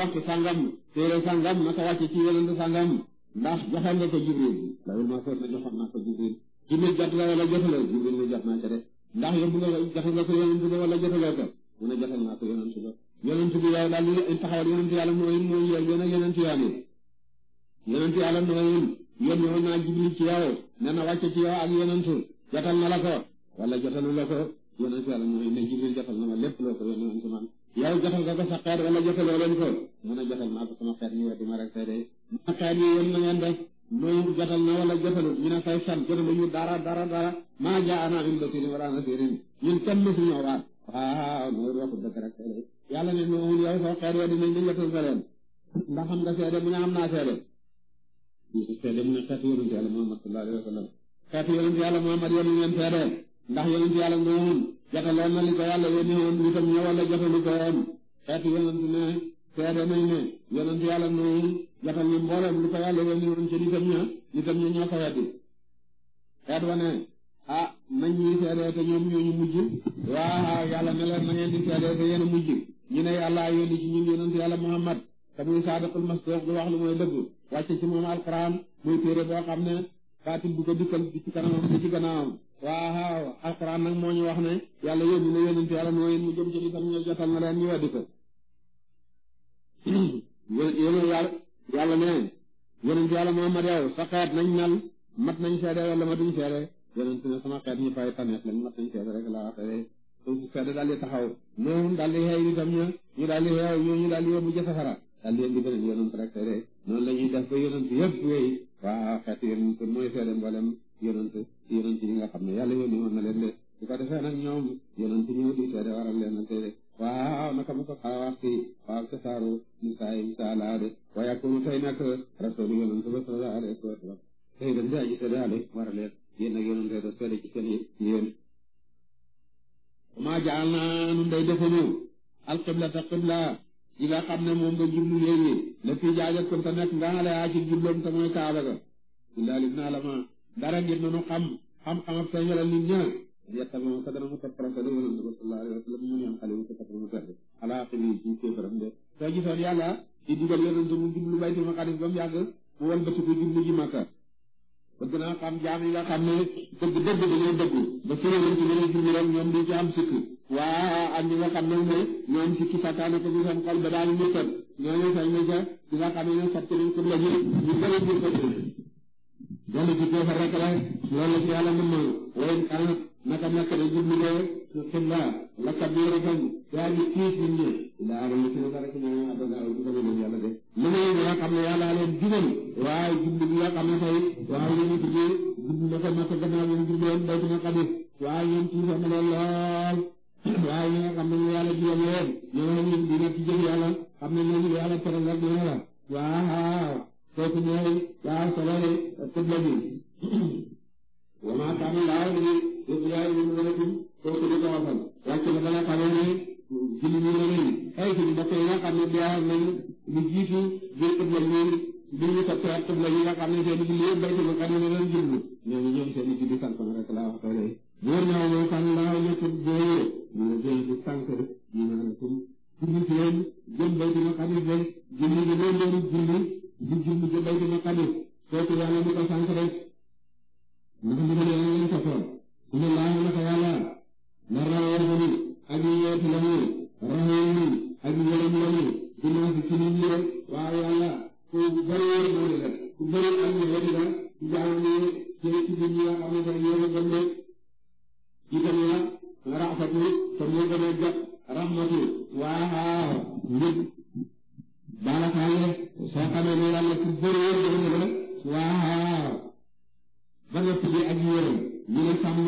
waxtu sangam téere sangam naka wàcce ci yonent sangam ndax joxe nga ko Jibril lawul ma seet na joxoon naa ko Jibril Jibril jot la wala jotaloo Jibril ni jot naa ko de ndax yóbbu nga joxe nga ko yonent ba wala jotaloo ko mu ne jotal naa ko yonent ba yonent bi yow daal li taxawal yonent yàlla nooyin mooy yow yéen a yonent yaa ne na wàcce ci yow ak yonent jotal na la ko wala jotalu la ko yonent yàlla nooyin ne Jibril jotal lépp loo ko yonent man yow joxal ko ko sa xeet wala joxaloo leen ko mu ne joxal naa ko sama xeet ñu weddi ma rek tey de ma xeet yi yéen na ngeen def loolu jotal na wala jotalut ñu ne fay sat jotaluñu dara dara dara maa jaa ana im basirin wala nasirin ñun kenn mësu ñoo waat waaw nooru waxu dëgg rek tey de yàlla ne noonu yow soo xeet weddi nañ la jotal sa leen ndax xam nga seede mu ne am naa seede seede mu ne xeet yonent yàlla Muhammad sallallahu alayhi wa sallam xeet yonent yàlla Muhammad yéen ngeen seede ndax yonent yàlla Nuuhun jotaloon na li ko yàlla yónni woon nitam ña wala jotalu ko woon xeetu yonent ne seede nañ ne yonent yàlla Nuuhun jotal na mboolem li ko yàlla yónni woon ci nitam ña nitam ña ñoo ko xeet wa ne ah nañ ñuy seede te ñoom ñoo ñu mujj waaw yàlla ne leen na ngeen di seede te yéen a mujj ñu ne yàlla yónni ci ñun yonent yàlla Muhammad te muy saadiqul masduq di wax lu mooy dëgg wàcce ci moom alquran muy téere boo xam ne faatil waaw alxuraan nag moo ñu wax nañ yàlla yónni na yónent yàlla nooyin tam ñooy jotal na leen ñu weddi ko yéen yàlla yàlla ne yónent sa xeet nañ mel mat nañ seede wala matuñ seede yónent ne sama xeet ñu fay taneef lañ mat nañ seede rek laa waxee donc seede daal di taxaw noonu daal di xeew itam ñu ñu daal di xeew ñu ñu daal di yóbbu ca safara daal di indi beneen yónent yonante yonante yi nga xam ne yàlla yónni woon na leen de bu ñoom yonante ñëw di seede waral leen nag de waaw naka mu ko xaawaat si waaw ca saaru Musaa Musaa laa de waaye ak mu tey nag rasul yonante ba sallallahu alayhi wa sallam tey dañ daa ji seede ale waral leen yéen ak yonante da seede ci seen yéen maa jaal naa nun day defuñu alxiblata xibla yi nga xam ne moom nga jublu léegi la fii jaajëf kon te nga xale yaa ci jubloom te mooy kaaba dara ngir mënu xam xam-xam ak feeñalal nit ña yetta moom sa dana mu topp rafetlu yonent bi sallallahu alayhi wa sa topp mu perte ala xili ci kéefaram de soo gisoon yàlla di digal yonent mu jublu bayti maqadis ba mu yàgg mu wan bëtt ko jublu ji Makka bëgg naa xam jaam yi nga xam ne dëgg dëgg dañoo dëgg ba sëriñ ci mënu jublu rek ñoom duñ ci sikk waa ak ñi nga xam ne ne ñoom sikki sàkkaane ko ci seen xol ba daañu murtal ñooñu sañ na ca di nga xam ne ne sàcc nañ ko la ñu ñu bëri ñu ko dellu ci kéefar rek la loolu la ci yàlla mën noonu waaye kaanat naka nekk de jublu de xilla la kabiiratan daa di tiis nit ñi laa rëy ci naka rek ñoo abada ci sama gëm yàlla de li muy yoo xam ne yàlla leen jubal waaye jublu bi yoo xam ne tey waaye ñu ngi tuddee jublu dafa mat gannaaw ñu jubloon day dina xabir waaye ñoom tiisam leen lool waaye ñi nga xam ne ñu yàlla jubal leen ñoo xam ne dina ci jëf yàlla xam ne ñooñu yàlla teral rek dina la waaw kooku mooy waaw sololi xibla bi wama kana laaw li ibtidaa umratin kooku di ko waxal wàcc na ba nga xamee ne julli ñi la nañ ay suñu mbokk yi nga xam ne biyaa nañ lu jiitu biir xibla ñi bi ñu toppee xibla yi nga xam ne seen julli yëpp baytul muqaddas la doon jublu ñooñu ñoom seen julli sant na rek laa wax ko lay buur ñoo moo kan laaw ñetti booyee ñu ne dee di sànq ñu naan kum julli seen jëm baytul muqaddas julli bi leen doon julli di jublu ci béy bi ba xale kooku yàlla ñu ko sànq rek ndax ndigal yàlla ngeen toppoon inna laaha naka yàlla la rahiimun aji yeetu lañu rahiimun aji yërëm lañu dinaa fi ci nit ñi rek waaye yàlla ku bëri yërmande la ku bëri ak yërëm la ku jaamu ne ci ci nit ñi nga xam ne dañu yërëm dem de itam la raxmatu te moo gën a jot raxmatu waaw daanaka xam nga soo xamee ne yàlla ku bëri yëpp dëgg nga la waaw ba nga tuddee ak yéeram ñu ne sàmm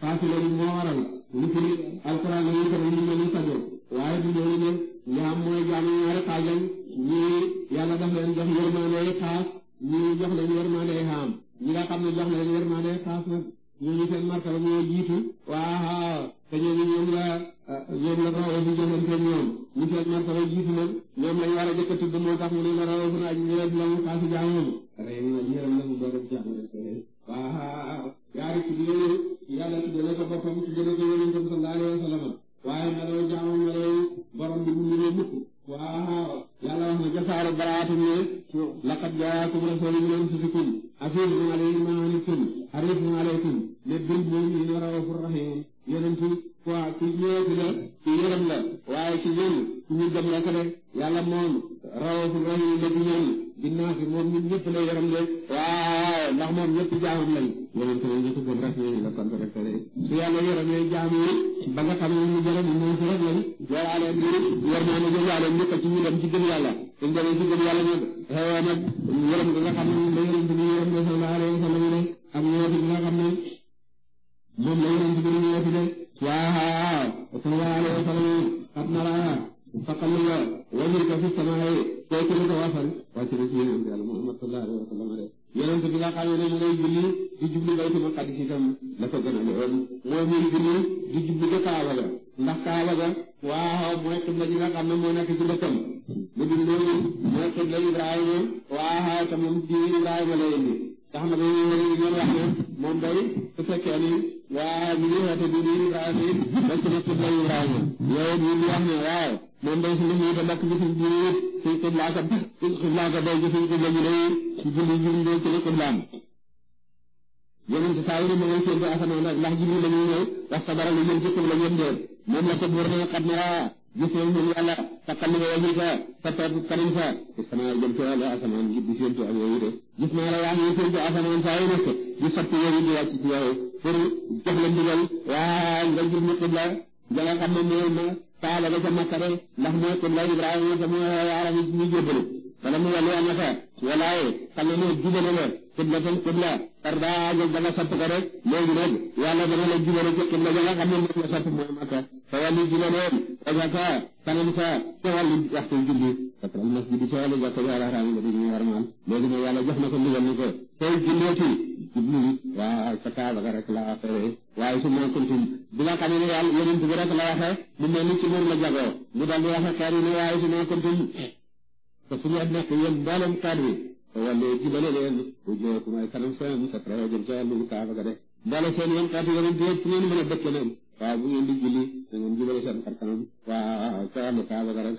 faasile bi moo waral li fi alquran la ñuy faral ñu mel sago waaye du loolu ne nga am mooy jaamu ñaari xaajal ñii yàlla leen jox yërmande xaas ñii jox leen yërmande xaam ñi nga xam ne jox leen jiitu waaw te ñooñu ñoom la Ah yéen la rawee di jëfante ñoom ñu fekk martaba jiitu leen ñoom lañ war a jëkk a tudd moo tax mu ne la rawee fun aj ñëwet la mu xaasi na mu doog a jaamu na ko boppam tudd na ko yonent bi sallallahu alayhi wa sallam waaye meloo jaamu meloo borom bi mu ñëwee ne laqad jaakum rasulun min anfusikum azizun alayhi ma anittum harisun fois ku ñëwati la ku yërëm la waaye ci ñooñu ku ñu gëm rek rek yàlla moom rawatul rahim la ci ñooñu ginnaaw fi moom ñun ñëpp la yërëm de waaw ndax moom ñëpp jaamam lañ yonente ne ñëpp gëm rek ñooñu la sant rek rek su yàlla yërëmee jaam yi ba nga xam ne ñu jërëm mooy si rek lañ yaraale ñu war naa ne jëlaale ñëpp ci ñu dem ci gëm yàlla dañ demee ci gëm yàlla ñëpp xewoo nag yërëm bi nga xam ne la yërëm bi ñu yërëm de sallallahu alayhi wa sallam ne ak ñëwati bi nga xam ne moom la yërëm bi ñu ñëwati de waa صلى الله عليه wa قد نرى فقال له وجهك في السماء كيف نتواصل واتنا في يوم قال محمد صلى الله عليه وسلم yonent bi nga xam ne mu lay julli di jublu baytu maqdis itam la ko gën a leeral na muy julli di jublu ca Kaaba ga ndax Kaaba ga waaw mooy xibla ji nga xam ne moo nekk ci dëkkam mu dul loolu mooy xibla Ibrahima waaw tamit ci Ibrahima la indi nga xam ne dañuy ñoom wax ne moom day su fekkee ni waa ñu ngi woote di di Ibrahima it dañ ko nekk ci lay Ibrahima yow ñu ngi wax ne waaw moom day suñu ñu ko lakk gisuñ ñu it suñ xiblaa ko suñ xiblaa ko day gisuñ xibla ñu day julli julli day ci la xiblaam yeneen ci saa yi ma ngay séen asamaan ndax julli la ñuy ñëw wax sa dara lu jëm ci xibla ñëpp moom la ko góor ne xam ne gis nañ ñun yàlla sa xalli wajhi ka sa teetu kanam sa ci sama jëm ci wàllu asamaan gi di séentu ak yooyu de gis naa la yaa ngi séentu asamaan saa yu nekk di sotti yooyu di wàcc ci yow pour jox la ndigal waa nga jur ñu xibla nga nga xam ne mooy ma saa la ca Makka mu wàllu wàllu la xiblatal xibla a nga danga sopp ko rek léegi nag yàlla dana la jubale ci xibla ba nga xam ne moom nga sopp sa wàllu jubaleen wajaka kanam sa ca wàllu waxtu julli satral masjidi ca wàllu jàkka bi ala raami nga di ñu warmaan léegi nag yàlla jox na ko ndigal ni ko sooy julleeti jublu waaw sa kaaba rek la affaire waaye su ma kuntum bi nga xam ne yàlla yonent bi rek la waxe mu mel ni ci moom la jagoo mu daal di waxe xeer yi ne waaye kuntum te su ñu nekk yéen mboolem xeer wala jibale leen ujookum ay kanam seen sa trawa jëm ca wàllu kaaba ga de mbala seen yoon xeetu yonent yëpp fu ngeen mën a dëkke nag waaw bu ngeen di julli da ngeen jubale seen xar kanam waaw ca wàllu kaaba ga rek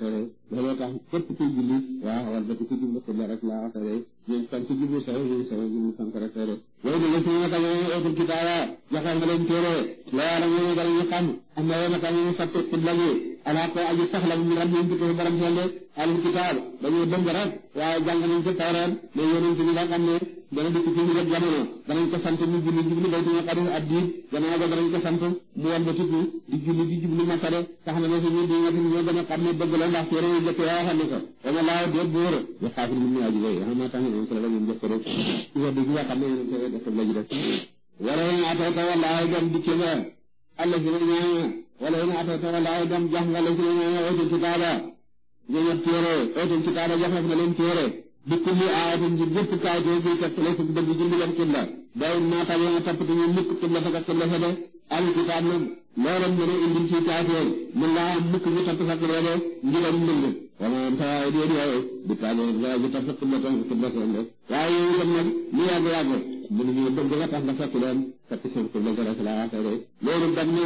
looloo tax képp kuy julli waaw wala ku jublu xibla rek laa wax rek ñun tam ku jublu sax ñun sax jublu sant rek rek loolu da nga si ñëw tam ñu ootul kitaaba joxe nga leen téere la yàlla ñu dal ñu xam am na yoon tam ñu fàtte xibla bi ala ko aju sax la ñu rab ñu ko borom seen al kitaab dañuy dëng rek waaye jàng nañ ci tawreet mais yonent bi nga xam ne dana dikk ci mujj ak jamono danañ ko sant mu julli jublu baytul maqdis ab diir gannaaw ga danañ ko sant mu wan ba tukki di julli di jublu masare tax na ne suñu diine fi ñoo gën a xam ne dëgg la ndax téere yu jëkk yaa xam ne ko dama laaw déet bu wër ya xaafir mun ne aji bay xam moo tax ñoom la ñoom jëkk rek wax dëgg yoo xam ne yéen koy la ji def wala yéen atoo ta wallaahi gam dikkee la gam jax nga la si na ñaama ootul ci kaaba ñëñat téere ootul ci kaaba jax na bi kulli aayatin ngir bépp kaajoo bi tegtale si dëgg ji leen xibla day naataal yoon a toppatoo ñu mukk xibla fa ka xibla fa de al kitaab nag loola mën a indil ci kaafeer mën laa mukk ñu topp sa xibla de ngiram mbënd wala saa déedéet waaye bi kaajoo waaye ñu topp sa xibla tam xibla tam de waaye yooyu itam nag lu yàgg yàgg mënuñu bëgg nga tax nga fekk leen fekk seen xibla dara si laa xeere loolu dam ne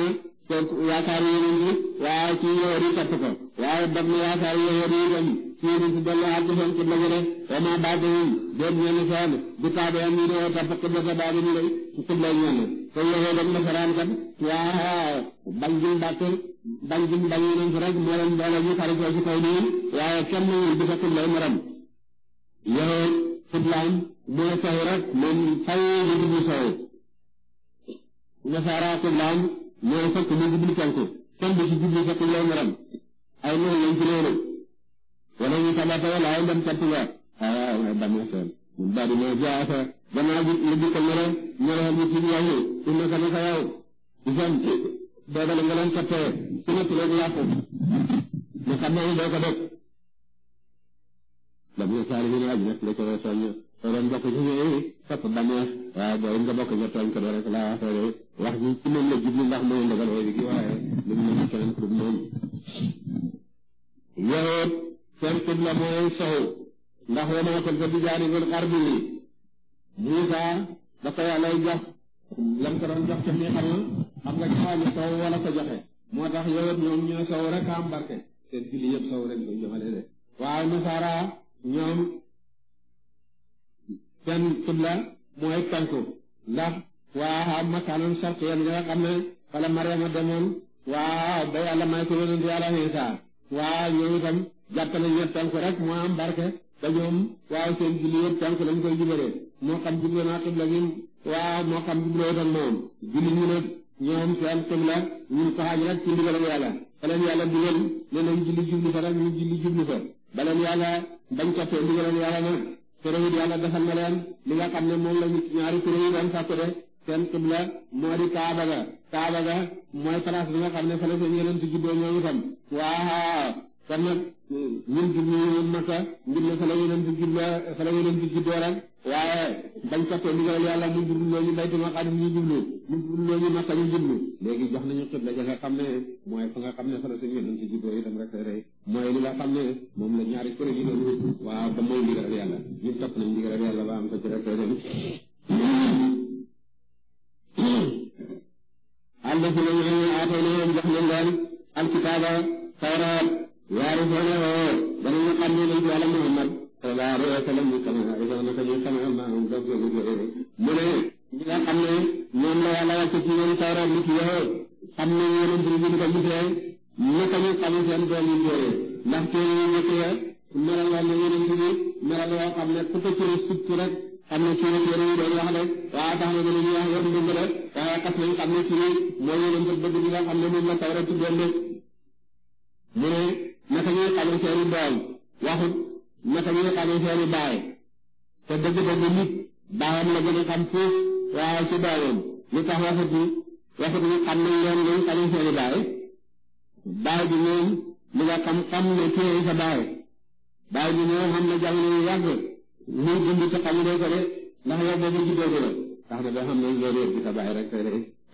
yaakaar yeneen yi waaye ci yoor yi topp ko waaye dam ne yaakaar yeneen yi yéen ci dellu ak seen ci la jëre wa ma baada yi déet ñenn seen bu taabee am ñu doon sa baabi ñu lay ci xibla ñenn te yéexee dem nasaraan kat waaw bañ jëm rek moo leen doole ñu xaritoo ci kaw nii waaye kenn ñu bisa xibla morom yéexee xiblaam moo sow rek moom fay li jublu sow nasaara xiblaam moo fekk mu jublu penku kenn du ci jublu sa xibla morom ay noonu lañ ci wala ñu sabata wala ay dem kàttu ba ah waaw ba mu la soxla ñun di may jaasa gannaaw gi lu di ko mere mere ñu ci ñëw ñu naka naka yow nga leen kattee su nekk rek yàqu ñu xam ne doo ko def ba mu la saali bi laaj nag la ko soñ soo doon bokk ci ñëw topp nga bokk nga tooñ ko doo rek laa wax ji ci moom la jublu ndax mooy ndogal way bi gi waaye lu mu nekk keneen pour moom yow seen xibla mooy sow ndax wane watal sa bijaanibul xarbi yi Musa dafa yàllay jox lam ko doon jox te mi xamul xam nga jawabi sow wala joxe moo tax yow it ñoom ñu ne sow rek am barke seen julli yëpp sow rek ñu jëmale de waaw nasaara ñoom seen xibla mooy penku ndax waa xam makaanan sharqiyan nga xam ne fala Mariama demoon waaw ba yàlla may ko yonent yàlla Isa waaw ñoom itam jàppale ne penk rek moo am barke ba ñoom waaw seen julli yëpp penk lañ koy jubalee moo xam juble naa xibla gi waaw moo xam jubloo tan moom julli ñu nag ñoom seen xibla ñun saxaaj rek ci ndigalam yàlla fa leen yàlla digal ne nañ julli jublu fa rek ñu julli jublu fa ba leen ne moom la ñu ñaari kuréel yi doon sàkku de seen xibla moo di Kaaba ga Kaaba ga mooy place bi nga xam ne fa la seen yeneen si juddoo ñoom itam waaw kon ñun jub ñu ñëwoon Makka ngir ne fa la yonent bi jubloo fa la yonent bi jubloo ren waaye bañ toppee ndigal yàlla mu jubloo ñu Baytul Maqdis ñu jublu mu jubloo ñu Makka ñu jublu léegi jox nañu xibla ja nga xam ne mooy fa nga xam ne fa la suñu yonent bi jubloo itam rek rek mooy li nga xam ne moom la ñaari kër yi doon waaw ba mooy ndigal yàlla ñu topp nañ ndigal yàlla ba am ko ci rek rek àll bi la ñu aatoo na jox leen daal alkitaaba tawraat يعرفونه بل يقال لي على محمد صلى الله عليه وسلم كما يعرفون كما معهم ذوق الجعير من إذا قمنا يوم لا يلا كثيرا ترى xam ne ku ko cëri sukk rek xam ne kii rek yeneen yi doon rek na dañuy wax yor ndënd rek waaye xas nañ xam ne kii mooy yeneen bëgg bi nga xam ne moom la taw rek tuddoon rek mu ne naka ñuy xale seeni doom waxut naka ñuy xale seeni baay te dëgg-dëgg nit baayam la gën a xam fuuf waaye ci doomam li tax waxut ni waxut ni xam nañ leen ngeen xale seeni baay baay bi ñoom li nga xam xam ne kii sa baay baay bi ñoom xam na jamono yu yàgg muy dund te xamulee ko de ndax yow boobu juddoo ko la tax na doo xam ne loolu yëpp sa baay rek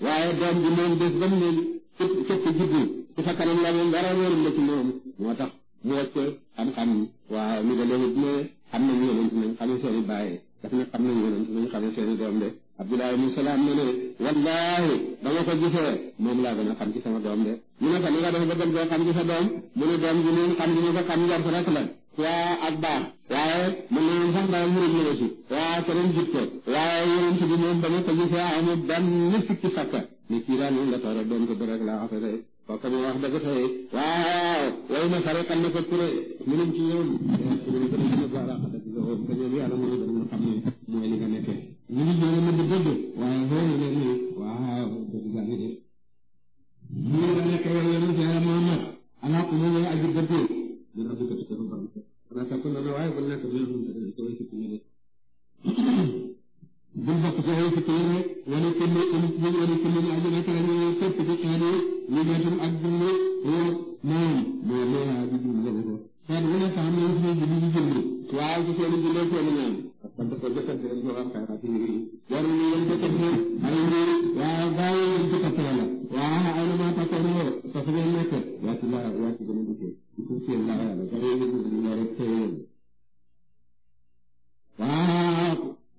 waaye doom bi moom bés ba mu ne ci sa kanam la moom dara wóorul la ci moom moo tax mu wàcce xam-xam yi waaw ni da léegi ne xam nañu yonent nañ xamee seen i bàyyee daf ne xam nañu yonent nañ xamee seen i doom de Abdoulaye ibn Salaam ne ne wallaahi ba ma ko gisee moom laa gën a xam ci sama doom de ñu ne ko ni nga def ba gën koo xam ci sa doom mu ne doom ji leen xam ji ñu ko xam njort rek la waa ak baax waaye mën nañu sax daal murid la aussi waa keneen jub ko waaye yonent bi moom ba ma ko gisee amul benn sikki fakka ni kii daal moom la toora doom ko rek laa wax kooku tamit wax dëgg tey waaw way na fare xam ne ko kuré minum ci ñoom sumni ko dina baraxadak lool te ñoom yàlla mooy da nga xam ne mooy li nga nekkee ñu ngi ñëw mu di dëgg waaye xooyu leen ni waaw dëgg gaa ngi def ñu nga nekk yow yonent yàlla Muhammad alaak mu ngay aji dëgg ñu rabbi ko ci dafa baram xanaa sakk na waaye bu nekk bi nga xam ne ko way si bul bokk ci ay fitna rek wala kenn am ci wala kenn ñu àgg naka la ñuy fépp ci xaar yi ñu gàttum ak jumlu wala moom mooy leera bi jumlu la ko xaar wala sax am nañ ci ñu jumlu waaw ci seen jumlu seen ñaan kon dafa jëkkante ak ñu am xayraat yi war ñu yeen jëkkante ay ñu waaw bàyyi yeen jëkkante la waaw ay la ma takkoon lo parce que nekk yaa ci la yaa ci gëna dëkkee ci seen la yàlla bari ñu ñu rek waaw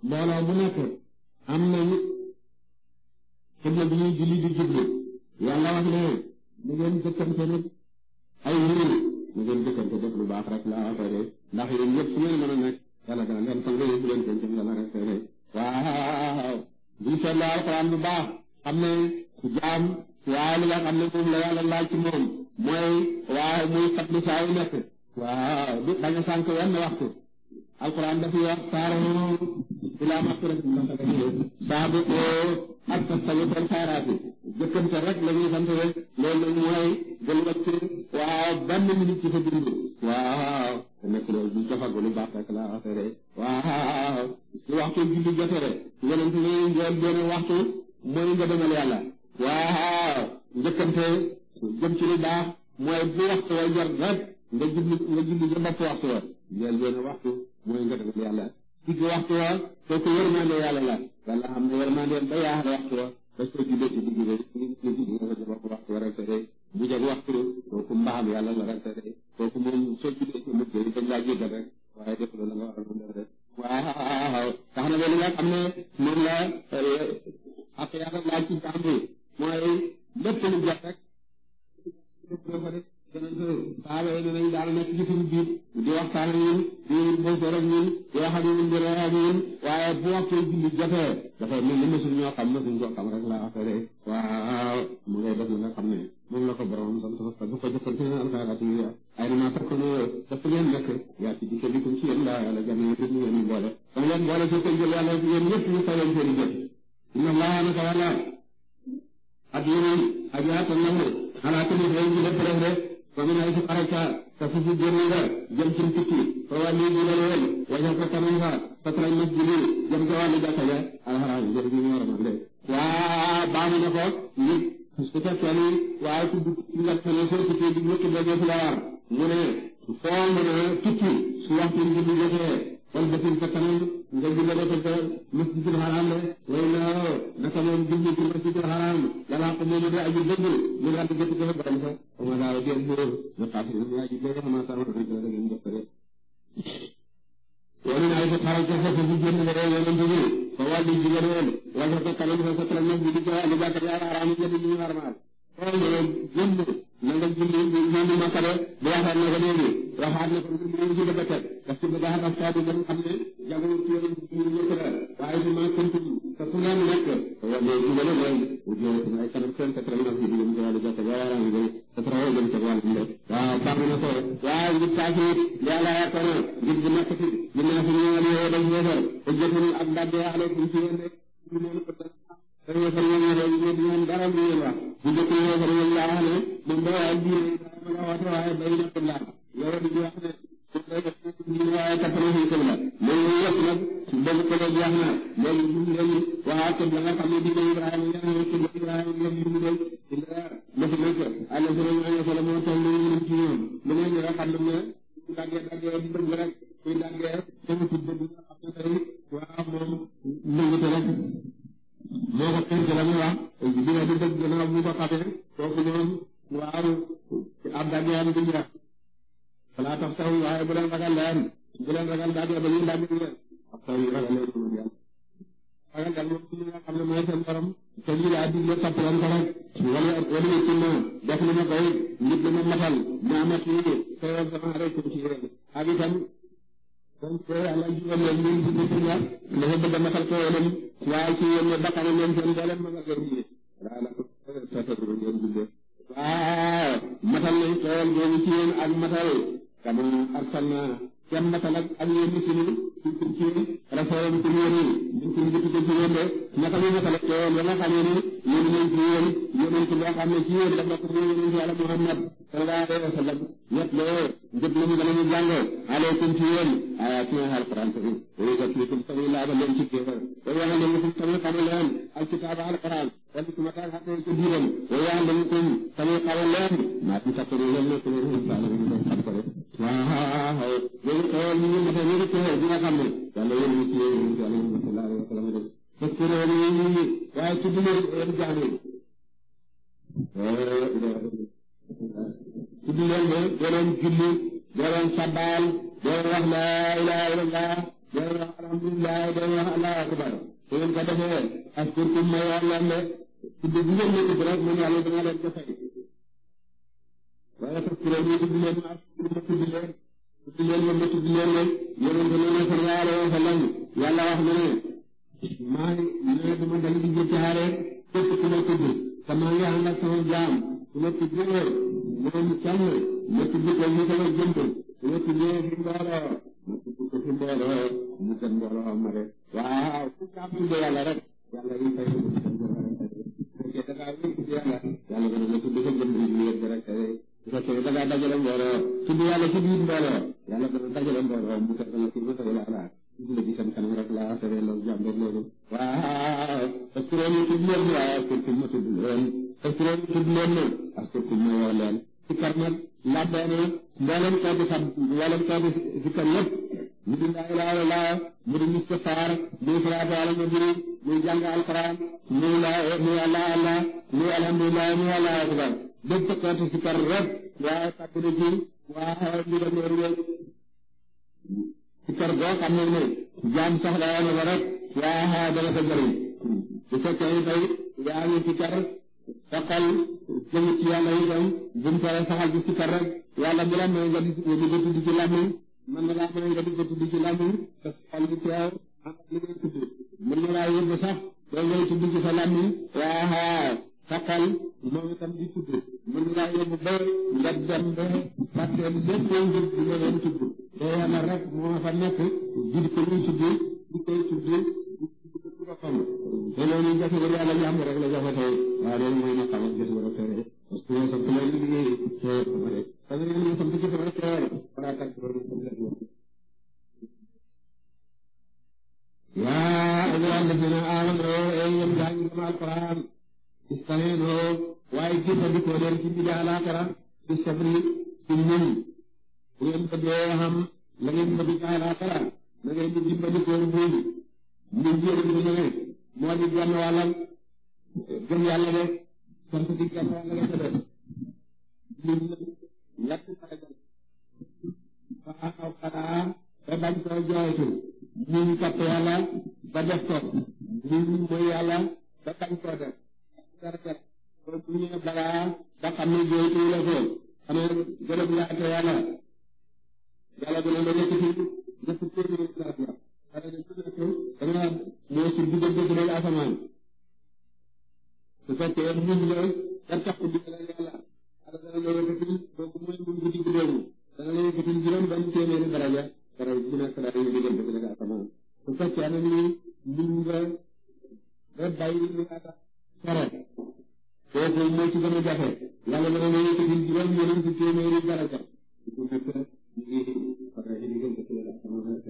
mbooloo bu nekk am na it xibla bi ñuy julli di jublu ne mu ngeen jëkkante nag ay yiw la affaire ndax yéen gën a ngeen sang rek fere waaw buñ seetloo baax xam ne jaam waaw li nga xam ne moom la yàlla laaj moom mooy waaw muy fat lu saa nekk waaw du bañ a sànq wenn waxtu alquran dafa yor saaroo ilaa maqfiratin min rabbihim saabiqoo ak tastawi seen saaraat yi jëkkante rek la ñuy sant rek loolu la mooy gëlbat ci waaw benn minute ci fa dund waaw te nekk loolu bu jafagu lu baax rek la affaire waaw su waxtu julli jotere yonent bi joon benn waxtu mooy nga demal yàlla waaw njëkkante jëm ci lu baax mooy bu waxtu way jot rek nga julli nga julli jëm bopp waxtu wa jël benn waxtu mooy nga def yàlla digg waxtu wa kooku yërmande yàlla la yàlla xam ne yërmandeem ba yaaxal waxtu wa kooku mbaxam yàlla la rafetee kooku moom soo juddee ci mujj yi dañ laa jéggal rek waaye def loolu nga waral bu ndef rek waaw waaw tax nga xam ne moom la eh, ak yàlla laaj ci jàmm bi mooy yonent saaba yi dinañ daal nekk ci suñu biir di waxtaan ak ñun di bëggoon ak ñun di wax ak ñun di ree ak ñun waaye bu waxtu julli jotee dafa mel ni mosul ñoo xam mosul ñoo xam rek laa waxee rek waaw mu ngay def li nga xam ne moom la ko borom sant fa bu ko jëfante ne alxayraat yi ay na maa fekk ne dafa leen nekk yaa ci dikkee bikum ci yéen laa yàlla gane yéen ñu leen boole dama leen boole ci kër jël yàlla yéen ñëpp ñu fay leen seen i jëf inna allaha naka wala ak yeneen ak yaata nawu xanaa tamit rek ñu def rek fa min haysu xarajta tasifu génn nga jëm ci tukki fa wàllu bi la wéel wajal ko kanam fa fatra masjidi jëm ca wàllu jàkka ja alxaraam jëf bi ñu war a mën de waa baamu na ko ngir su fekkee ni waaye ku ci nga xam ne soo tukkee di ñëkk dajee fi la war mu ne foo mën a tukki su waxtu bi di jotee wal bëtin sa kanam nga jëndale ko sa masjidil haram le way na naka moom julli ci masjidil haram yàlla ko moom de aju dëgg ñu daal di jëtt ko fa bañ fa oma laa jël mbir ñu xaati ñu aju dëgg xam naa sama rek la ngeen def rek wala ay ko xaral ko fa ci jënd le wala ñu ñu fa wàllu jigéen wala wala ko kanam sa kanam ñu di ko ali ba ka ya haram jënd ñu harmal génn na nga julli julli ma kare di yaakaar ne ko léegi waxaat ne ko mu ngi ci dafa teg daf ci bëgg a xamal saa bi nga xam ne jagoy ci yoon ñu ñëpp la waaye du ma continue te fu ngeen nekk wala ci wala mooy jéem sama ay kanam seen katara ñu ci digum ci wala jokkoo wala wala ngi katara wala dem ci wala ñu def waaw fàmm na ko waaw ñu taasi yàlla yaakaar na ngir bu nekk fi ñu naa fi ñëwal yow dañ ñëwal ak dàggee alaykum ci yéen rek ñu leen ko te ñoo xam ne ñoo doon ñoo doon ñoom dara ñu leen wax. bu njëkk ñoo xam ne laa wax ne moom day wax ak diine la woote waaye bay na ko laal yow di wax ne moom day def ci diine waaye kat na fi kër la loolu yëpp nag su bëgg ko la jeex na léegi ñu ngi leen waxaat la nga xam ne diine Ibrahima ñaar ñoo ci bëgg Ibrahima ñoom ñu ngi leen di la def nekk àll bi la ñu amee solo moo toll nii ñu ci ñoom lu ngeen ñëw xam ne ñu daggee daggee di bëgg rek kuy daggee dama ci bëgg nga xam ne tey waaw moom bëgg te rek moo ko xir ci la muy wax bi nga di dëgg gannaaw bu ko xamee kooku ñoom waaw ab dàggee duñ wax balaa tax taw waaye bu leen ragal leen bu leen ragal dàggee ba ñuy dàggee leen ak taw yi ragal leen moom yàlla ragal yàlla moom mi nga xam ne mooy seen borom te ñu daa digle topp leen ko rek wala wala ñu ci moom def li ma koy nit li ma matal ñaama ci teewal sama rek ci yéen ak itam kon ko yàlla jubal leen ñun di ñu ci ñaan dafa bëgg a matal ko leen waaye ci yéen ne baqale leen seen doole ma nga gën ji waaw tataru ngeen jubbe waaw matal nañ xewal googu ci yéen ak matal kamu arsalna kenn matal ak ak yéen ci ñu ci rafetlu ci yéen ñi ñu ci njëkk ci ci yéen de naka la matal ak yéen ya nga xam ne ni yéen ñoo ci yéen yéen ci loo xam ne ci yéen dafa ko yéen ci yàlla Muhammad sallallahu alayhi wa sallam ñett de jëpp nañu la ñu jàngoo aleykum ci yéen ayaati alquran karim wa yuzakkiyukum sabila ba leen ci kéefar wa yaxlamukum tamit xamu leen alkitaaba alquran wala su ma taal xar nga ko diiram yow yaa ngi koy tamit xaw a leer maa ngi fàttali yéen ñëpp ñu ngi fàttali ñu ngi fàttali waaw waaw yéen xewal ñu ngi defee ñu ngi teewee bi nga xam ne yàlla yéen ñu ci yéen ñu ngi alayhi sallallahu alayhi wa sallam de parce que réew mi ñu ngi waaye ci diine yéen jaadu ci diine de doon julli doon sabbaal doon wax laa ilaaha illallah doon wax alhamdulillah doon wax allahu akbar su ngeen ko defee askurkum ma yàlla tudd bi ngeen leen di rek man yàlla dama leen ko fay waaye fas yéene ñu tudd leen ma tudd leen tudd leen ma tudd leen rek yonente nee na sallallahu alayhi wa sallam yàlla wax na ne maa ngi ne dama dal di jëccaare képp ku ma tudd te maa ngi ànd ak sama jaam ku ma tudd leen moom càmm ma tudd ko mu sama jënd ku ma tudd leen fi mbooloo ma tudd ko fi mbooloo mu gën mbooloo ma de waaw ku kàpp tudd yàlla rek yàlla yi fay yaakaar bi tudd yàlla yàlla ko dana tudd sa jëm bi ñu yëpp rek bu fekkee da ngaa dajale mbooloo tudd yàlla ci biir mbooloo yàlla dana dajale mbooloo mu fekk la ci bu fay la alaat tudd la ci sam kanam rek laa tere loolu jàmbet loolu waaw parce que loolu tudd leen waaye parce que ma tudd leen parce que loolu tudd leen nag parce que tudd ma war leen si kar nag labbee na mboolem koo di xam mboolem koo di si kar yëpp ñu di laa ilaaha illallaah ñu di istighfaar muy salaatu ala nabi muy jàng alxuraan muy laa muy allah allah muy alhamdulilah muy allah akbar bépp xeetu sikkar rek waaye fàkk na ci waaye mbir ak yooyu rek sikkar boo xam ne ne jaam soxla woon na ko rek waaye dana ko jëriñ bu fekkee tey yaa ngi sikkar sa xol jëm ci yàlla itam bu mu paree saxal ci sikkar rek yàlla bu la may nga di di ci làmmiñ mën na laa may nga di ko tudd ci làmmiñ te xol bi mën na laa yóbbu sax doo ngay tudd ci sa làmmiñ waaw sa xol moom itam di tudd mën na laa yóbbu ba nga dem ba nekk di di koy tudd di ko tudd xam te loolu jafe bu yàlla jàmm rek la tey waaw loolu mooy na xam ak jëtu war a فمن يمسك في الكتاب ولا تكفر بالله يا أيها الذين آمنوا أن يمدعن مع القرآن استعينوا وأيدي فبكوا ليركي بدا على كرة بالصبر بالمن وإن تبعوهم لغين فبكا على كرة لغين تجيب فبكوا لبوي من جير من جنة مولي جنة وعلم جنة يالله سنتي كفا لغين فبكوا ñett daraja waaw ba bañ koo jooytu ñuñ topp yàlla ba def ko ñuñ mooy yàlla ba bañ koo def daraja boo bu ñëwee balaa ba xam ne jooytu la ko xanaa gërëm laa ko yàlla yàlla dina la nekk ci ñett téeméeri daraja xanaa ne ku nekk da nga moo ci diggante bi asamaan su fekkee la yàlla dana la yëkkatil kooku mooy mun ko jiitu réew mi dana la yëkkatil juróom benn téeméeri daraja dara bu nekk daal di diggante bi nekk asamaan su fekkee ne nii mun nga nga bàyyi li nga tax seret kooku moo ci gën a jafe yàlla dana la yëkkatil juróom ñeneen ci téeméeri daraja bu nekk ñu ngi faral di diggante bi nekk asamaan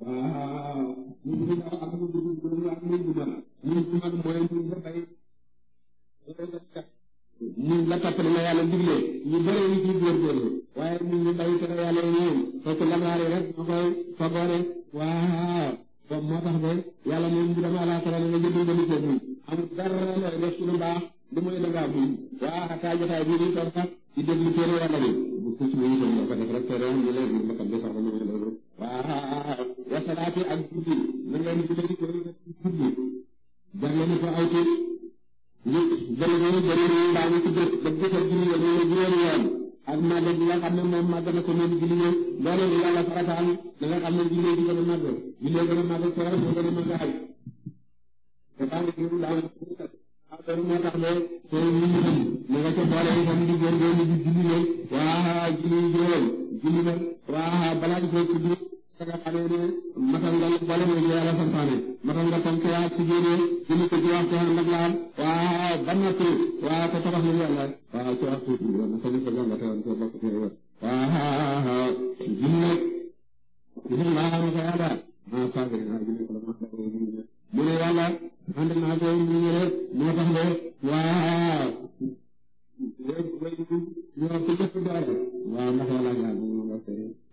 waaw ñun ñu daal am na lu ñu am na lu ñu mën ñun su mag mooy ñun nga bàyyi nga lii la topp dina yàlla diglee ñu bëree ñu ciy góorgóorlu waaye ñun ñu bàyyi ko yàlla yéen fekk labaare rek ma koy fagoore waaw boobu moo tax ba yàlla moom mbiram àllaaxira la nga jëndee ba lu ko buñ amul dara looy def ci lu baax lu mooy dangaa buñ waaw xataa jotaay bii nii toog sax di déglu téere yàlla bi bu ko ci wéy itam ko def rek téere yàlla bi léegi ma xam ne sax ba ñëwee loolu waaw wasalaati ak guddi na ngeen di déglu téere yàlla bi guddi jàng ni ko aw ñu gën a gën a daañu ci gën ba gisal julli yoon ñu ne juróomi yoon ak màgg gi nga xam ne moom màgg na ko moom julli yoon loolu yàlla farataal da nga xam ne julli bi gën a màgg julli gën a màgg koor moo gën a màgg ay te daa ngi ñu daa loolu moo tax ne te ñu ñu xam ne nga ca boole itam di góorgóorlu di julli yoon waa julli juróom julli nag waa balaa ñu koy tudd te nga xamee ne matal nga boole mooy yàlla santaane matal nga tam yaa ci génne jënd ko ci waxtaan nag laal waaw ba noppi waaw te tabax na yàlla waaw ci waxtu bi wala sa njaboot nga teewoon sa bopp tey woon waaw jënd nag jënd naa xam nga yàlla ah saa bi naa jënd ko la ma xamee nii nii mu ne yàlla ànd naa ko mu ñëw rek moo tax de waaw léegi bay ñu ñëw ci jëf doole waaw ndax yàlla ñaar ñu ngi wax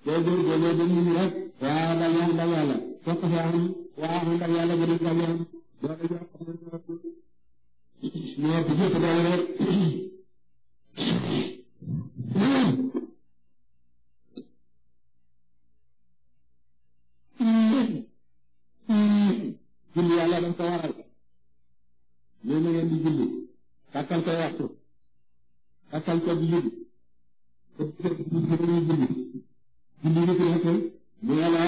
loolu dañuy déggee ba mu rek waaw ndax yàlla ndax yàlla fekk si am waaw ndax yàlla ba dégg ndax yàlla loolu yëpp ñëpp ñëpp loolu rek julli yàlla dañ ko waral mais na ngeen di julli takkal ko waxtu takkal ko di julli te bu fekkee julli julli gi fi nekkul bu yàlla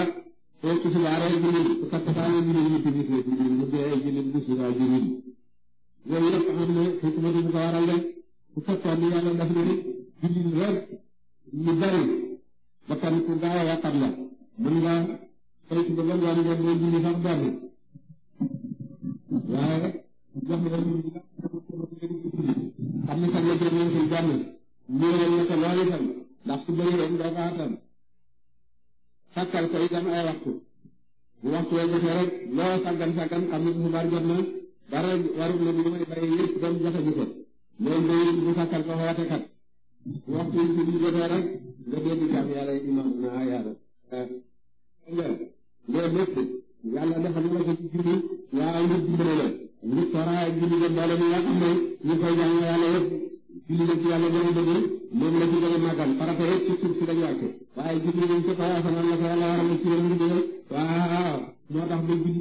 tey ci subaare ay julli bu takkataan ay julli ñu tuddee ay julli bu dee ay julli bu suba ay julli yooyu yëpp xam ne xikma bu ko waral rek bu fekkoon ne yàlla daf ne julli rek ñu bari ba kan ku gaaw a yàqat la mën ngaa tey ci ba ba ngoon nga doon julli sax benn waaye jox nga julli xam ne sax la jëmee si benn ñëwee na ko loolu itam ndax su bëri rek nga ko aatan sakkal ko itam ay waxtu bu waxtu way jotee rek loo saggan saggan xam ne xibaar jot na dara warul na lu may bay yëpp dem joxe ji ko loolu day bu sakkal ko xoote kat waxtu yi ci jotee rek nga dégg jàmm yàlla imam na yàlla loolu lépp yàlla defal na ko ci julli yaa ngi dimbale la ñu toraa julli ba yaa xam ne julli la ci yàlla doon bëggee moom la ci gën a màggal farata yëpp ci suuf si dañu wàcce waaye julli lañ ko fay asamaan la ko yàlla waral ci yéen waaw moo tax ba julli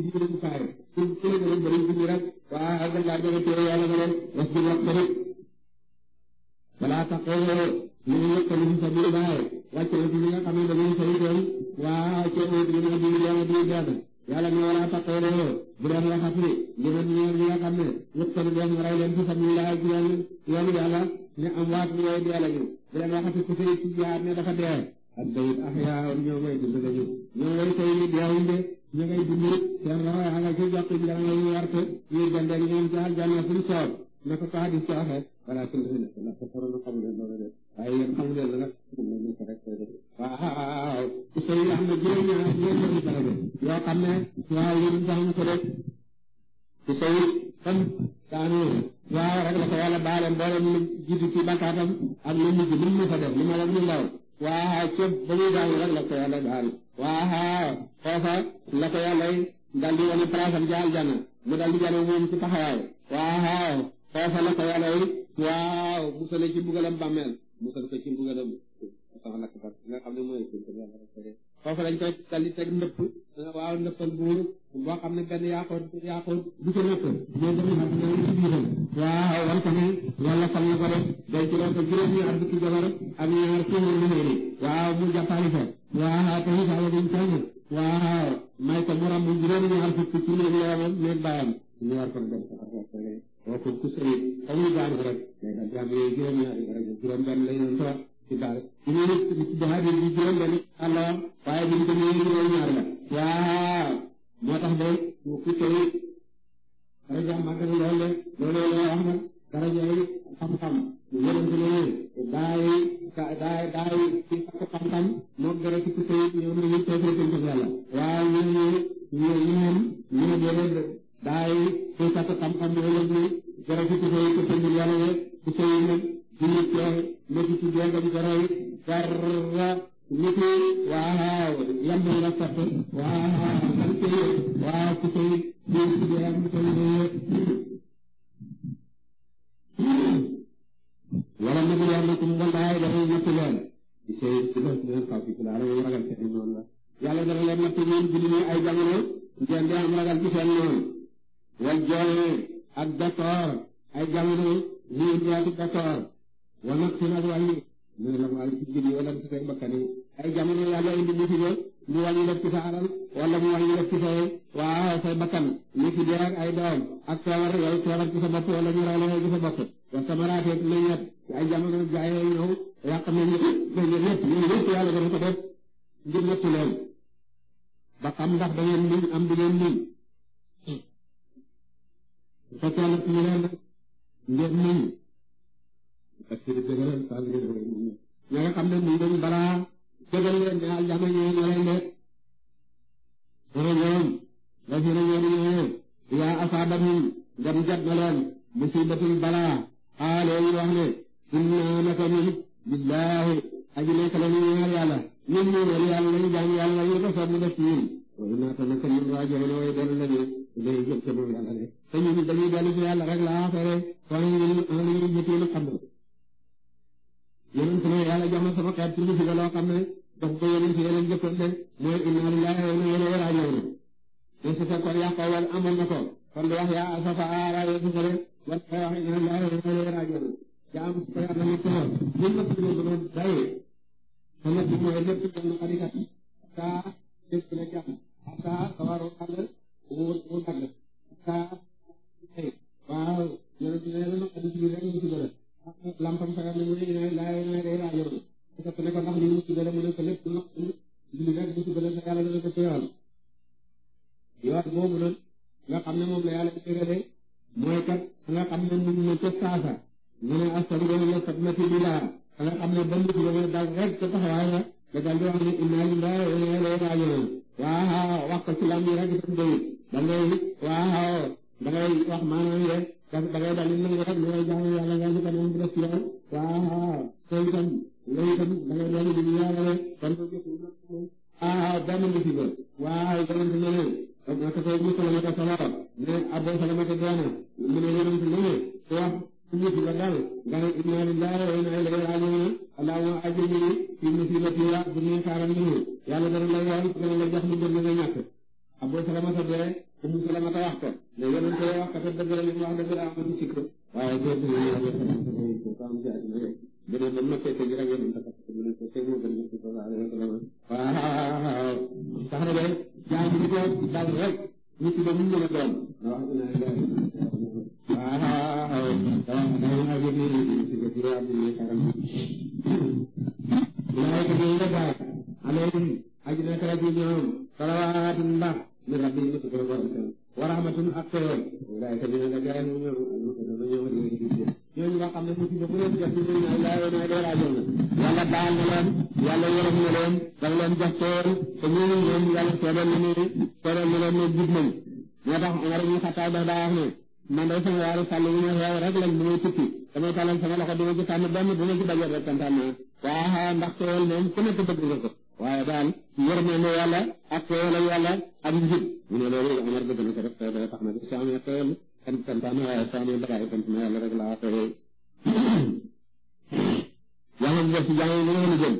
def ci jàng yi lu mën a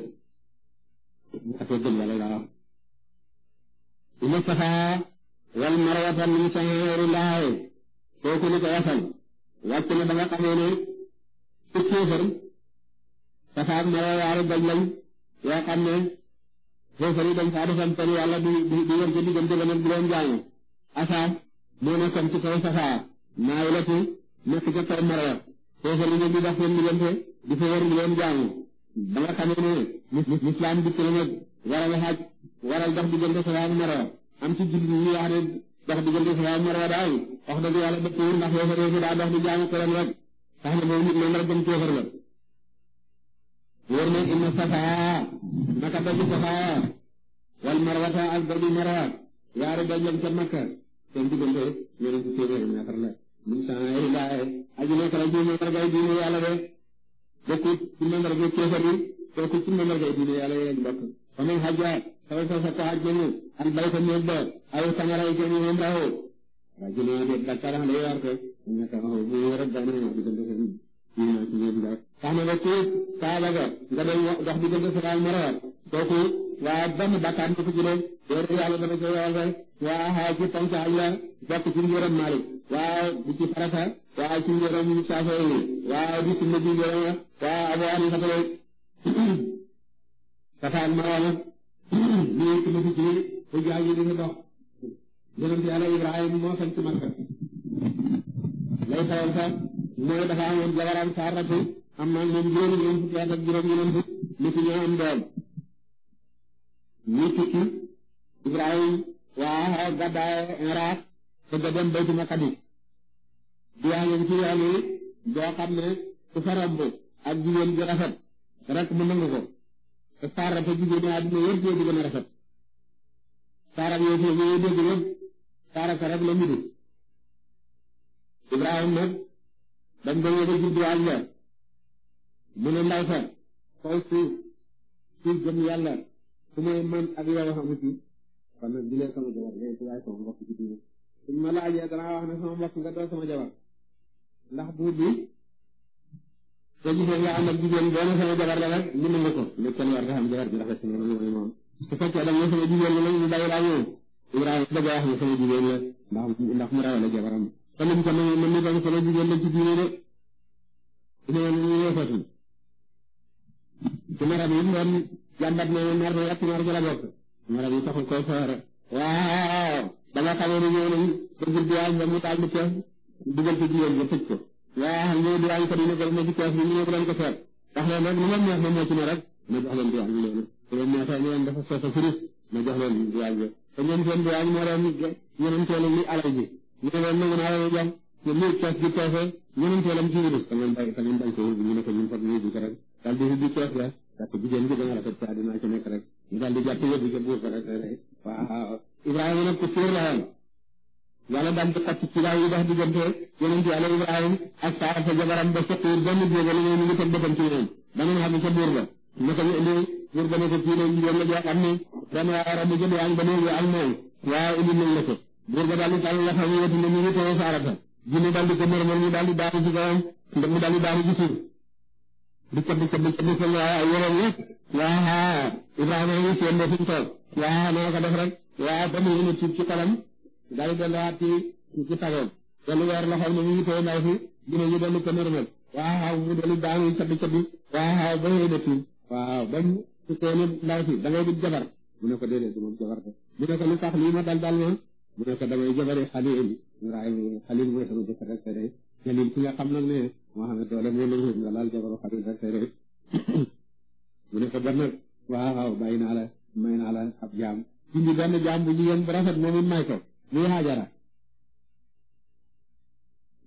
jël ate gëm yàlla la wax ina safaa wal marwata min sha'aa'irillaahi kooku li ko wasal wàcc na ba nga xamee ne ci kéefër safaa ak marwa yaari daj lañ yoo xam ne kéefër yi dañ faa defal pen yàlla di di di yem ci diggante la nag di leen jàng asaa moo nekkoon ci kaw safaa maa ngi la ci nekk ca kaw marwa kéefër yi ñoom di dox seen diggante di fa wër di leen jàng ba nga xamee ne lislaam dikk na nag waral xaj waral dox diggante Safaa ak Marwa am ci jullit ñi wax ne dox diggante Safaa ak Marwa daal wax dëgg yàlla dëppul ndax yoo xam ne daa dox di jaamu këram rek tax na moom nit ñoom rek dem kéefar la. wóor na inna Safaa naka daju Safaa wal Marwata ak daju Marwa yaari dajam ca Makka seen diggante ñeneen ci téeméeri ñaar la. bokkut ci a kéefar yi bokkut ci mandarga diine yàlla yi lañ bokk faman hajja sawa sa sata hajjanu al bayta néeg aw samaray keni moom rawo rajuloo de bakkar xale yor ko nga taxaw bu yor ak daanaka wax diggante sa nit ñi naa ci ñoom ba ci kaaba ga nga dox diggante sa kaay moroom kooku waa benn bakkaar bi ko ci doon yor yàlla dama koy yowal rek waa xaaj ci tànk aj la bokk ci ngërëm Malik waaw di ci farata waaw ci njëriñ saafara yi waaw di ci mujj njëriñ la waaw Abu Hanifa tamit Fatal Marola lii ci mujj ci hujja yi di ko dox yonent Yàlla Ibrahima moo sañ ci Makka lay faral sax mooy dafa amoon jabaram Saaratu am na ñoom juróom-ñoom fukki at ak juróom-ñoom fukk nit ñoo am doom nit ki Ibrahima waaw gàddaay Iraq bëgg a dem baytu maqdis diyaa ngeen ci yoon yi doo xam ne ku fa romb ak jigéen bi rafet rek mu nangu ko te saar rafet jigéen ñi àdduna yëpp yëpp gën a rafet saaram yooyu fii yooyu dégg yëpp saara sa rek la ñu dul Ibrahima nag dañ ko yëg a juddu ak la mu ne ndaw sa kaw suuf suuf gëm yàlla su may mën ak yow xamu ci kon nag di leen sama jabar léegi ci yaay sama mbokk suñ ma laajee danaa wax ne sama mbokk nga doon sama jabar ndax buur bi soo gisee nga ànd ak jigéen boo ne sama jabar la rek ñu nangu ko lépp kenn war nga xam jabar bi rafet si moom mooy moom su fekkee da nga sama jigéen la nag ñu bàyyi laa ñëw Ibrahima bëgg a wax ne sama jigéen la ndax ndax mu rawale jabaram te lim ko nangu mën ni doon sama jigéen la ci diine de ñëwoon ñu yëfatu ci marab yi moom jàmbat ne nar na yàq nar gi la bokk marab yi taxul koy soore waaw ba nga xamee ne ñëw nañu bëgg diwaan ba mu taal di kees dugal ci jigéen ba tëj ko waaye xam nga diwaan ko dina ko ma ci kees bi ñu yóbbu leen ko seet ndax loolu rek lu ma neex ma moo ci ne rek ma jox leen diwaan bi loolu te leen neexee ñu leen dafa sosa firis ma jox leen ji ñu ne leen nangu naa leen rek daal di di kees ga parce que jigéen gi rek rek a nag ku fiir la woon yàlla daal di xatti ci laay yi dox diggante a yàlla Ibrahima ak Saara sa jabaram ba sëqur ba mu jégal ñoom ñu ngi teg bëtam ci ñoom ba ñu xam ne ca buur ba naka ñu indi buur ba ne ko kii la jigéen la joo xam ne ren waa yaa ngi ba léegi la ko buur ba daal di tànn la xam ne wetu Saara sa jinne daal di ko mërmër ñu daal daanu ci kawam ndem daal daanu ci suuf di ko di ko di ko di ko waaye ay waaye ba mu ngi tiib ci xolam day delluwaat ci ci tagoom dellu weer loxoom ne mu ngi tëye ndaw si dina ñu dellu ko normal na ko déedéet moom mu ne lu tax lii ma dal dal moom mu ne ko damay naa la may naa la ab jaam indi benn jaam bu jigéen bu rafet moom it may ko muy Haajara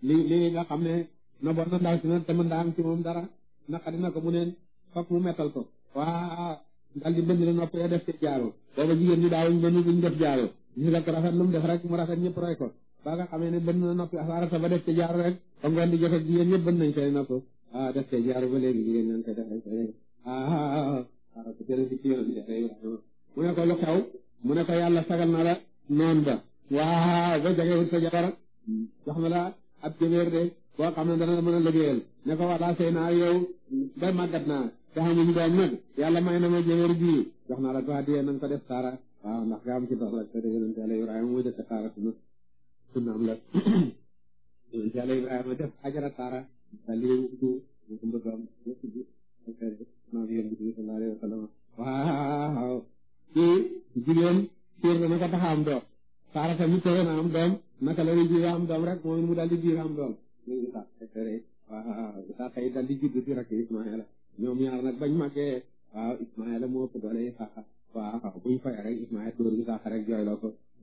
li li nga xam ne na bor na ndaw si ne te mën daa am ci moom dara naqari na ko mu neen fokk mu mettal ko waa dal di bënd la def ci jaaro booba jigéen ñi daawuñ ba ñu buñ def jaaro ñu nga ko rafet mu def rek mu rafet ñëpp roy ko ba nga xamee ne bënd na noppi ba def ci jaaro rek ba ngoon di jot ak jigéen ñëpp bënd nañ koy nopp ah def ci jaaro ba léegi jigéen ñaan koy def rek ah, ah, ah. ko tëra si mu ne ko yàlla sagal na la noon ba waaw ba jagewul sa jabar jox na la ab jëmeer de boo xam ne dana mën a liggéeyal ne ko wala sey naa yow ba màggat naa te xamuñ doom na ma jëmeer bii jox naa la ko adiyee na nga def saara waaw ndax nga am ci dox la te yonente yàlla Ibrahima muy mu ko waaw ci jigéen na naka taxa am doom saara tamit tere na am doom naka doom rek moom mu daal di ji am doom waaw Isaaka yi daal di judd ci rakk Ismaila ñoom ñaar nag bañ màggee waaw Ismaila moo ëpp doole Isaaka ko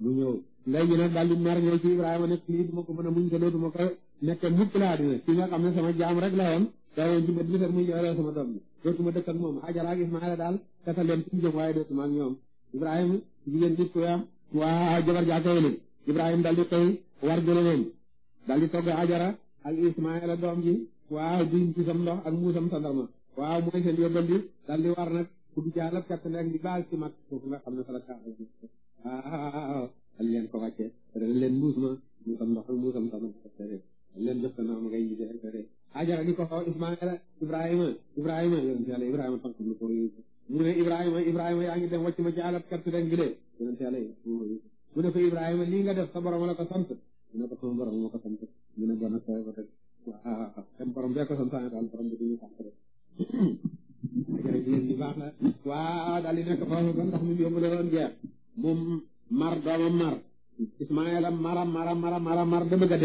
mu ñëw ndey ji nag daal di mer ñëw ci Ibrahima nekk lii du ma ko mën a muñ te dootu ma ko nekk mukk laa dina ci nga xam ne sama jaam rek la woon waaye jublu bi sax muy ñëwalee sama doom bi dootuma ak moom Hajara ak daal kasal leen fi mu jëm waaye dootuma ñoom Ibrahima jigéen gis ko yaa waa jabar jaa koy leen Ibrahima daal di koy war gële leen daal di togg Hajara ak Ismaila doom ji waaw di gisam ndox ak muusam sandarma waaw mooy seen yóbbal bi daal di war nag ku di jaalab kàtt nekk di baal ci mag foofu nga xam ne fa la caaxaan waaw daal di leen ko wàccee te dañ leen muus ma muusam ndox ak muusam sandarma leen def naa ma ngay gisee rek rek Hajara ko xaw Ismaila Ibrahima Ibrahima yonent yàlla Ibrahima tontu yaa ngi dem wàcc ma ci àll kàtt rek bi de yonent yàlla mu ne ko Ibrahima lii nga def sa borom la ko sant mu ne ko sama borom moo ko sant mu ne bon ak sa borom waaw xam borom bee mar doomam mar Ismaila mar da bëgg a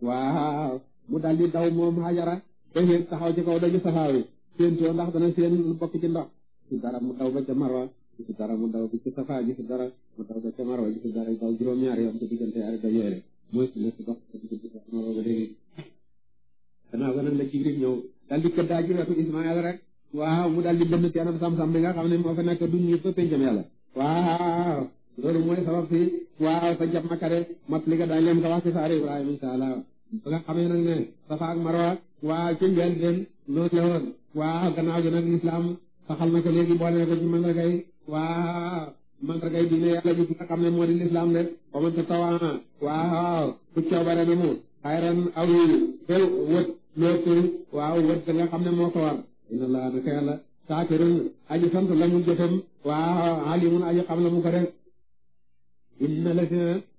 waaw mu daal di daw moom Hajara ba xëy taxaw ci kaw daju safaa wi séentoo ndax dana seen lu bokk ci ndox ci dara mu daw ba ca Marwa ci dara mu daw ba ci safaa gi ci dara mu daw ba ca Marwa gi ci dara daw juróom-ñaari yoon ci diggante ari daj yooyu mooy si nekk dox ci diggante Marwa ba léegi gannaaw ga nan la Jibril ñëw daal di këddaa ci wetu Ismaël rek waaw mu daal di bënn teenam sam-sam bi nga xam ne moo fa nekk duñ ñu fa péncam yàlla waaw loolu mooy sabab si waaw sa jàpp makare mat li nga daañ leen ko wax ci saari Ibrahima insha Allah ba nga xamee nag ne Safa ak Marwa waa ci njël den noonu la woon waa gannaaw gi nag lislaam saxal na ko léegi boole na ko ci mandargay waa mandargay diine yàlla ji nga xam ne moo di lislaam de ba man tatawaana waaw bu coobare na mu xayran aw yi tew wët looku waaw wët da nga ne moo ko war inna allah naka yàlla saakirun aji sant la mu jëfam waaw alimun aji xam la mu ko def inna la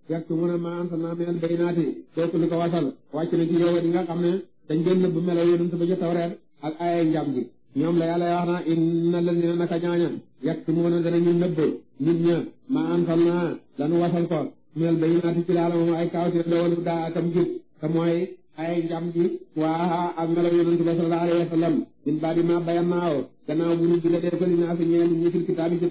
fekk mu ne ma ansalnaa minal bayyinaati kooku li ko wasal wàcc na ci yow di nga xam ne dañ doon nëbb melaw yonent ba ca tawreet ak aaya njàm gi ñoom la yàlla wax na inna ladina naka ñaaña yaktumuna danañu nëbb nit ña ma ansalnaa lanu wasal ko minal bayyinaati ci laala moom ay kawte la woon daa akam jub te mooy aaya njàm gi waa ak melaw yonent ba sallallahu alayhi wa sallam min baadi ma bayan naaw gannaaw bu ñu jëlee ko li naa fi ñeen ñi fil kitaabi ci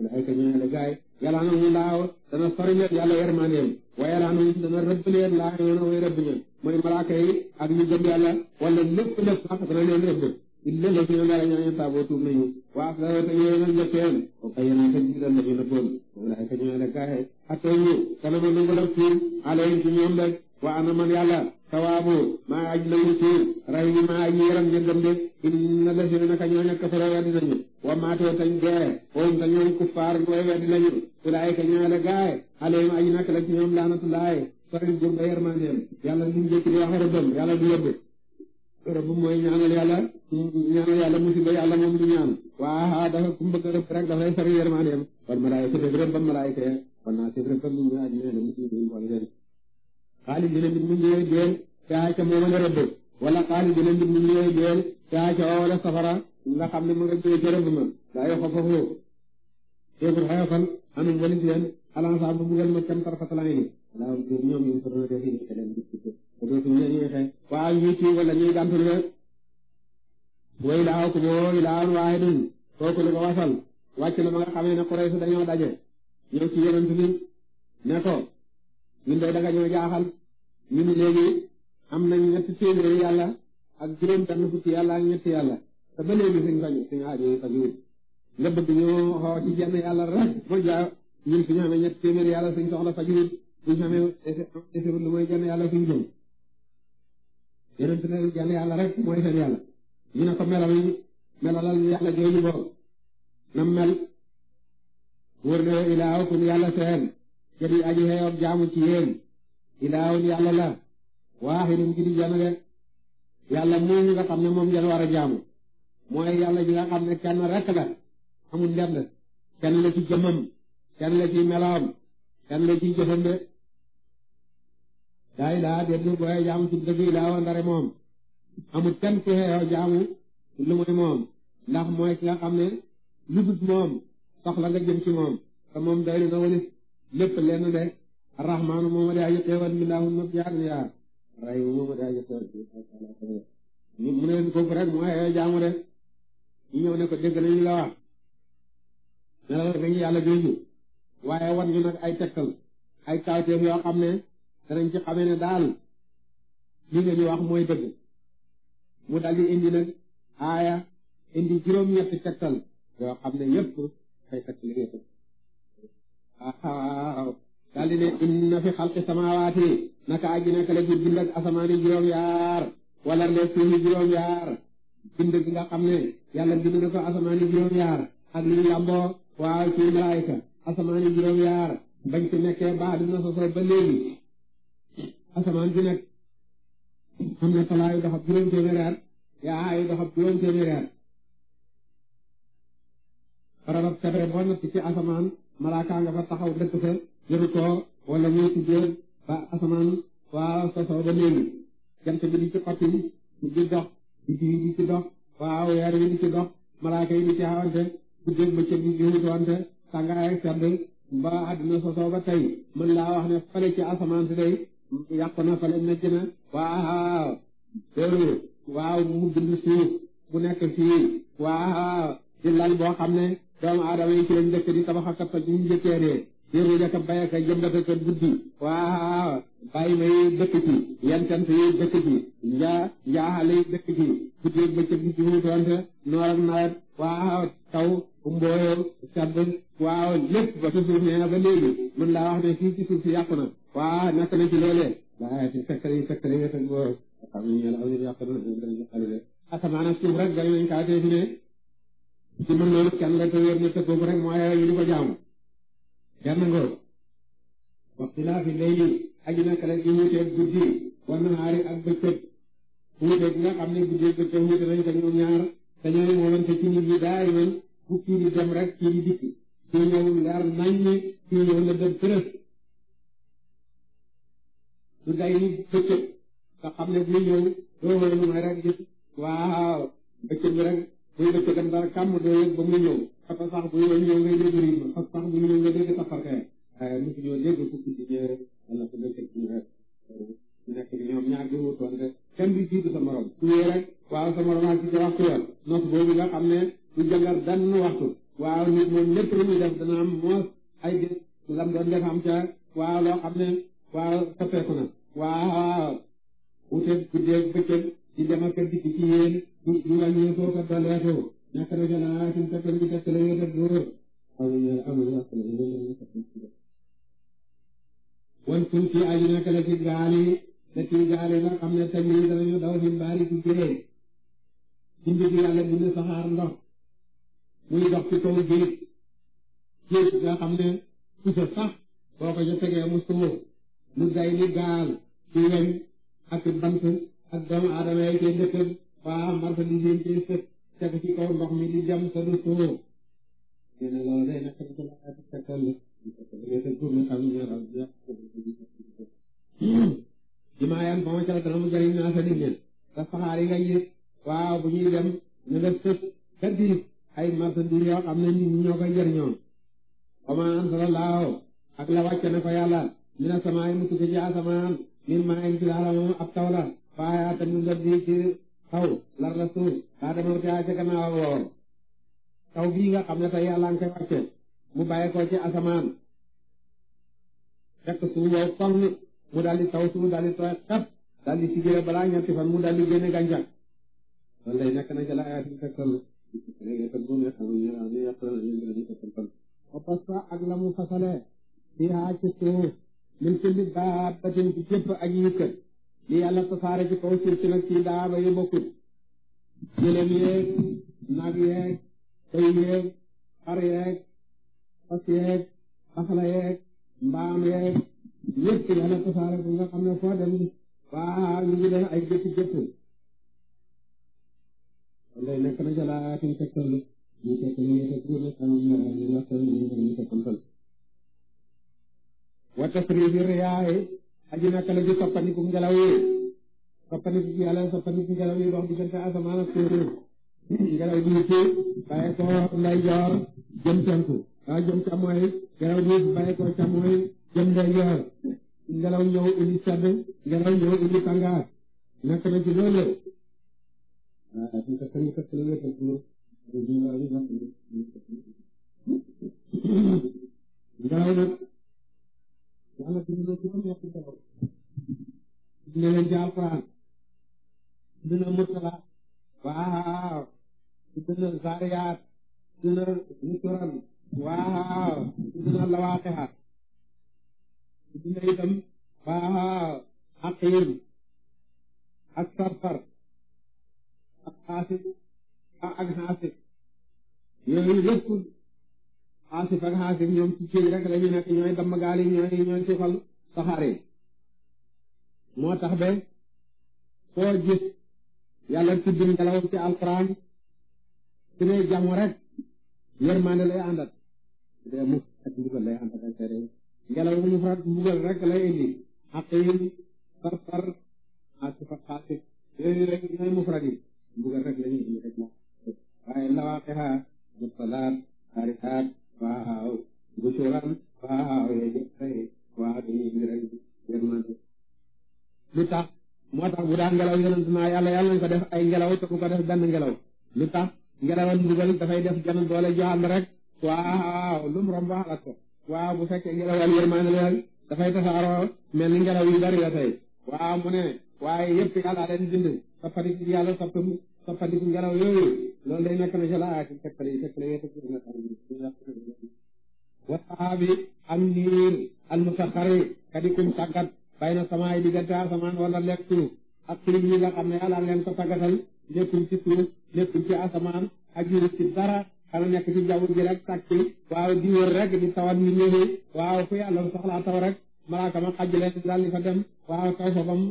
lay ka ñëwee la gaay yàlla na ñu laaw dana sori leen yàlla yermaaneem waaye laa nañu dana rëbb leen laa yoona way a ñeen mooy malaaka yi ak ñu gëm yàlla wala lépp lépp sax dana leen rëbb illa la ñoo yàlla ñoo ñu taaboo tuub nañu waa sa ta ñëwee nañ jëppeen o kay yéena ka jiital nañu la boon lay ka ñëwee la gaay xattee ñu kanama nangu la tuub alayhi ci ñoom rek wa na man yàlla sawaabu maa aji nangu ci ray ni maa aji yaram njëndam de inna lasina naka ñooña kafara weddi nañu wa maatoo tañ dee hom tañ ñooñ kuffaar way weddi lañu ulaayika ñaale gaay alayhim aji nak la ci ñoom laanatullaay sori buur ba yermaaneem yàlla nu njëkk di wax rëbbam yàlla du yëbb rëbb mooy ñaanal yàlla ñaanal yàlla musiba yàlla moom du ñaan waa dafa ku bëgg rëbb rek dafay sori yermaaneem kon malaayika def rëbbam malaayika ya kon naa def rëbbam ñu aji ñaane musiba yi wala leen xaalis dina mbir mi ñëwee deel caa ca moom la rëbb wala xaalis dina mbir mi ñëwee deel caa ca wala safara nga xam ne mu nga jëlee ca rëbb ma daa yoo ko foofu teekul xayofal anum walis leen alansa bu bugal ma cam tarfatalaay ni laa ñoom ñu ko doon def yi te leen gis ko dootu ñu ñuy xe waaw ñuy ci wala ñuy gàntul rek way laaw ko moo ilaawun waahidun kooku li ko wasal wàcc na ma nga xamee ne Quraysh dañoo daje ñëw ñun day danga ñoo jaaxal ñu ni léegi am nañ ñetti téeméeri yàlla ak juróom benn fukki yàlla ak ñetti ba léegi suñ fañu suñu aajo fajuwul nga bëgg ñu xoo ci yàlla rek mooy jenn yàlla suñ jëm yeneen ne jenn yàlla rek mooy seen yàlla ñu ne ko melal melalal yàlla jooju boobu na mel wër ne ilaaw kun yàlla seen te di aji xeyoon jaamu ci yéen ilaawun yàlla la waaxidun ji di jenn rek yàlla muy ñi nga xam ne moom ngeen war a jaamu mooy yàlla ji nga xam ne kenn rek la amul ndend kenn la ci jëmmam kenn la ci meloom kenn la ci jëfam de daa ilaa déedéet booy jaamu ci dëgg ilaawoon dara moom amul kenn ku xeeyoo jaamu lu mooy moom ndax mooy ki nga xam ne lu moom soxla nga jëm ci moom te moom doylu na walis lépp lenn de arrahmaanu moom a di aji teewal mbindaafu ma fi aduniyaa rahiimu moom a di aji teewal mu ne foofu rek mu ay jaamu de ñu ñëw ne ko dégg nañu la wax melal nañu yàlla jooju waaye wan ñu nag ay tekkal ay kawteef yoo xam ne danañ ci daal li nga ñu wax mooy dëgg mu daldi indi nag aaya indi juróom-ñetti tekkal yoo xam ne yépp fay fekk li ngay fekk waaw uh-huh. daldi ne inna fi xalqi samaawaati naka aji la ci asamaani juróom-yaar wala les suufi juróom-yaar bind gi nga xam ne yàlla bind asamaani juróom-yaar ak li ñu lamboo waaw asamaani juróom-yaar bañ ci nekkee ba dina sosoo asamaan bi am na salaa yu doxab juróom téeméeri at yaa yu doxab juróom téeméeri at rabab kabre boo asamaan malaaka nga fa taxaw dëkk fa jëru ko wala ñuy ba asamaan waaw sosoo ba léegi jant bi di ci yi di ci dox waaw weer yi di ci dox malaaka yi ca ci awante guddeeg bëccëg ba àdduna sosoo tey mën laa wax ne fale ci asamaan si day yàqu na fale najj na waaw loolu waaw mu bind suuf bu nekk fii waaw ci lañ boo xam ne doomu aadama yi ci lañ dëkk di tabax ak ak ñu njëkkee dee yéen a ka bay ak jëmbat ak guddi waaw bàyyi may dëkk ci yentent yi dëkk ci njaa njaaxale yi dëkk ci guddi ak bëccëg ci ñu doonte noor ak nawet taw mbooyo sedd waaw lépp ba ci suuf nee na ba léegi mën laa wax ne fii ci suuf si yàqu na waaw nekk na ci loolee waaye ci secteur yi secteur yi nga xam ne boo xam ne ñu ne la aw nit yàq na asamaan ak suuf rek gën nañ kaa ci mën loolu kenn rek wér na te rek moo yore ñu di ko jaamu benn ngóor waxtu laa fi lay lii aju nekk guddi war na xaari ak bëccëg wuuteeg nga xam ne guddi bëccëg wuute nañ ko ñoom ñaar te ñooy moolante ci daay man ku kii di dem rek kii di dikk kii ñëw leer nañ ni kii ñëw la dem përëf du day bëccëg nga xam ne buy ñëw doo xool mooy rek gis waaw bëccëg rek buy def itam dara kàmm doole ba mu ñëw parce que sax bu ñëw ñëw dégg sax bu ñëw nga dégg tafarka waaye mosu ñëw dégg fukki ci ñëwee wala ku nekk ci ñëwee nekk ci ñoom ñaar jëmul toon rek kenn du jiitu sa rek waaw sa morom ak ci waxtu yoon noos boobu nga xam ne du jàngal benn waxtu waaw nit moom lépp lu muy def dana am moos ay dé lam doon def am ca waaw loo xam ne waaw soppeeku na waaw wuute guddeeg bëccëg di dem ak dikk ci yéen ñu ràññee ko kat dalee na jëlaat suñu kàttan la yéex a góor amuñu amuñu wax a ngi fàttali ci def. ci aju ci gaal yi te ci gaal yi nga xam ne tamit danañu daw ci géej ci mbir yàlla bind saxaar ndox muy dox ci kaw géej géej nga xam ne su sa sax boo ko jotee mu suuf mu day ni gaal ci weñ ak bant ak doomu aadama yi ci dëkk faa marka ni ngeen koy ci kaw ndox mi jam sa dëkk woo na loolu day nekk ci laaj ak tegtal la. dina tëgg pour nga xam ne ñaar ak ñaar. jimaayaan ba ma ca dana mu jëriñ naa sa liggéey. sa faxaar yi nga yëg waaw bu ñuy dem ñu def sëpp ay marchandises yoo xam ne nit ñi ñoo koy jëriñoo. omaan sallallahu ak la wàcce na ko yàlla. mina samaay mu tukkee min maa ngi ci laala moom ab taw la. faayaa te mu nga xaw la rasul daa demoon ca ca gannaaw woon taw bii nga xam ne tey yàlla nga mu bàyyeekoo ci asamaan fekk suuf wow koŋ mu daal taw suuf daal di tooy xep daal di sigéey balaa ñetti fan mu daal di génne gàncax loolu na ca laay ati fekkal léegi kat di fekkal fan. opasta ak la mu fasalee fii haa ci li yàlla tasaare ci kaw suuf si nag ci daaba yu bokkut jëlem yeeg nag yeeg bëy yeeg xar yeeg fas yeeg xasala yeeg mbaam yeeg yëpp yàlla tasaare ko nga xam ne foo dem waa ñu ngi def ay gëpp gëpp lay nekk na jëlaat ñu tegtal ñu tegtal ñu tegtal ñu xam ne ñu waxtaan ñu aji naka la ji soppandiku ngelaw yi soppandiku ci yàlla soppandiku ngelaw yi dox diggante asamaan ak suuf ngelaw bi ci bàyyi ko ndeyjoor jëm penku waaw jëm càmmooy ngelaw bi bàyyi ko càmmooy jëm ndeyjoor ngelaw ñëw indi sedd ngelaw ñëw indi tàngaar nekk loolu ngelaw nag yàlla dundal ci lu nekk ci sa bopp. dina leen ci alquran. dina mutala. waaw. dina zariyaat. dina mutural. waaw. dina lawaaqiha. dina itam. waaw. aqiim. ak sarfar. ak xaasib. ak xaasib. yooyu yëpp. Asif ak Asif ñoom ci géej rek la ñu nekk ñooy damm gaal yi ñooy ñooy suufal saxaar yi moo tax ba foo gis yàlla tudd ngelaw ci alxuraan su ne jàmm rek yërmande lay àndat de mu ak mbugal lay àndat ak seere ngelaw mu farat mbugal rek lay indi xaq yi far far Asif ak Asif yooyu rek ñooy mu farat yi mbugal rek la ñuy indi rek moom waaye lawaaqeha mursalat xaariqaat waaw busuran waaw yéegëre waaw dañuy indi rek yërmande lu tax moo tax bu daa ngelaw yonent naa yàlla yàlla nañ ko def ay ngelaw te bu ko def benn ngelaw lu tax ngelawal mbugal dafay def genn doole ju ànd rek waaw lu mu romb xalaat waaw bu fekkee ngelawal yërmande la dafay tasaaroo mel ni ngelaw yu bari la tey waaw mu ne waaye yëpp yàlla leen bind soppati ci yàlla soppati soppandi ngelaw yooyu loolu day nekk na ca la ak tegtale yi tegtale yi wa saxaabi am niir al musaxari kadikum tàggat bay na samaay diggante asamaan wala lekk ak tilim yi nga xam ne yàlla leen ko tàggatal nekkuñ ci suuf nekkuñ ci asamaan ajuul ci dara xana nekk ci jaww rek tàkki waaw di wër rek di tawat ñu ñëwee waaw fu yàlla soxlaa taw rek malaaka ma xaj leen daal di fa dem waaw taw fa bam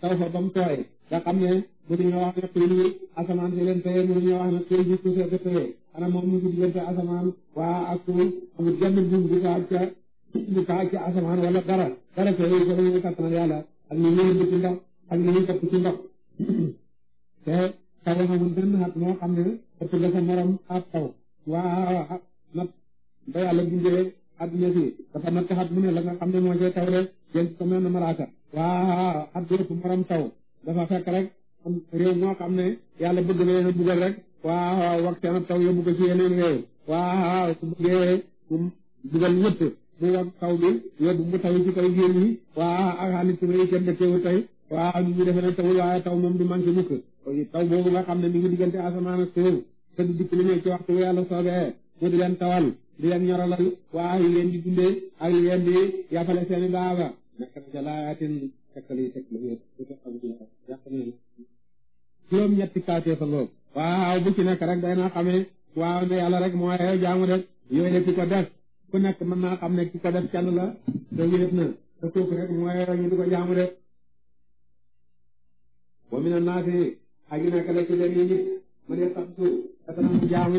taw fa tooy nga xam ne mënuñu wax ne tey nii asamaan si leen teye mënuñu wax ne tey jii suuf si ak teye ana moom mu ngi diggante asamaan waa ak suuf amul jënd bu bu taal ca bu taal ca asamaan wala dara dara tey jii dafa ñëw kattan yàlla ak ni ñuy yëngu ci ndox ak ni ñuy topp ci ndox te taw yi xamul benn at moo xam ne ëpp dafa morom ab taw waaw at nat ba yàlla bindee adduna si dafa natt at mu ne la nga xam ne moo cay taw rek jël ko mel ne malaaka waaw at bi ëpp morom taw. dafa fekk rek am réew moo xam ne yàlla bëgg na leen a bugal rek waaw waaw wax seen taw yóbbu ko ci yeneen réew waaw su bëggee mu bugal ñëpp muy wax taw bi yóbbu mu taw ci kaw géej gi waaw ak xaalis su may kenn teewul tey waa ñu defe ne taw waaye taw moom di man mukk taw boobu nga xam ne mi ngi diggante asamaan ak suuf te du dikk lu ne ci waxtu yàlla soobee mu di leen tawal di leen ñoralal waa yi leen di dundee ak yi leen di yàppale seen i baaba nekk na ca laayatin tekkali teg lu wér lu teg ak lu yàq yàq nañu juróom-ñetti kaatee fa ngoog waaw bu ci nekk rek day naa xamee waaw ne yàlla rek moo xew jaamu rek yooyu de ki ku nekk mën naa xam ne ki ko def kenn la te wéet na te kooku moo xew ñu di ko jaamu rek wa mina naasi ak yu nekk la ci yi nit ma ne sax su mu jaamu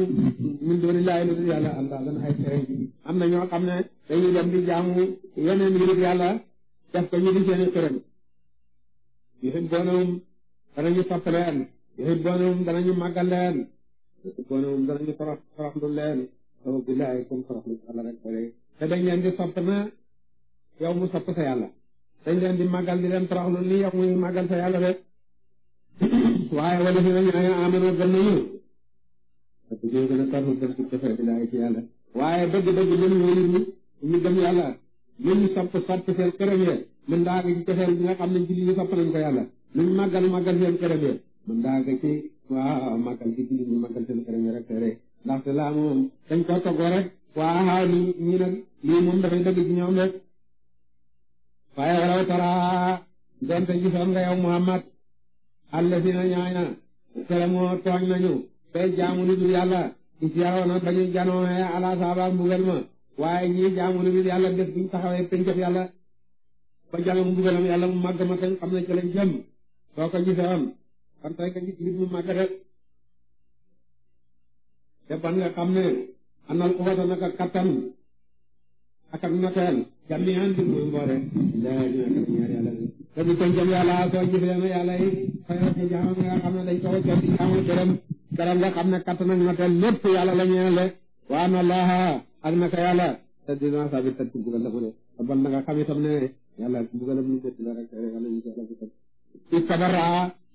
min dooni laay lu dul yàlla am daal ay tereñ am na ñoo xam ne dañuy dem di jaamu yeneen yu dul yàlla def ko ñu di seen i xërëm yuhibbuunahum danañu sopp leen yuhibbuunahum danañu màggal leen yuhibbuunahum danañu torox toroxlu leen soo billaay comme toroxlu yàlla rek bëri te dañ di sopp na yow mu sopp sa yàlla dañ leen di màggal di leen toroxlu ni yow muy màggal sa yàlla rek waaye wala fi nañu ay amano gën nañu parce que ñoo gën a toroxlu def ci defee billaay ci yàlla waaye dëgg-dëgg ñun ñu ñu gëm yàlla nañu sopp sopp seen këram ya mën daa ci cofeel bi nga xam ne julli ñu sopp nañ ko yàlla nañu màggal màggal seen këram ya mën daa ci waaw màggal ci julli ñu màggal seen këram ya rek te rek ndaxte laa moom dañ ko toggoo rek waaw li ñu nag lii moom dafay dëgg ci ñoom rek waaye walaw tara donte gisoon nga yow Muhammad allazina ñaaña salamoo tooñ nañu tey jaamu lu dul yàlla is yaroona ba ñu janoo ala saaba mbugal ma waaye ñii jaamu nañu yàlla def bu ñu taxawee pencam yàlla ba jàngam yàlla mu màgg ma kañ xam ne ci lañ jëm soo ko gisee woon kon tey ka gis nit mu màgg rek te ban nga xam ne anal uwata naka kattan ak ak noteel jami'an bi muy mboole laa ñu ak ñaar yàlla bi te bu pencam yàlla soo gisee na yàlla yi fayoo ci jaamam nga xam ne dañ ko jot ne kattan ak noteel lépp yàlla la ñeele wa anna laaha ak naka yàlla te dina sabit tat ci bugal la mu ne abal na nga xam itam ne yàlla ci bugalam ñu jëtti la rek yàlla ñu jëla bu tat istabarra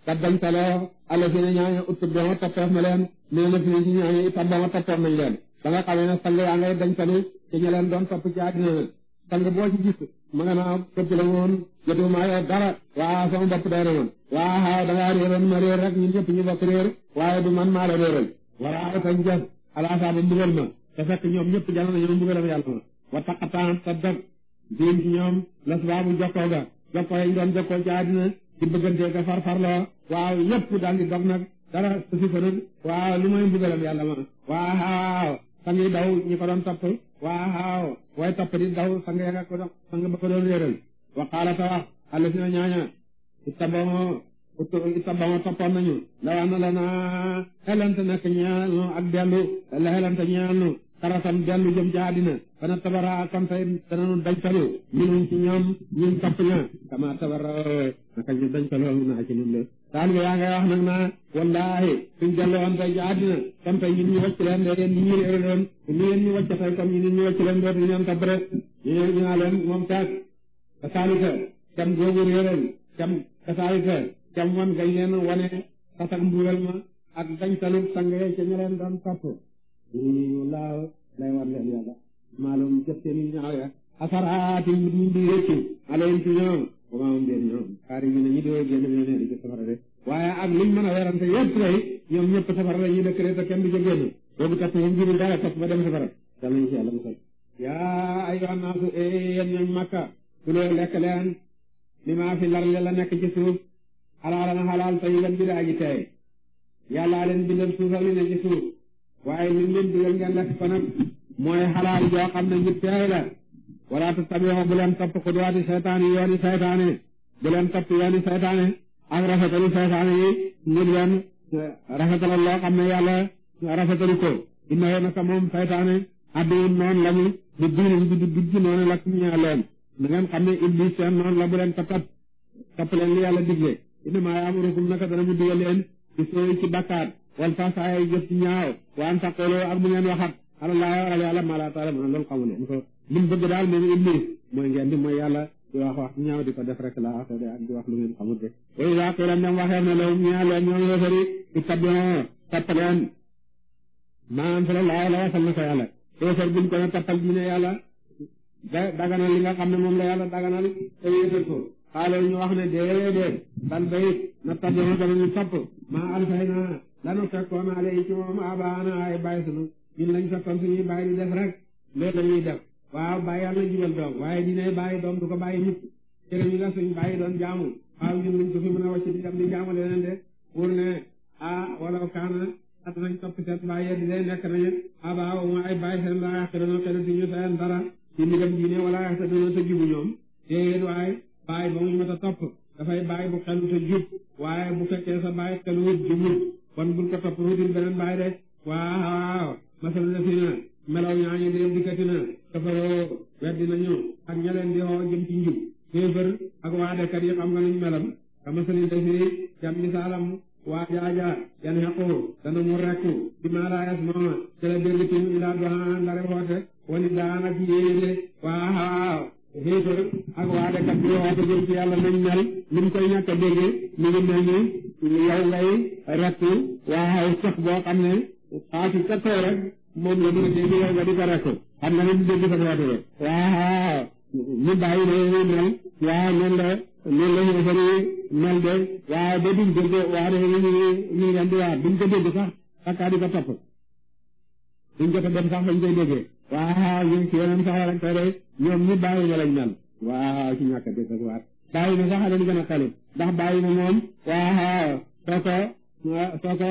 taddamtaloo alafina ñaaña uttubdoma toppeef na leen nee na fii ci ñaaña itabdoma toppeef nañ leen da nga xamee ne sang yaa ngay dañtanu ci ña leen doon topp ci àddina na sang boo ci gis ma nga naa këpp la woon jotuma dara waa sama bopp day rewoon waa xaaw da ngaa réeroon ma réer rek ñun ñëpp ñu bokk réer waaye du man maa la réeral wara tañ te fekk ñoom ñëpp jàll nañu mbugalam yàlla ma wa taqatan ta dog diim ci ñoom lasbaabu jokkoo ga jokkoo yañ doon jokkoo ci àddina ci bëggante ga farfarloo waaw yëpp daal di dog nag dara su fi fanul waaw lu mooy mbugalam yàlla ma waaw sang yi daw ñi ko doon topp waaw way topp di daw sang ya ko doon sang ba ko doon réeral wa qaala ta wax allasina ñaaña ittabamoo ittabamoo toppoon nañu lawaana la naa xelante nak ñaanu ak dellu la xelante ñaanu xarasan dellu jëm ca àddina fana tabara kam fay danañu dañ talu minum ci ñoom ñun topp ña kama tabara naka ñu dañ taloo naa ci ñun de taalibe yaa ngay wax nag naa wallaahi suñ delloo woon tey ci àddina kam tey ñun ñu wàcc leen de yéen ñi ñu réeroon ñu leen ñu wàcc tey comme ñun ñu wàcc leen dootu ñu leen topp rek ñu wan gañ leen wane xasak mbuural ma ak dañ talu sang ca ñu leen doon topp ñu laaw lay war leen yàlla maalum jëf ñoom wa maa hum déen ñoom xaari bi ne ñi doo génn ñoo nee di ci de waaye ak a werante yëpp lay ñoom ñëpp safara la ñu dëkk de dem safara dal yaa ayyuhan naasu yéen ñooñ màkka ku loo lekk leen li maa fi larle la nekk ci suuf xalaalan xalaal tayiban bi daa ji teey yàllaa leen bindal suufal li ne suuf waaye li leen digal ngeen lekk fanam mooy xalaal joo xam ne ñu teey la wala tattabi'u bu leen topp xuduwaati seytaane yi yooni seytaane bu leen topp yooni seytaane ak rafetalu seytaane yi ngir leen rafetal loo xam ne yàlla rafetalu ko innahu naka moom seytaane adduwun noonu la ñu di diinin di di digg noonu la ku ñaa leen na ngeen xam ne iblis seen noonu la bu leen ko topp topp leen li yàlla digle innamaa ya'murukum naka dana mu digal leen ci sooy ci wal fasaay jëf ci ñaaw waan taqooloo ak mu ngeen waxat alalaa waral yàlla mala taala mën loolu xamu leen ko li mu bëgg daal moom iblis mooy ngeen di mooy yàlla di wax wax ci di ko def rek laa wax di wax lu ngeen xamul de wa idaa qiila ndem waxeef na law ñaa leen ñoom yéefari ittabi'u tappaleen maanaam sala laa la wasal na ko yàlla yéefar buñ ko ne tappal ñu ne yàlla da daganal li xam ne moom la yàlla daganal te yéefar ko xaale ñu wax ne déedéet ban bayit na tabi'u danañu topp maa alfay lanu fekkoon alee ci moom abaana ay bàyyi sunu ñun lañ fekkoon suñuy bàyyi di def rek loolu lañuy def waaw bàyyi yàlla na jubal doom waaye dina bàyyi doom du ko bàyyi nit jërëñu la bàyyi doon jaamu waaw ñun lañ ko fi mën a wàcc di dem di jaamu leneen de pour ne ah wala kaana at nañ topp seen bàyyi di leen nekk nañu abaaw ma ay bàyyi seen laa xëy na xëy ñu seen dara ci mi dem diine wala xëy na te jubu ñoom déedéet waaye bàyyi ba muy mat a topp dafay bàyyi bu xelu te jub waaye bu fekkee sa bàyyi xelu jubul kon buñ ko topp ruutin beneen baay de waaw masal la fi na melaw ñaañu dem dikkati na kafaroo weddi nañu ak ña leen di woo jëm ci njub kéefër ak waadekat yi xam nga nuñ melam ka masalin da fi jam misaalam waa jaaja yan xequ dana mu rekku di maalaayas mooma ca la dégg tim ilaa doxaan ndare xoote wani daan ak yéene waaw héeféer ak waadekat bi waate jëm ci yàlla nañ mel li mu koy ñàkk a déggee mi ngi mel ni yow ngay rakk waaw sax boo xam ne xaati ca kaw rek moom la mën a dégg yow nga di ko rakk xam nga ne du dégg sa woote rek waaw ñu bàyyi na ñu mel waaw noonu la noonu la héeféer yi mel de waaw ba duñ dégg waa de ñu ñu leen di waa duñ ko dégg sax ak di ko topp duñ ko dem sax bañ koy déggee waaw ñun ci yeneen sax lañ koy def ñoom ñi bàyyi na lañ mel waaw ci ñàkk a dégg waat bàyyi na sax a leen gën a xale ndax bàyyi na moom waaw soo ko soo ko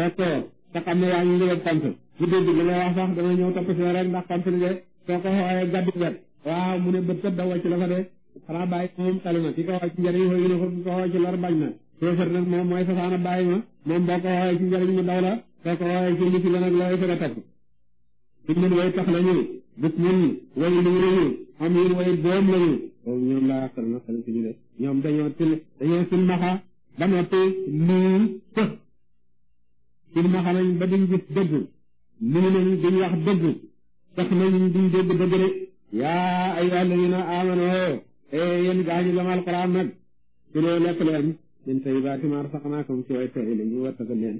rekkoo te xam ne yaa ngi njëriñ sant bu dégg li nga wax sax dama ñëw topp si rek ndax sant li de soo ko xoolee gàddu wet waaw mu ne bët sëb da wàcc la fa de xanaa bàyyi moom xale na ki ko xoo ci njëriñ xëy na ko xoo ci lor bañ na kéefër nag moom mooy safaana bàyyi ma moom boo ko xoolee ci njëriñ la a indil way tax lañu bët ñun way liw lañu am way boom lañu ñoom laa xel na xel ci ñu def ñoom dañoo dañoo silmaxa ba noppi lii silmaxa nañ ba duñ gis dëgg lii nañ duñ wax dëgg tax nañ duñ dégg dëgg de yaa ay alladina amano e yéen gaañu lama alquran nag su loo lekk leen min tayyibaati ma razaqnaakum ci way tey ñu wattaka leen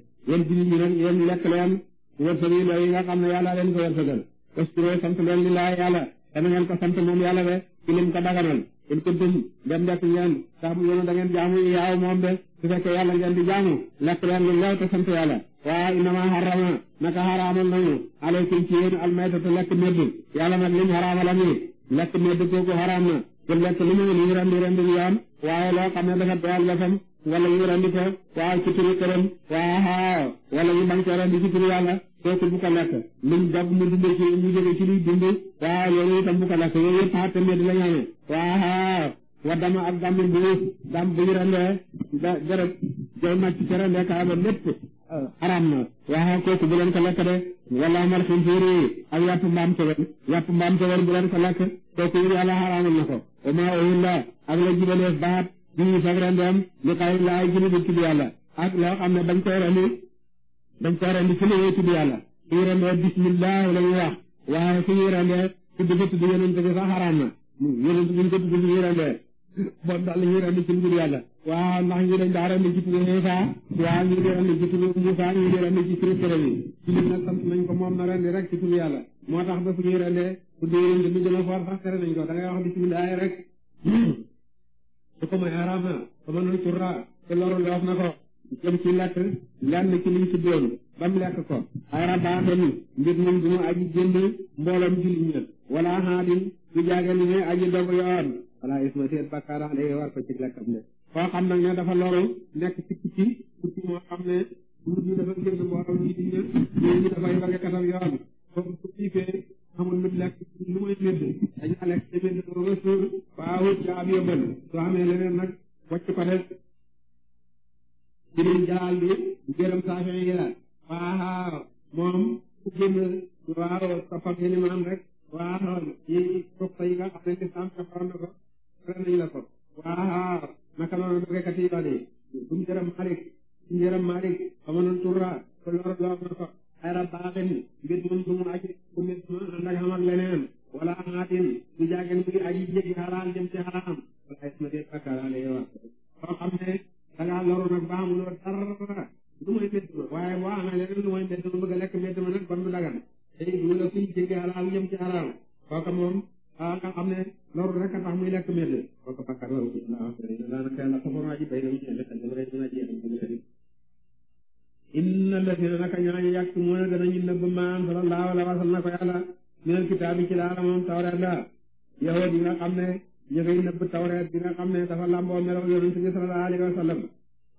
lekk leen wërsëg a looy yi nga xam ne yàlla leen ko wërsëgal waskuroo sant leen lillaahi yàlla te na ngeen ko sant moom yàlla de ci lim in kuntum dem nekk ngeen sax yéen da ngeen jaamu yaaw moom de su fekkee yàlla ngeen di jaamu lekk leen lu leew te sant yàlla waaye innama harama naka haraamal nañu alaykum ci yéen almaytata lekk medd yàlla nag lim haraamal ñu lekk medd kooku haraam na ku lekk lu mu lu ñu rendi rendi yaam waaye loo xam ne dafa doyal la fam wala yu rendi ko waaw ci turu këram waaw wala yu bañ ko rendi ci turu kooku bu ko lekk luñ dab mu dund ci mu jóge ci luy dund waaw loolu itam bu ko lekk yooyu yëpp xaar tamit la ñu amee waaw wa dama ak dammi mbuus dam bu ñu rendee garab jay màcc ci rendee kaaba lépp xaraam na waaw kooku bu leen ko lekk de mar xinsiir yi ak yàpp mbaam tawar bu leen ko lekk kooku yàlla xaraamal na ko oma ohilla ak la jibaleef baat li ñuy fekk rendeem li xay laay jëme di tudd yàlla ak loo xam ne dañ koy rendi dañ koy rendi ci li ñuy tudd yàlla suñu rendee bismillah la ñuy wax waaye suñuy rendee tudd ko tudd yonent bi sax xaraam na yonent bi ñu ko tudd suñuy bon daal la ñuy rendi ci ngir yàlla waaw ndax ñu dañ daa rendi ci tudd Muusaa waaw ñu di rendi ci tudd Muusaa ñu di rendi ci Kiristére bi ci li nag nañ ko moom na rendi rek ci tudd moo tax da suñuy rendee tudd yonent bi gën a foor sax tere nañ ko da ngay wax bismillah rek su ko may xaraama fa mënul turra te loru loof na ko jëm ci lekk lenn ci liñ ci doon ba mu lekk ko xayra baaxen mbir moom du ma aji jënd mboolam julli ñëpp wala xaadin du jaagal ne aji dogu yoon wala isma seet bakkaar ax war ko ci lekkam ne koo xam nag ne dafa loru nekk ci picci moo xam ne duur bi dafa génn mboolam julli ñëpp ñoom ñu dafay katam yoon xamul lu lekk lu muy medd dañ a lekk te medd ba suur baaxut ca ab yóbbal soo amee leneen nag wàcc ko rek jëriñ jalaal bi gërëm saafe yi la waaw moom ku génn waaw toppal seen imaam rek waaw ci softa yi nga xam ne lislaam kafaroon na ko pare nañ la ko waaw naka noonu dogekat yi doon yi bu mu gërëm Malik bu mu gërëm Malik xamanoon turra ko lor doo am na ko xayra baaxin mbir moom du mu aji ku nit na ak leneen wala xaatin du jaagen muy aji jéggi xalaal jëm ci xaraam wala isma déet bakkaar alayhi wa koo xam ne da ngaa loru nag ba amuloo dara mooy mbedd ma waaye boo amee leneen lu mooy mbedd ma bëgg a lekk mbedd ma nag kon du dagan te du la kuy jéggi xalaal jëm ci xaraam kooka moom a ah, nga xam ne loru rek a tax muy lekk mbedd kooka bakkaar waru ci daanaka yàlla xamoon aji bay na mu ñëw inna llazina naka ñooñu yaktumuna danañu nëbb ma anzalallahu ala wasal na ko yàlla minal kitaabi ci laala moom tawreet la yahudi nga xam ne ñu ngi nëbb tawreet bi nga xam ne dafa lamboo melaw yonent bi sallallahu alayhi wa sallam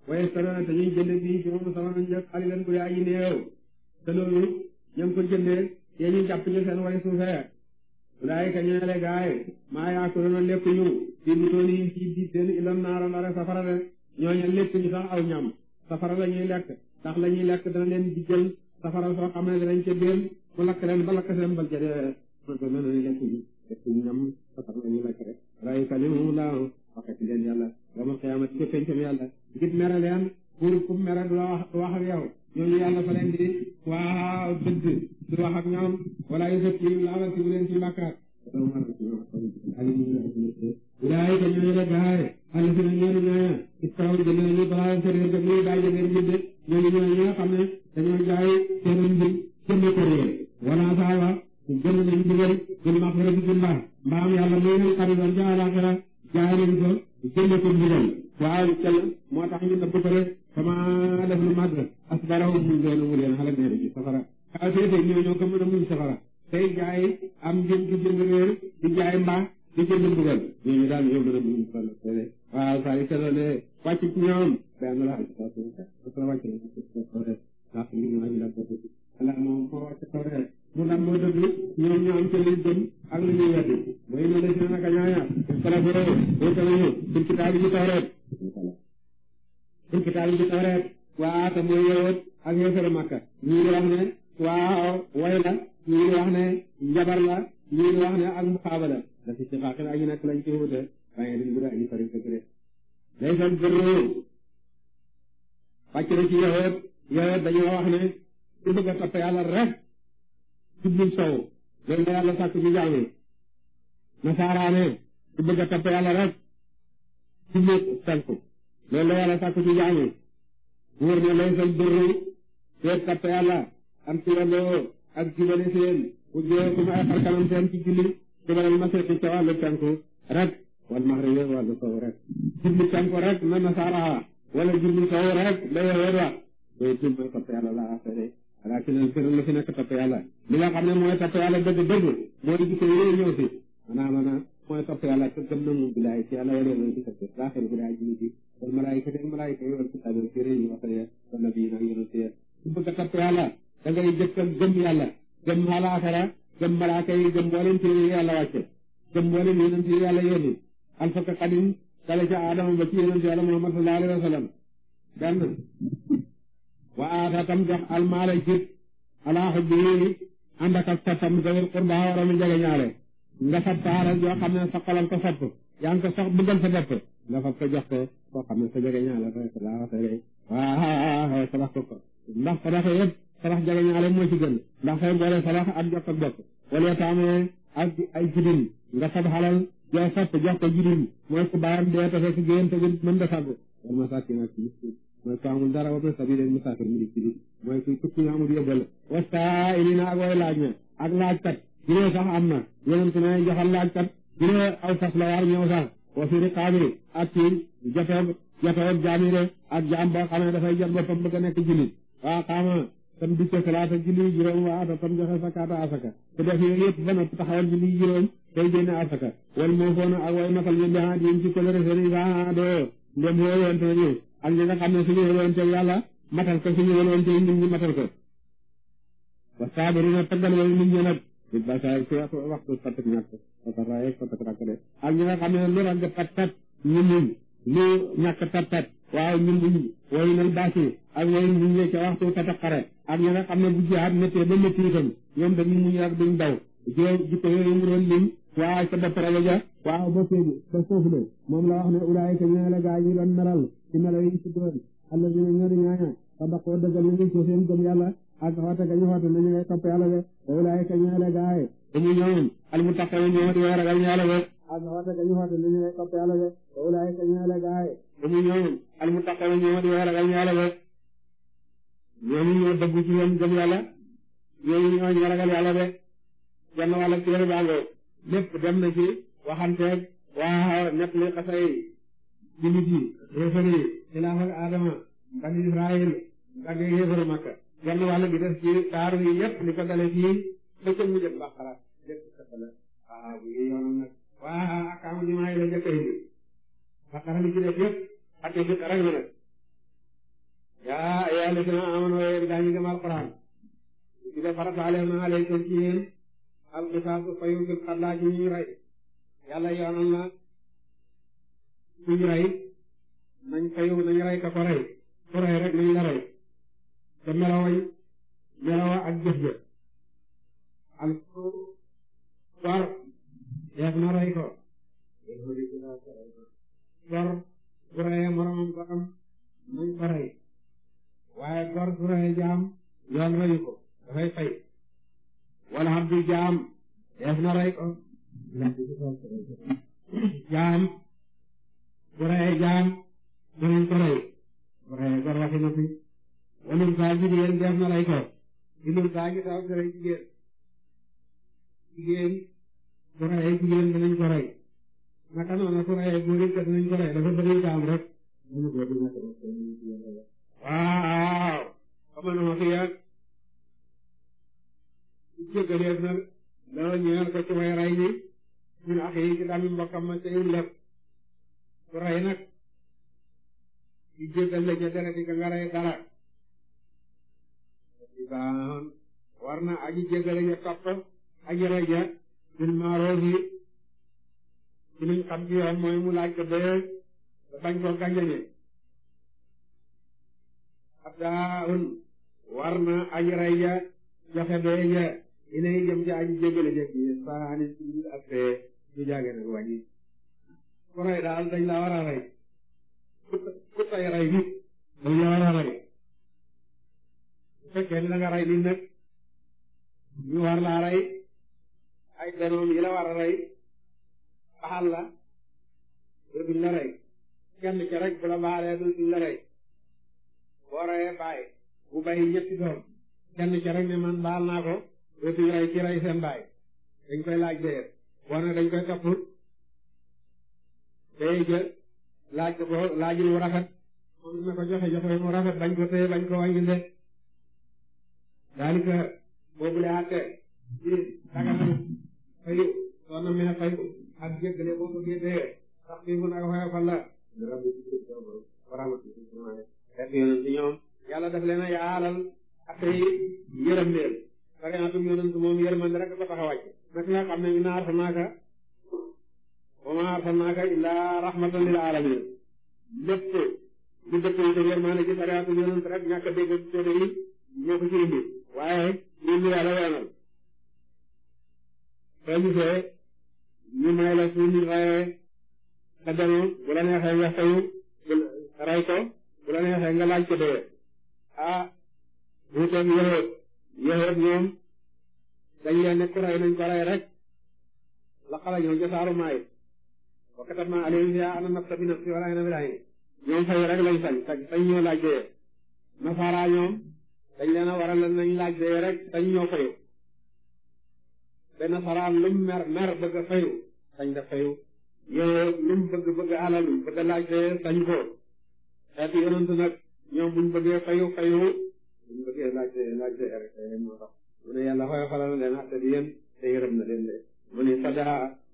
waaye sarona te ñuy jënd bii ci moom sama njëkk alilan gu yaa yi néew te loolu ñoom ko jëndee ñu jàpp ñu seen way suufee ulaayika ñooy le gaay maa yaakuluna lépp ñu fii butoonihim ci biir seen ilan naara ndare safara de ñooñu lépp la ñuy ndax la ñuy lekk dana di jël safara soo xam ne danañ ca biir mu lakk leen ba lakk seen bal jëlee man ko noonu lekk ñu lekk ñu ñam safara la ñuy lekk rek wala yukallimuhumullahu waxati leen yàlla yawmal qiyaamati ca pencam yàlla ngir mere leen pour ku mere du wax du wax ak yow ñooñu yàlla fa leen di waa dëgg du wax ak ñoom wala yuzakkihim laawati bu leen ci bàkkaar ulaa'ika ñooñu la gaay allazina ñooñu ñooñu istaw jëlee ñu balaa seen réer ba muy bàyyi leen jënd ñooñu ñooñu ñi nga xam ne dañoo jaay seen mbir jënd ko réer wala saaba jënd nañ digal jënd ma xëy na mbaa mbaam yàlla mooy leen xam ne jaay laaxira jaay nañ ko jënd ko digal waaw kenn moo tax ñu nëbb ko rek sama def lu màgg asbarahu muñ leen mu leen xale nee ci safara waaw déedéet ñoo ñoo ko mën a muñ safara tey jaay am jëm di jënd réer di jaay mbaa di jënd mbugal ñooñu daal ñoo mën a muñ safara waaw saa yu kenn ne wàcc ci ñoom benn la ko wàcc ma li ñu wàññi la boobu ala moom foo wàcc moo dëgg ñoom ñu am ca liñ ak lu ñuy weddi way na la si naka ñaaya salaforo wétanañu bil kitaab yi tawreet bil kitaab yi tawreet waa te mooy yowot ak yéefari màkka ñu ngi wax ne waaw way la wax ne njabar la ñu wax ne ak muxaabala da fi si xaqin aji ci wute waaye dañ bu da ñu fari dëgg day sal gërëmoo pàcc na ci yowet yowet dañoo wax ne ku bëgg a topp yàlla rek jublul sow loolu la yàlla sàkk ñu jaamu nasaaraane ku bëgg a topp rek jublu selku loolu la yàlla sàkk ñu jaamu wóor ne lay sal seet topp yàlla am ci wàllu ak seen ku jëlee ku ma seen ci julli jubalal ma seeti ca wàllu rek wal maxrib wàllu sow rek jublu penku rek na nasaara wala jublu sow rek la yahuud wax loolu tim mooy topp yàlla la affaire alaakina gën a lu fi nekk topp yàlla li nga xam ne mooy topp yàlla dëgg dëgg moo di gisee yooyu ñëw fi maanaam maanaam mooy topp yàlla te gëm na moom bilaay ci yàlla wala loolu ci topp laaxir bilaay ji ci wal malaayika te malaayika yi wal kitaab yi téere yi waxal ya wala bii nag yéen a ku bëgg a topp yàlla da ngay jëkkal gëm yàlla gëm alaxira gëm malaaka yi gëm mboolem téere yi yàlla wàcce gëm mboolem yonent yi yàlla yónni alfaka xadim kale ca Adama ba ci yonent Yàlla Muhammad sallallahu alayhi wa sallam benn wa aata tam jox almaale ci alaaxa bi ànd ak ak sottam dawil qurba waram jege ñaale nga sab taara yoo xam ne sa ko sopp yaa ngi ko sox bëggal sa bopp nga fab ko jox ko koo xam ne sa jege ñaale rek laa waxee waaw sadax ko ko ndax sadax yëpp sadax jege ñaale moo ci gën ndax fay boole sadax ak jox ak bopp wala taamu ak ay jibin nga sab xalal jaay sàpp jox ko jullit ñi mooy ku baayam dee te fekk géyam te da fàggu wal masaakin ak miskin mooy ku amul dara wabna sabiil musaafir mi ci biir mooy kuy tukki nga amul yóbbal wasaa'iliina ak way laaj na ak laajkat bu ne sax am na yonent ne joxal laajkat bu ne aw fas la war ñëw sax wa fi riqaabi ak ci jafeeb jafeeb jaamire ak jaam boo xam ne dafay jot a waa xaama tam dikk salaata julli juróom waa tam joxe sakaata asaka te def yooyu yëpp ba noppi taxawal julli juróom tey génne asaka wal moo foona ak way matal ñi biaat yén ci coloré seni saa do ndem xéewante nañu ak ñi nga xam ne suñu xéewante yàlla matal ko suñu xéewante nit ñi matal ko wa saabirina taggal way nit ñi nag i basaay ci waxtu patak ñàkk patak raye patak rakkale ak ñi nga xam ne lu ragg pat pat ñu muñ lu ñàkk pat pat waaw ñun buñ woynal baasi ak woy muñ ñe ca waxtu patak xare ak ñi nga xam ne bu jihaat méttee ba métti itam ñoom dañuy muñ ak duñ daw jo jikko yooyu mu doon lim waaw ca bopp rajo ja waaw ba féegi ba foofu le moom la wax ne ulaayika ñoo la gaa yi doon meral ci melo yi ci doon alla dina ñooni ñaaña sa daqoo dëggal ñu ci seen gëm yàlla ak xoote gañu xoote nañu ngay topp yàlla de wa ulaayika ñoo la gaa yi dañu ñëwoon almuttaqina ñoo di way ragal yàlla de ak xoote gañu xoote nañu ngay topp yàlla de wa ulaayika ñoo la gaa yi dañu ñëwoon almuttaqina ñoo di way ragal yàlla de ñooñu ñoo dëgg ci seen gëm yàlla ñooñu ñoo ragal yàlla de genn wàll téere baa ngoo lépp dem na ci waxanteeg waa ñett li xasay jullit yi yéefar yi xilaaf ak Adama bani Israël ak yéefar Makka genn wàll gi def ci taar yi yépp li ko dale fii bëccëg mu jëm Baqara lépp sëpp la waaw bu ñu yoonam nag waa akaamu limaay la jëkk indi si na amoon waaye daañu gëm Alxuraan li ci def farataale na alaykum ci alxisaasu fayu bi xallaa ji ñuy rey yàlla yoonal na kuy rey nañ fayu nañ rey ka ko rey ku rey rek nañ la rey te meloway melowa ak jëf jëf alxu war def na rey ko gor su reyee moromam goram nañ ko rey waaye gor su reyee jaam yoon reyu ko dafay fay wala abdu jaam def na rey ko jaam bu reyee jaam danañ ko rey bu reyee gor waxi na fi wala saa jigéen def na rey ko dinañ saa ñu taw rey jigéen jigéen bu reyee jigéen danañ ko rey naka noonu ku reyee góor it danañ ko rey dafa bëri jaam rek waaw xam nga nu ma fi yàgg jéggaleef na la ñëwal ko ci may rey bi min axi ci dami ma tey leb ku rey nag ci jéggal la ca dereti ka nga rey dara baan na aji jéggale ja topp aji rey ja bil maaroof yi ci luñ xam ci yoon mooy mu laaj ko dee da bañ koo gànjañe ab daa un war na aji rey ja joxe dee ja ilay jëm ci aji jéggale jëf ji saani si ak fee ñu jàngee nag wàññi ku rey daal dañ la war a rey ku tay rey nit dañ la war a rey bu fekkee ni da nga rey nit nag ñu war laa rey ay denoom yi la war a rey baxal la duñ la rey kenn ca rek bu la baalee la rey boo reyee bàyyi bu bàyyi ñetti doom kenn ca rek ne man baal naa ko wetu yaay ki rey dañ koy laaj dayet wane dañ koy topp day jël laaj ko laajul wu rafet moom na ko joxe joxe mu rafet bañ ko téye bañ ko wàññil de daalika boobu la àtte ci dagana fayu mee fayu ak jéggale boo ko gee téye sax fii mun ak falla xeet yoonu ci ñoom yàlla daf leen a yaalal àtte yi yërëm leen sariatum yonent moom yërmande rek ba tax a wàcc nag nga xam ne inna arsalnaaka wa ma arsalnaaka illaa rahmatan lil alamin lépp lu dëkk yi te yërmande ci sariatum yonent rek ñàkk a dégg coono yi ñoo ci indi waaye lii lu yàlla weenal soo gisee ñu may la suñu rayee sa danu bu la neexee nga xëyu ray ko bu la neexee nga laaj ko dee ah bu toog yëreet yéexeet ñoom dañ leen ne ku nañ ko rek la xala ñëw jotaaru maay wa katabna alayhi anna nafsa bi nafsi wala ayna bil ayni ñoom fay rek lañ sañ sañ ñoo laaj dee nasaara ñoom dañ leen a waral nañ laaj dee rek sañ ñoo fayu te nasaraan luñ mer mer bëgg fayu sañ da fayu yow luñ bëgg bëgg alal bëgg laaj dee sañ ko xeeti yonent nag ñoom buñ bëggee fayu fayu suñu bëggee laajte laajte rek moo tax ne yàlla xooy xolal leen te yërëm na leen de mu ne Sadda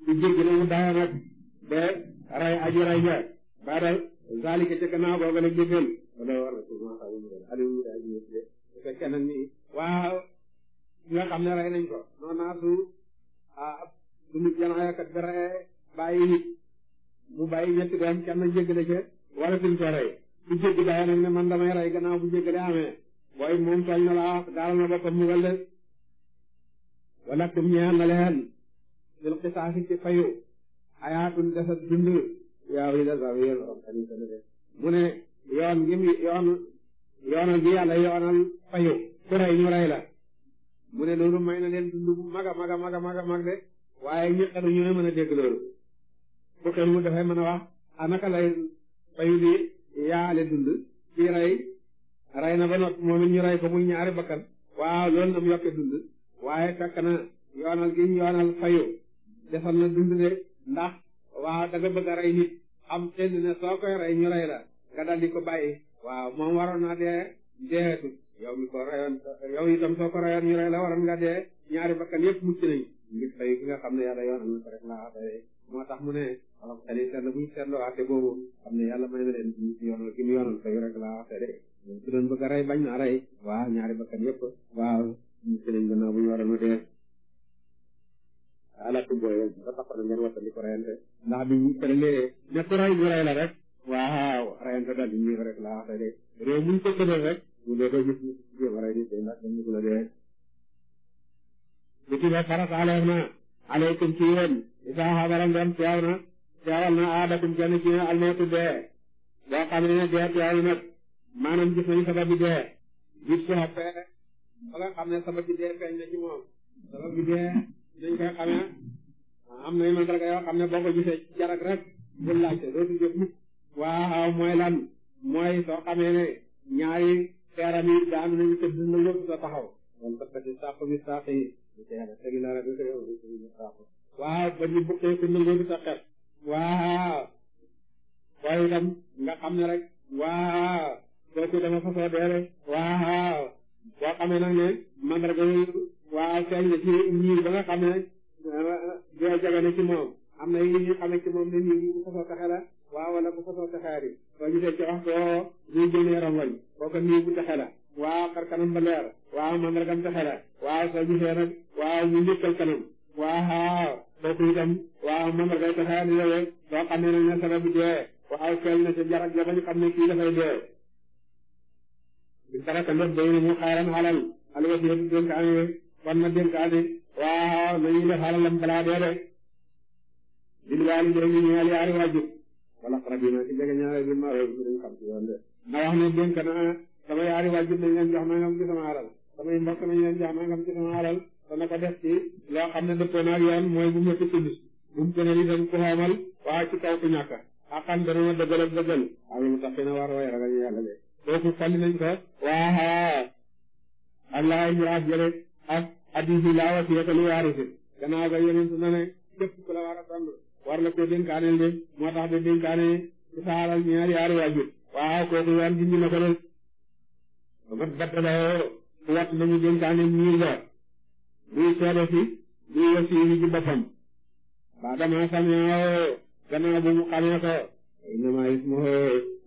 ci jéggi nañu daaw nag ba ray aji ray ja ba da zalika ca gannaaw boobu nag jéggal wala na ko ma xam ne Aliou mu daal ñu de su ni waaw nga xam ne rey nañ ko non naa su ah su nit yàlla kat ba rey mu bàyyi ñetti doom kenn jéggale ca wala suñ ko rey su jéggi daaw ne man damay rey gannaaw bu jéggale amee. booy moom tooñ na laa daal na boppam ñu de wala kum ñeexal na leen bil qisaasi ci fayu xayaatun desat dund yaa wi la zawir mu ne yoon gi mu yoon yoonal bi yàlla yoonal fayu ku rey ñu rey la mu ne loolu may na leen dund bu mag a mag a mag a mag a mag de waaye ñi xelu ñooy mën a dégg loolu bu xel wax anaka lay fayu bi yaale dund ci rey rey na ba noppi moom it ñu rey ko muy ñaari bakkan waaw loolu na mu yokkee dund waaye fekk na yoonal gi ñu yoonal fayoo defal na dund de ndax waaw da nga a rey nit am te ne soo koy rey ñu rey la nga dal di ko bàyyi waaw moom waroon naa dee deetu yow mi ko ñu rey la waroon nga dee ñaari bakkan yépp mucc xam ne yàlla yoonal na ko rek laa xatee moo mu ne xalam xel ki doon bëgg a rey bañ na rey waaw ñaari bakkan yëpp waaw ñu ci lañ gannaaw bu ñu waroon a dee alatu booyee ba tax na ngeen waxal di ko reyante ndax bi ñu tëralee ne ko rey ñu rey la rek waaw reyante daal di ñuy rek laa waxee de réew mi ñu ko tëral rek ñu dee ko gis jéem a rey nit ndax dañu ko la dee. kutiba farat alayna alaykum ci yéen isaa xabara ngeen teew na teewal na aadakum kenn ci yéen almawtu dee boo xam ne dee teew nag maanaam gis nañ sabab bi gis ko xappee ba nga ne sabab bi dee na ci moom sabab bi dee dañ kam xamee am na mandarga yoo xam ne boo ko gisee jarak rek bu laajte dootu lan mooy soo ne ñaari teeram yi daanu nañu tëdd na lépp sa taxaw wala takkati sàq bi sàq yi teera tegi la rek sàq waaw ba ñu bukkee ku nangoodu ne rek waaw kooku dama ko soo deewee waaw boo xamee nag ne mandarga yi waaw feeñ na ci niir ba nga xam ne dee jaga na ci moom am na yu ñu ci moom ne niir yi bu ko soo taxee la waaw wala ko soo taxee rek soo gisee ci wax ko ñuy génnee rongoñ kooku niir bu taxee la waaw xar kanam ba leer waaw mandargam taxee la waaw soo gisee nag waaw ñu njëkkal kanam waaw kooku itam waaw mandargay taxee la yooyu boo xamee nag ne sabab dee waaw feeñ na ci jarak ja bañ xam ne kii bi taraka lépp day nañu xayran xalal alwasiyatu dénkaane war na dénkaane waaw nañu balaa dee de bil waalidayni ñu ñaari yaari waajur wal aqrabiina ci jege ñaare bi ma rew ci xam ci yoon na wax ne dénk naa ah, sama yaari waajur nañ leen jox nangam ci sama alal samay mbokk nañ leen jox nangam ci sama alal dana ko def ci loo xam ne dëppoo naag yoon mooy bu mu ci tudd bu mu gënal itam ku xoomal waa ci kaw ku ñàkk a xam dana ak kooku sànni nañ ko waaw allah miraas jële ak hadis yi laa wasiyata li waarisi gannaaw ga yonent na ne képp ku la war a sàmm war la ko dénkaaneel de moo tax de dénkaane ci sa alal ñaari yaari waajur waaw kooku yoon junj na ko de bat bataloo wat nañu dénkaane miir ba muy seede si muy wasi yi ci boppam ba dama sàmmee gannaaw bu mu xamee ko ay nama ismuhu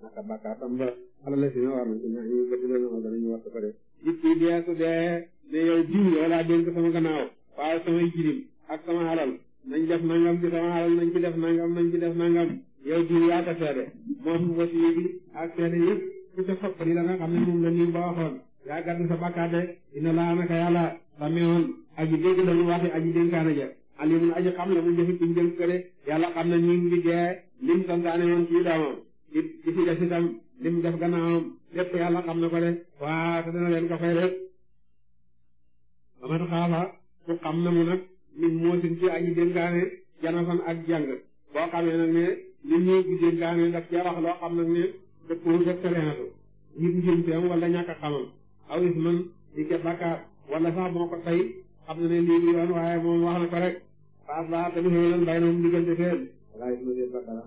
naka bakkaatam ba ala la si ne war nañ ko ñaax ñu bëgg leen wax a wax ba pare. nit ki dee su dee ne yow jiw yow laa dénk sama gannaaw waaye samay jirim ak sama alal nañ def nangam ci sama def nangam nañ ci def nangam yow jiw yaa ko seede moom wasiya bi ak seede yëpp ku ca fopp li la nga xam ne moom la ñu ba waxoon yaa gàtt sa bàkkaat de dina laa naka yàlla samiyoon aji dégg dañu waxe aji dénkaane ja alimun aji xam la mu jëfi kuñ jëf ko de yàlla xam ne ñu a liggéey lim santaane woon ci daamoom ci ci des itam li mu def gannaawam lépp yàlla xam na ko de waa dana leen ko fay de aman xaafa ku xam na mu nag min moosin ci aji dénkaane janasan ak jàng boo xamee nag ne li ñëw bi dénkaane daf ca wax loo xam nag ne dëppoo def terenatu ngir njëmteem wala ñàkk a xamam aw is man di ke bakkaar wala sax moo ko tay xam na ne lii di yoon waaye moom wax na ko rek paas la tamit na bay na moom diggante seen wala is man dee bakkaar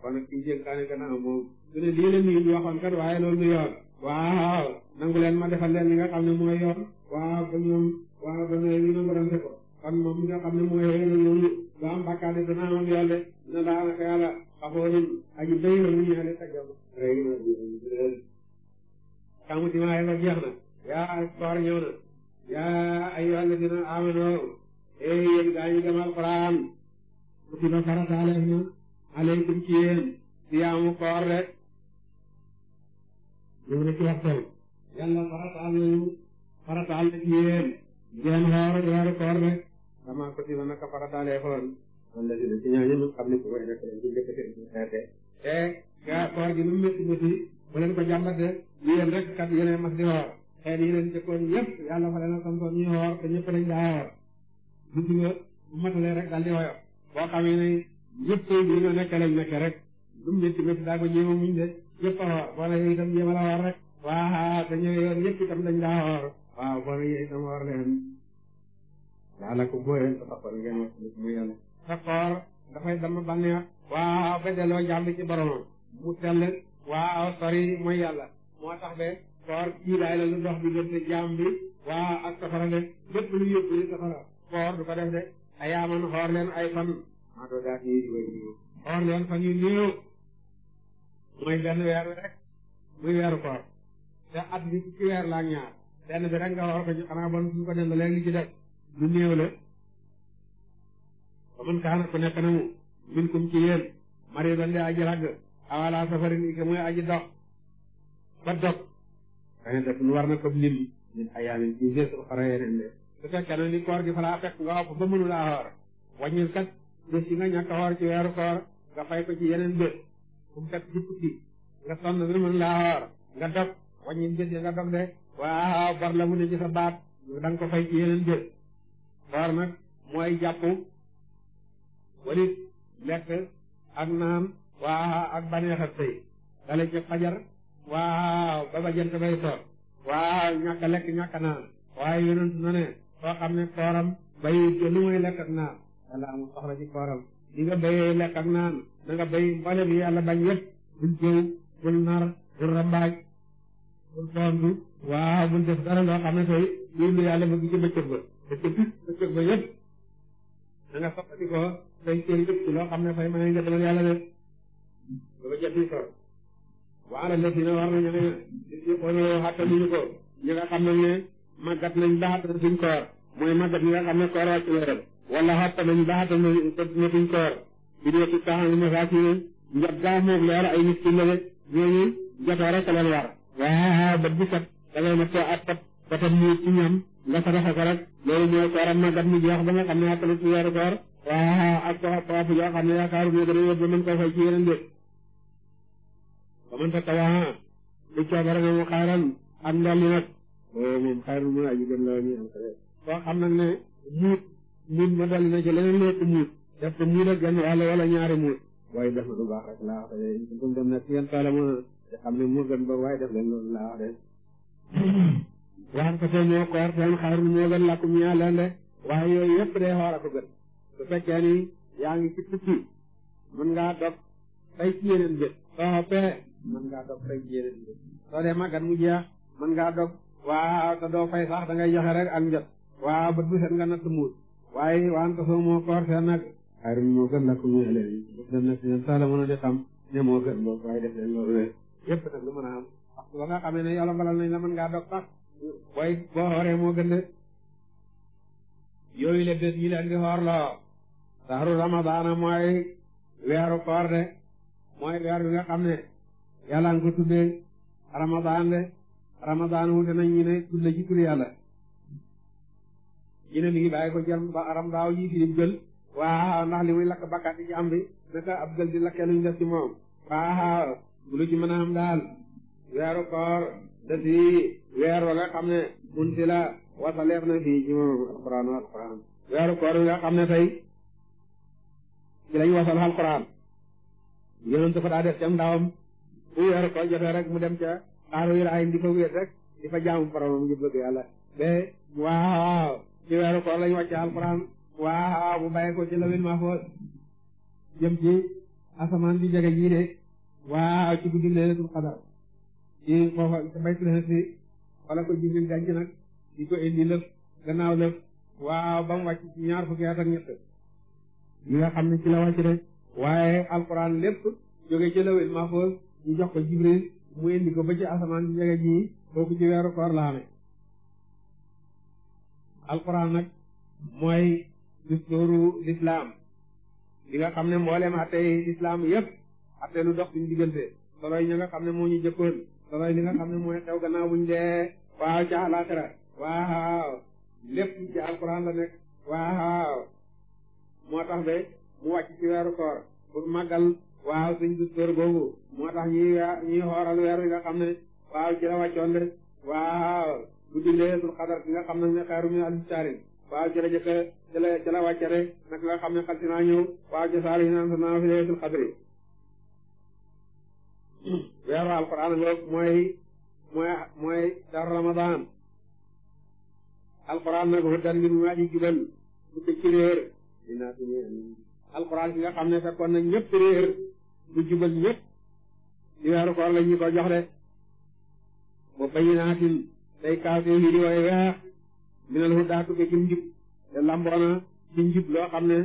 kon nag ci dénkaane gannaaw moom su ne lii la nit ñi waxoon waaye loolu du waaw nangu leen ma defal leen li nga xam ne mooy yoon waaw ba ñoom waaw ba ñoom ko kon moom nga xam ne mooy yoon yooyu ba am bàkkaar ne dana amoon yoon de dina daanaka yàlla xamoo nañ ak yu bëri ñu ñëwee rek ak yow. sàmm si maa yàlla jeex na. yaa koor ñëw yaa ay la dina amanoo. eh yéen daañu dem alquran. kutiba farataale na. aleykum ci yéen. siyaamu koor rek. ñu ngi ci waxtaan yàlla farataal nañu farataal na ci yéen ngeen rek dama ko ci wan naka farataalee xool man la ci des ci ñooñu ñu xam ne ku koy nekk dañ ci njëkk a tey te gaa koor ko jàmbate yéen rek kat yéen mas di xoor xeet yi leen jëkkoon yëpp yàlla fa a santoon ñuy daa xoor guddi nga bu rek daal di boo xamee ne ñëpp li nga nekk lañ rek lu mu métti daa ko jéem a muñ de ñëpp a uh, wala yow itam jéem a la war rek waaw te ñëwee yoon ñëpp dañ daa war waaw bon na itam war leen yàlla ko booyeen ba neex. waaw leen. yàlla. moo tax be koor kii ay fan. maa doon leen fan yu mooy benn weer rek muy weeru koor te at bi ci weer la ñaar benn bi rek nga war ko ci xanaa bon la ba mën kaana ku nekk na mu min kum ci yéen mari doon di aji ragg awala safarin i ke muy aji dox ba dog dane def nu war na ko lim min ayaamin ci bés yeneen de su fekkee ne ni koor gi fa fekk nga wopp ba mënu laa xoor kat bés yi nga ñàkk xoor ci weeru koor nga fay ko ci yeneen bés fu mu fekk ci tukki nga sonn vraiment laa nga dog wàññi jëf ya nga dog de waaw bor la mu ne ci sa baat da ko fay ci yeneen jëf bor nag mooy jàpp walit lekk ak naan waaw ak baneex ak sëy dale ci fajar waaw ba ba jant bay soor waaw ñàkk a lekk ñàkk a naan waaye yonent na ne soo xam ne kooram bay lu muy lekk naan wala amul soxla ci kooram di nga béyee lekk ak naan na nga béy mboolem yi yàlla bañ yëpp bul jëw bul nar bul rambaaj bul tontu waaw bul def dara loo xam ne tey lii lu yàlla bëgg ci ba bëccëg bi bëccëg ba yëpp nga soppati ko day cër yëpp ci loo xam ne fay mën a njëkk yàlla de ba ba jot di sor waala lépp dina war na ñu ne ñu ko ñëw xattaluñu ko ñi nga xam ne màggat nañ baax koor mooy màggat ñi nga xam ne koor wàcc weeral wala xattana ñu baaxatal na ñetti koor bi dee ci taxawu masaakin njab gaa moog leer ay miskin la rek ñooñu jotoo rek leen war waaw ba bisat da ngay nekkoo at pat batam ñu ci ñam nga sadaxa ko rek loolu mooy kooram magat mu jeex ba nga xam ne xattana ci weeru koor waaw ak ko xattana yoo xam ne yaakaaru ne dana yóbbu mën koo fay ci yeneen dëkk ba mën ta tawaa lu coobara nga mu xaaral ak ndolli nag moom xaaral mu aji gën la ñu am ko xam nag ne nit ma dolli na ci leneen lépp muut def ko muut ak genn wàll ñaari muut waaye def na lu baax rek laa wax de comme dem na ci yan taalama te xam ne moo gën ba waaye def leen loolu laa wax yooyu yëpp day xoor a ko gën su fekkee ni yaa ngi ci tukki mën mën ngaa dog tey ci yeneen bët soo dee màggat mu jeex mën ngaa dog waaw te doo fay sax da ngay joxe rek ak njot waaw bët bu set nga natt muut waaye wante soo moo koor seen nag xayrun moo gën lakum ñu élèves yi def leen nag a di xam ne gën loolu waaye def leen loolu rek yëpp nag lu mën a am wax ba nga xamee ne yàlla mbalal la mën ngaa dog sax boo xooree moo gën de yooyu la bés yi leen di xoorloo saxaru ramadaana mooy weeru koor de mooy weer bi nga xam ne yàlla nga ko tuddee ramadaan de ramadaan wute nañ ñu ne tudde ci tur yàlla ina lii bàyyi ko jël ba aram daaw yi fi gël waaw ndax li muy lakk bakkaat yi ci am bi ab gël di lakkee luñ def ci moom waaw bu lu ci mën a am daal weeru koor da si weer wa nga xam ne mun si la wasaleef na fii ci moom alquran wa weeru koor bi nga xam ne tey ci lañ wasal alquran yonent dafa am ndawam bu weeru koor rek mu dem ca xaaru yi ay di fa wéet rek di fa jaamu boromam ngi bëgg yàlla ba waaw ci weeru koor lañu wàcce alquran waaw bu bàyyi ko ci lawil jëm ci asamaan bi jege jii de waaw ci guddi laylatul qadar ci foofa ci baytul wala ko jibril gànc nag di indi lëf gannaaw lëf waaw ba mu wàcc ñaar fukki at ak ñett yi nga xam ne ci la wàcc rek waaye alquran lépp jóge ci lawil mahfuz ko jibril mu indi ko ba asamaan bi jii kooku ci koor la alquran nag mooy dustooru lislaam li nga xam ne mbooleem attey lislaam yépp atte lu dox suñu diggante soloy ña nga xam ne moo ñu nga xam ne mooy xew gannaaw buñ dee waaw ca àlaxira waaw lépp ci alquran la nekk waaw moo tax ba mu wàcc ci weeru koor pour màggal waaw suñ dustoor boobu moo tax ñuy xooral weer wi nga xam ne waaw ci la wàccoon de waaw guddi laylatul xadar bi nga xam ne ne xayru min alfi shahrin waaw ci la jëkk ci la ci la wàcce rek nag la xam ne xal si naa ñëw waaw ci saar yi naan sa naa fi laylatul xadri weeru alquran ngoog mooy mooy mooy dar ramadan alquran nag hudan li mu aji jubal bu dëkk ci réer dinaa fi réer alquran bi nga xam ne fekkoon na ñëpp réer bu jubal ñëpp di weeru koor la ñu ko jox de ba bayyinaatin day kaase yi di way weex minal hudaa tugge ci njub te lamboona ci njub loo xam ne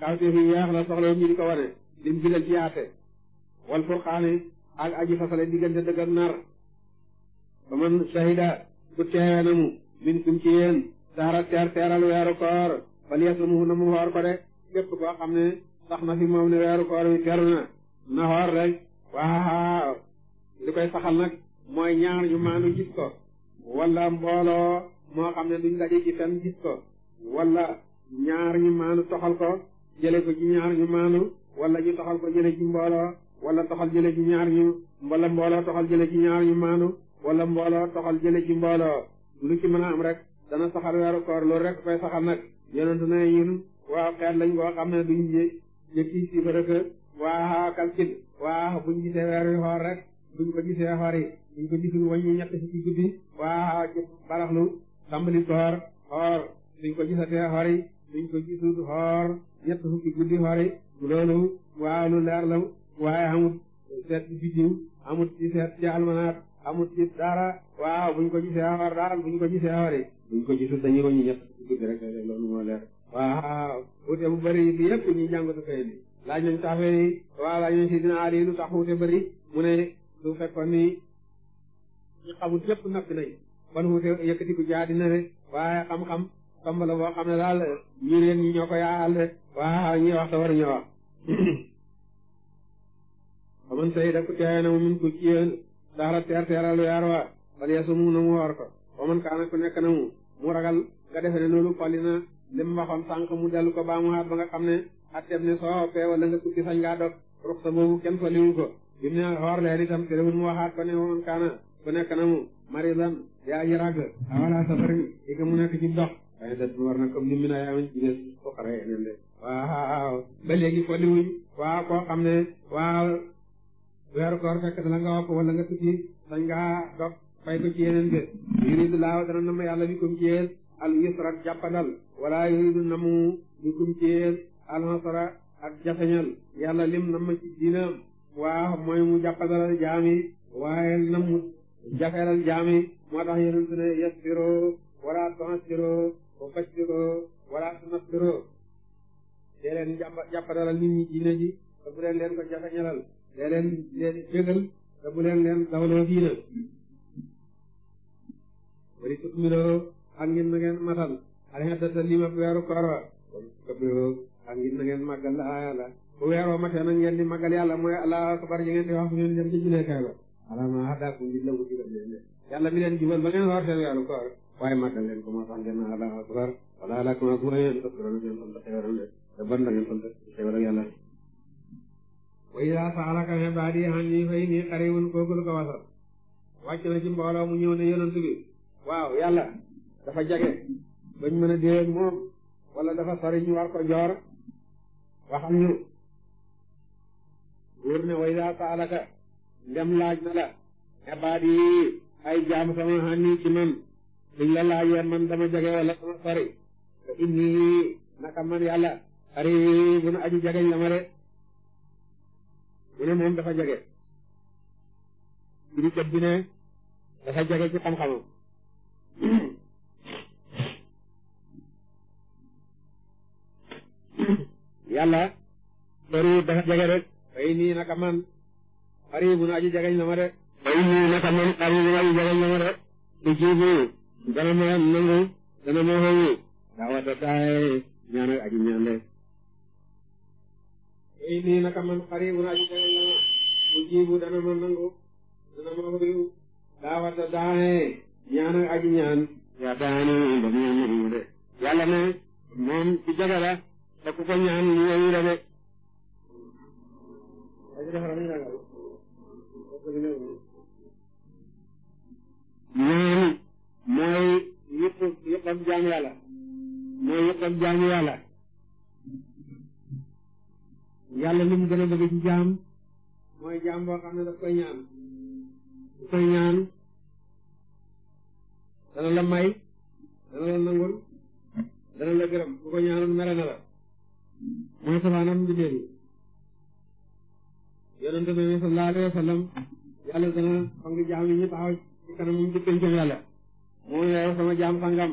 kaase yi weex la soxla ñu di ko wane lim jidal ci aate wal furqaani ak aji fasale diggante dëgg nar ba man shahida ku teewe na mu min kum ci yéen saara teer teeral weeru koor fal yasumuhu na mu xoor ko de képp koo xam ne sax na fi moom ne weeru koor wi teru na na xoor rek waaw li koy saxal nag mooy ñaar ñu maandu gis ko wala mbooloo moo xam ne duñ daje ci fenn gis ko wala ñaar ñu maanu toxal ko jële ko ci ñaar ñu maanu wala ñu toxal ko jële ci mbooloo wala toxal jële ci ñaar ñu wala mbooloo toxal jële ci ñaar maanu wala mbooloo toxal jële ci mbooloo lu ci mën a am rek dana saxal weeru koor loolu rek koy saxal nag yonentu ne ñun waaw xeet lañ koo xam ne duñ jé jëkki si ba rek waa kalkin waa buñ gisee weer wi xoor rek duñ ko gisee xoor yi ñu ko gisul wañ ñu ñett fukki guddi waa ci baraxlu tàmbali toor xoor duñ ko gisatee xori duñ ko gisul xoor ñett fukki guddi xori loolu waaw lu leer la waaye amut seet ci biddiw amut ci seet ci almanaat amut ci dara waaw buñ ko gisee xor daal buñ ko gisee xori buñ ko gisul dañuy wañu ñett fukki guddi rek loolu moo leer waaw wute bu bëri bi yëpp ñuy jàngatu kay laaj nañ taxfee yi waaw laaj nañ si dina aali lu tax wute bëri mu ni ñu xamul ñëpp noppi nañ kon mu yëkkati ku jaa dina ne waaye xam-xam kambala boo xam ne daal ñu leen ñoo ko yaal de waaw ñi wax te war wax xaman tay da ku na mu min ku ci yéen daxala teer teeralu yaar wa woor ko waman kaana ku nekk na mu mu ragal nga defe ne loolu fali na lim waxoon sànq mu dellu ko baa mu haat ba nga xam ne atteb ne soo fee wala nga tukki sañ ngaa dog rux sa boobu kenn faliwu ko bi mu ne xoor leen itam terewul mu waxaat ko ne waman kaana ku nekk na mu mari lan di aji ràgg ka mu nekk ci dox waaye da war na comme ni mi na yaamañ ci des ko xare yeneen de waaw ba léegi ko liwuñ waaw koo xam ne waaw weeru koor fekk dana nga wopp wala nga tukki sañ ngaa dog fay ko ci yeneen de yuridu laaw dana nam yàlla bi kum ci yéen al yusra ak jàppandal wala yuridu namu bi kum ci yéen al hasra ak jafeñal yàlla lim nam ci diinam waaw mooy mu jàppandal jaam yi waaye nam jafeelal jaam yi moo tax yonent ne yasbiroo wala tu'assiroo wa bashiroo wala tunaffiroo dee leen jàpp jàppalal nit ñi diine ji leen leen ko jafeñalal dee leen leen jégal leen leen dawloo diine wari tukmiloo ak ngeen na ngeen matal alxeddata lima weeru koor wa kabiroo ak ngeen na ngeen màggal la yàlla bu weeroo matee nag ngeen di màggal yàlla mooy allah akbar yi ngeen di wax fu ngeen jëm ci alaama hada ko njub la ko jural leen yàlla mi leen jubal ba ngeen xoor seen weeru koor waaye màggal leen ko moo tax ngeen ala akbar wala ala akbar bu ngeen tëkkaloon ngeen sant xewaral leen la wa ida saalaka ibaadi anni fa inni qaribun koogul ko wasal wàcc na ci mbooloo mu ñëw dafa jage bañ mën a moom wala dafa sori ñu joor waxal ñu wóor ne wa saalaka ndem laaj na la ebaat yi ay jaam sama xànni ci man buñ la laajee man dama jege wala dama sori te inni naka man yàlla ari bu na aju jegeñ la ma de mu ne moom dafa jege ci di jot ne dafa jege ci xam-xamam yàlla sori dafa jege rek ay nii naka man xaribu na aji jagañ la ma de ayi naka man xaribu na aji jagañ la ma de di jibu dana ma nangu dana ma xëyu daawata daay ñaanal aji ñaan de ayi nii naka man xaribu na aji jagañ la ma di jibu dana ma nangu dana ma xëyu daawata daay ñaanal aji ñaan yaa daani ba mu ñaan mu de yàlla ne moom ci jaga la te ku ko ñaan ñu wayu la de loolu mooy yëpp yëpp ak jaamu yàlla mooy yëpp ak jaamu yàlla yàlla li mu gën a bëgg ci jaam mooy jaam boo xam ne daf koy ñaan daf koy ñaan dana la may dana la nangul dana la gërëm bu ko ñaanoon mere na la mooy safaanam mbindeef yi yonente bi sallallahu alayhi wa sallam yàlla dana sang jaam yi ñu taxaw ci kanamam ci pencam yàlla mu ne sama jaam sangam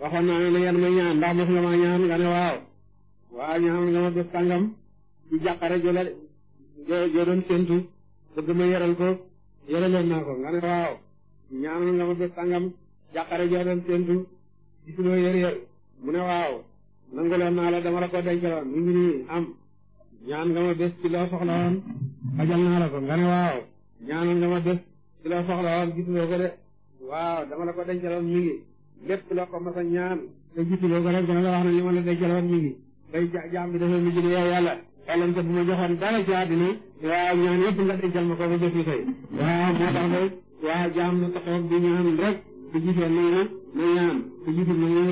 waxoon naa ne na yan may ñaan ndax mos ñaan nga waaw waaw ñaan nga ma sangam ci jàqare jo la jo doon séntu bëgg ma yeral ko yeraloon naa ko nga ne waaw ñaanal nga ma sangam jàqare joo doon séntu gisuloo yër mu ne waaw nanguloon naa la dama la ko dencaloon mu ngi nii am ñaan nga ma bés ci loo soxla woon xajal naa la ko nga ne waaw ñaanal nga ma bés ci loo soxla woon gisuloo ko de waaw dama la ko dencaloon mi ngi lépp loo ko mas a ñaan te gisuloo ko rek dana la wax ne li ma la dencaloon mi ngi day jaam bi dafa mujj ne yow bu ma joxoon dara ci àddina waaw ñaan yëpp nga dencal ma ko ba bés yi tey waaw moo tax day waaw jaam na taxoog di ñaan rek te gisee nañ la na ñaan te gisul nañ la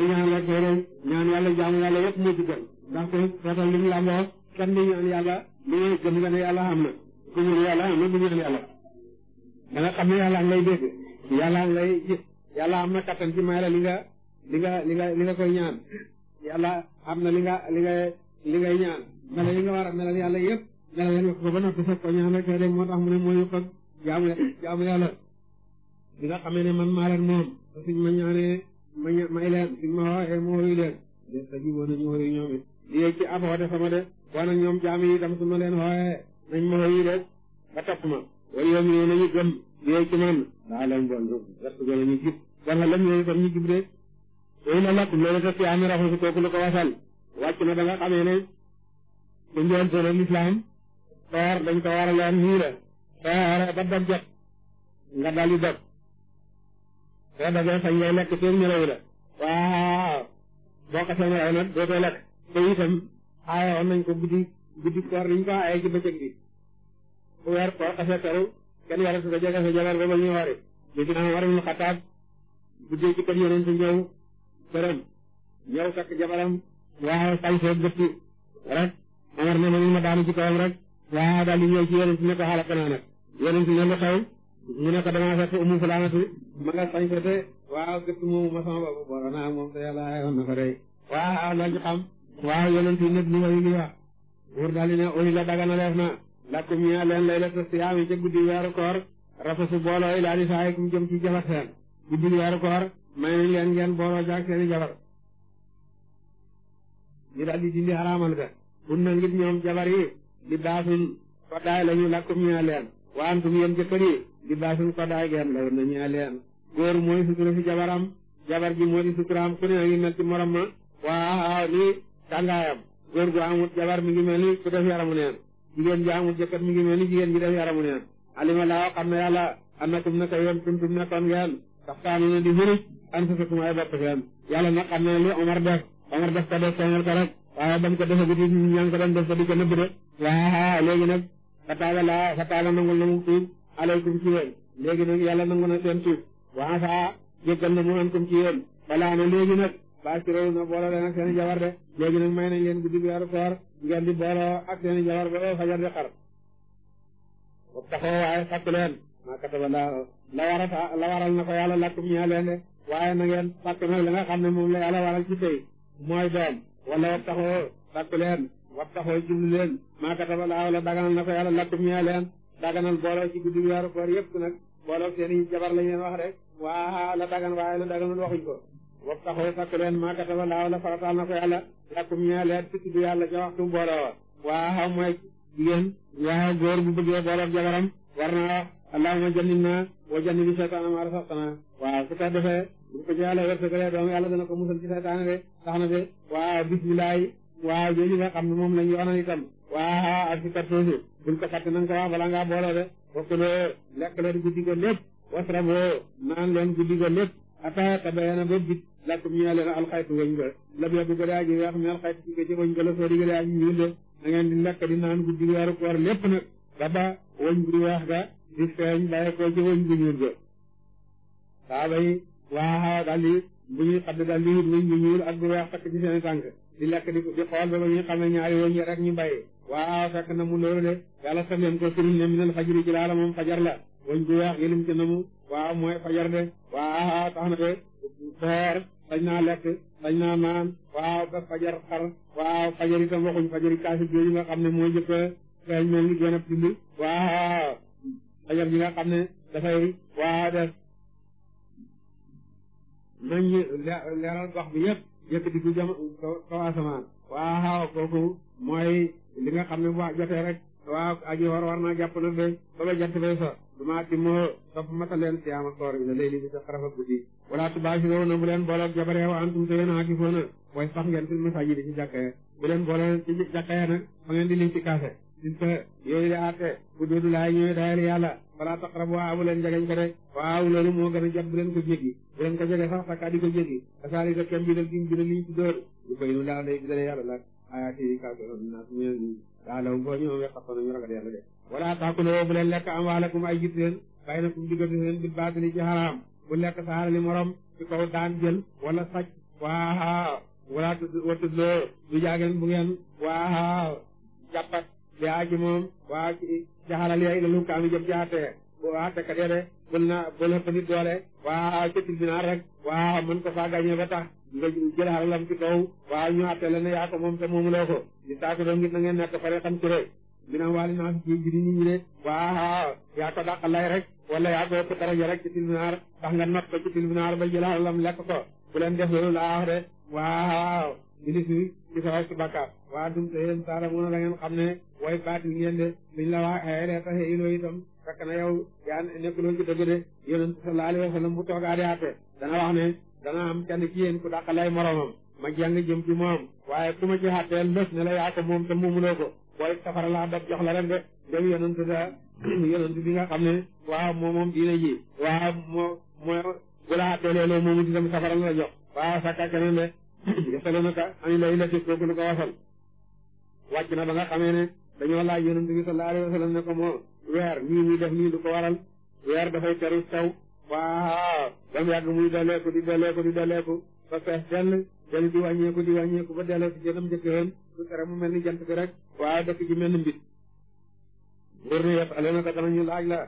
ñaan rek rek ñaan yàlla jaamu yàlla yëpp moo ci gën ndaxte xeetal li mu lamboo kan di ñaan yàlla li ngay gëm nga ne yàlla am na ku ñaan yàlla am na bu ñaan yàlla da nga xam ne yàlla ngay dégg yàlla ngay gis yàlla am na li nga li nga li nga li nga koy ñaan yàlla am na li nga li nga li ngay ñaan mel li nga war a melal yàlla yëpp melal nga ko ba noppi soog ko ñaan rek rek moo li nga xamee ne man maa leen moom suñ ma ñaanee ma may leen ma waxee ma wuyu leen de sa ji woon nañu wuyu ñoom it lii sama de kon nag ñoom jaam yi itam su ma leen xooyee nañ ma xooyi rek ba topp ma wala yoom yi nañu gëm yooyu ci man daa leen bon gerte gi la ñu gis wala lam yooyu itam ñu gis de yooyu la lakk loolu te yaa mi raxasu kooku la ko wasal wàcc na ba nga xamee ne bu njoon lislaam xoor dañ ko a nii la xoor ba dog nga dal di dog soo dogee fañ lekk seen ñu la waaw boo ko seen rew nag doo lekk te itam aaye woon nañ ko guddi guddi koor liñ ko aaye ci bëccëg weer koor xasee teru kenn yàlla su ko sa jabar ba ba ñuy wari léegi naa war ñu xataab guddee ci kër yonent ñëw këram ñëw takk jabaram waaye sañ see gëtti rek amar ne ma daanu ci kawam rek waaye daal di ñëw ci yonent ne ko xaalaka naa nag ne lu xew mu ne ko damaa fekk umu fulaanatu ma nga sañ ko te waaw gëtt moomu ma sama bopp boora naa moom te yàlla ayoon na ko waaw yonent yi nag li wayu li wax buur daal di ne la daganaleef na lakkum ñi leen lay la ta siyaam yi ca guddi weeru koor rafasu booloo ilaa di saay kum jëm ci jabar seen guddi weeru koor may leen ngeen booloo jaag seeni jabar ñu daal di dindi xaraamal ga pour na ngit ñoom jabar yi li baasun koddaay lañu lakkum ñi leen waantum yéen jëkkër yi li baasun koddaay geen la na ñi leen góor mooy sutura si jabaram jabar ji moo di suturaam ku ne ngi mel ma waaw tàngaayam góor gu amul jabar mi ngi mel ni ku def yaramu neen jigéen ji amul jëkkër mi ngi mel ni jigéen ji def yaramu neen alima laa xam ne yàlla annakum naka yéen kuntum nekkoon ngeen taxtaanu na di a anfusakum ay bopp seen yàlla nag xam ne li Omar def Omar def ko def feeñal ko rek waaye ba mu ko defee guddi ña ngi ko doon def ba di ko nëbb de waaw léegi nag fataaba laa fataaba nangul na mu tuub alaykum ci yéen léegi nag yàlla nangu na seen tuub waaw saa jéggal na mu ankum ci yéen balaa na léegi baa ci réew na boole leen ak seen i jabar de léegi nag may nañ leen guddi bi weeru ngeen di booloo ak seen i jabar ba ba fajar di xar ba taxoo waaye fàttu leen maa kataba la warata la waral na ko yàlla lakk bu ñaa leen de waaye na ngeen fàttu nag la nga xam ne moom la yàlla waral ci tey mooy doom wala wa taxoo fàttu leen wa taxoo jublu leen maa kataba la daganal na ko yàlla lakk bu ñaa leen daganal booloo ci guddi bi weeru koor yëpp nag booloo seen i la dagan waaye la wax taxoo sakk leen maa kataba laaw la farataal na ko yàlla lakum ñaa leer ci tudd yàlla ca waxtu boole wa waaw mooy jigéen waaw góor bu bëggee booleb jabaram war naa wax allahumma jannibna wa jannibi seytaana maa razaqtana waaw su ko defee bu ko ci yàlla wërsëgalee doomu yàlla dana ko musal ci seytaane de tax na de waaw bismillaah waaw jooju nga xam ne moom lañu yoonal itam waaw ak si kat soosu buñ ko fàtte nañ ko wax bala ngaa lakum ñu ne leen alxaytu wëñ ba la bee dugg daa ji weex mi alxaytu ci wëñ ba la soo digg daa ji ñuul la da di lekk di naan guddi weeru lépp nag ba wëñ bu weex ga di feeñ bàyyi ko ci wëñ bu ñuul ga saaba yi waaw daal na mu loolu de yàlla sax leen ko firim ne minal fajiri ci laala moom fajar la wëñ bu weex gi lim ci namu waaw mooy fajar de waaw tax na de bañ naa lekk bañ naa naan waaw ba fajar xar waaw fajar itam waxuñ fajari kaasi jooju nga xam ne mooy jëkk feeñ mel ni gën a bind waaw fajar ji nga xam ne dafay waaw def nañ leeral gox bi yëpp yëkk di bu jam kaw asamaan waaw kooku mooy li nga xam ne waa jotee rek waaw aji war war naa jàpp na feeñ ba ba jant fay so du sopp mata leen siyaama koor bi la léegi bi sa xarafa guddi wala tubaasiroo na bu leen booloog wa antum te yéen aakifoo na way sax ngeen fil masaajid ci jàkka ya bu leen boole ci jàkka ya nag fa ngeen di lim ci kaase gis nga yooyu de aate bu doodu laay ñëwee dayal yàlla balaa taqrabu waaw bu leen jegeñ ko de waaw loolu moo gën a jàpp bu leen ko jéggi bu leen ko jege sax takkaa di ko jéggi tasaari ko kem bi dal gim daalaw boo ñëw nga xasoon ñu ragal yàlla de wala taakuloo bu leen lekk am waalakum ay gis leen bay na kum diggante seen bil baatili ci xaraam bu lekk sa alali morom ci kaw daan jël wala saj waaw wala watudloo du jaageen bu ngeen waaw bi aji moom waaw ci xalal la lu kaami jëm jaatee waaw tekka dee de bul na bul ëpp nit doole waaw rek waaw mën ko faa gañee ba tax nga jël xaralam ci ñu àtte la ne yaa ko moom te moomuloo ko li saako doon ngir na ngeen nekk pare xam ci rek dina waali naa fi ci biir nit ñi de waaw yaa ko dàq lay rek wala yaa ko ëpp daraja rek ci tribunal ba jël xaralam lekk bu leen def loolu laa wax de waaw ministre ci sawa ci bàkkaar waa dum te yéen saara mun a la ngeen xam ne way baat yi ngeen de liñ la waa eh, xaye na yow yaa nekkuloo ci dëgg de yonent sallallahu alayhi wa bu toogaa di dana wax ne dana am kenn ci yéen ku dàqalay moromam ma jàng jëm ci moom waaye ku ma ci xàtteel lës ne la moom te muumuloo ko booy safara ba dab jox la ren de dem yonent da yonent bi nga xam ne waaw moo moom diine ji waaw moo moo bu la xàttee loolu moomu itam safara la jox waaw sakka keneen de yasalunaka ani lay la kooku lu ko wasal wàcc na ba nga xamee ne dañoo laaj yonent bi sallallahu alayhi wa ne ko moo weer nii muy def nii lu ko waral weer dafay teru taw waaw ba mu yàgg muy daleeku di daleeku di daleeku ba fees dell dell di wàññeeku di wàññeeku ba delloo ci jënam jëkkëram lu tere mu mel ni jant bi rek waaw dëkk ji mel ni mbit wër na yëpp ale na ko danañu laaj la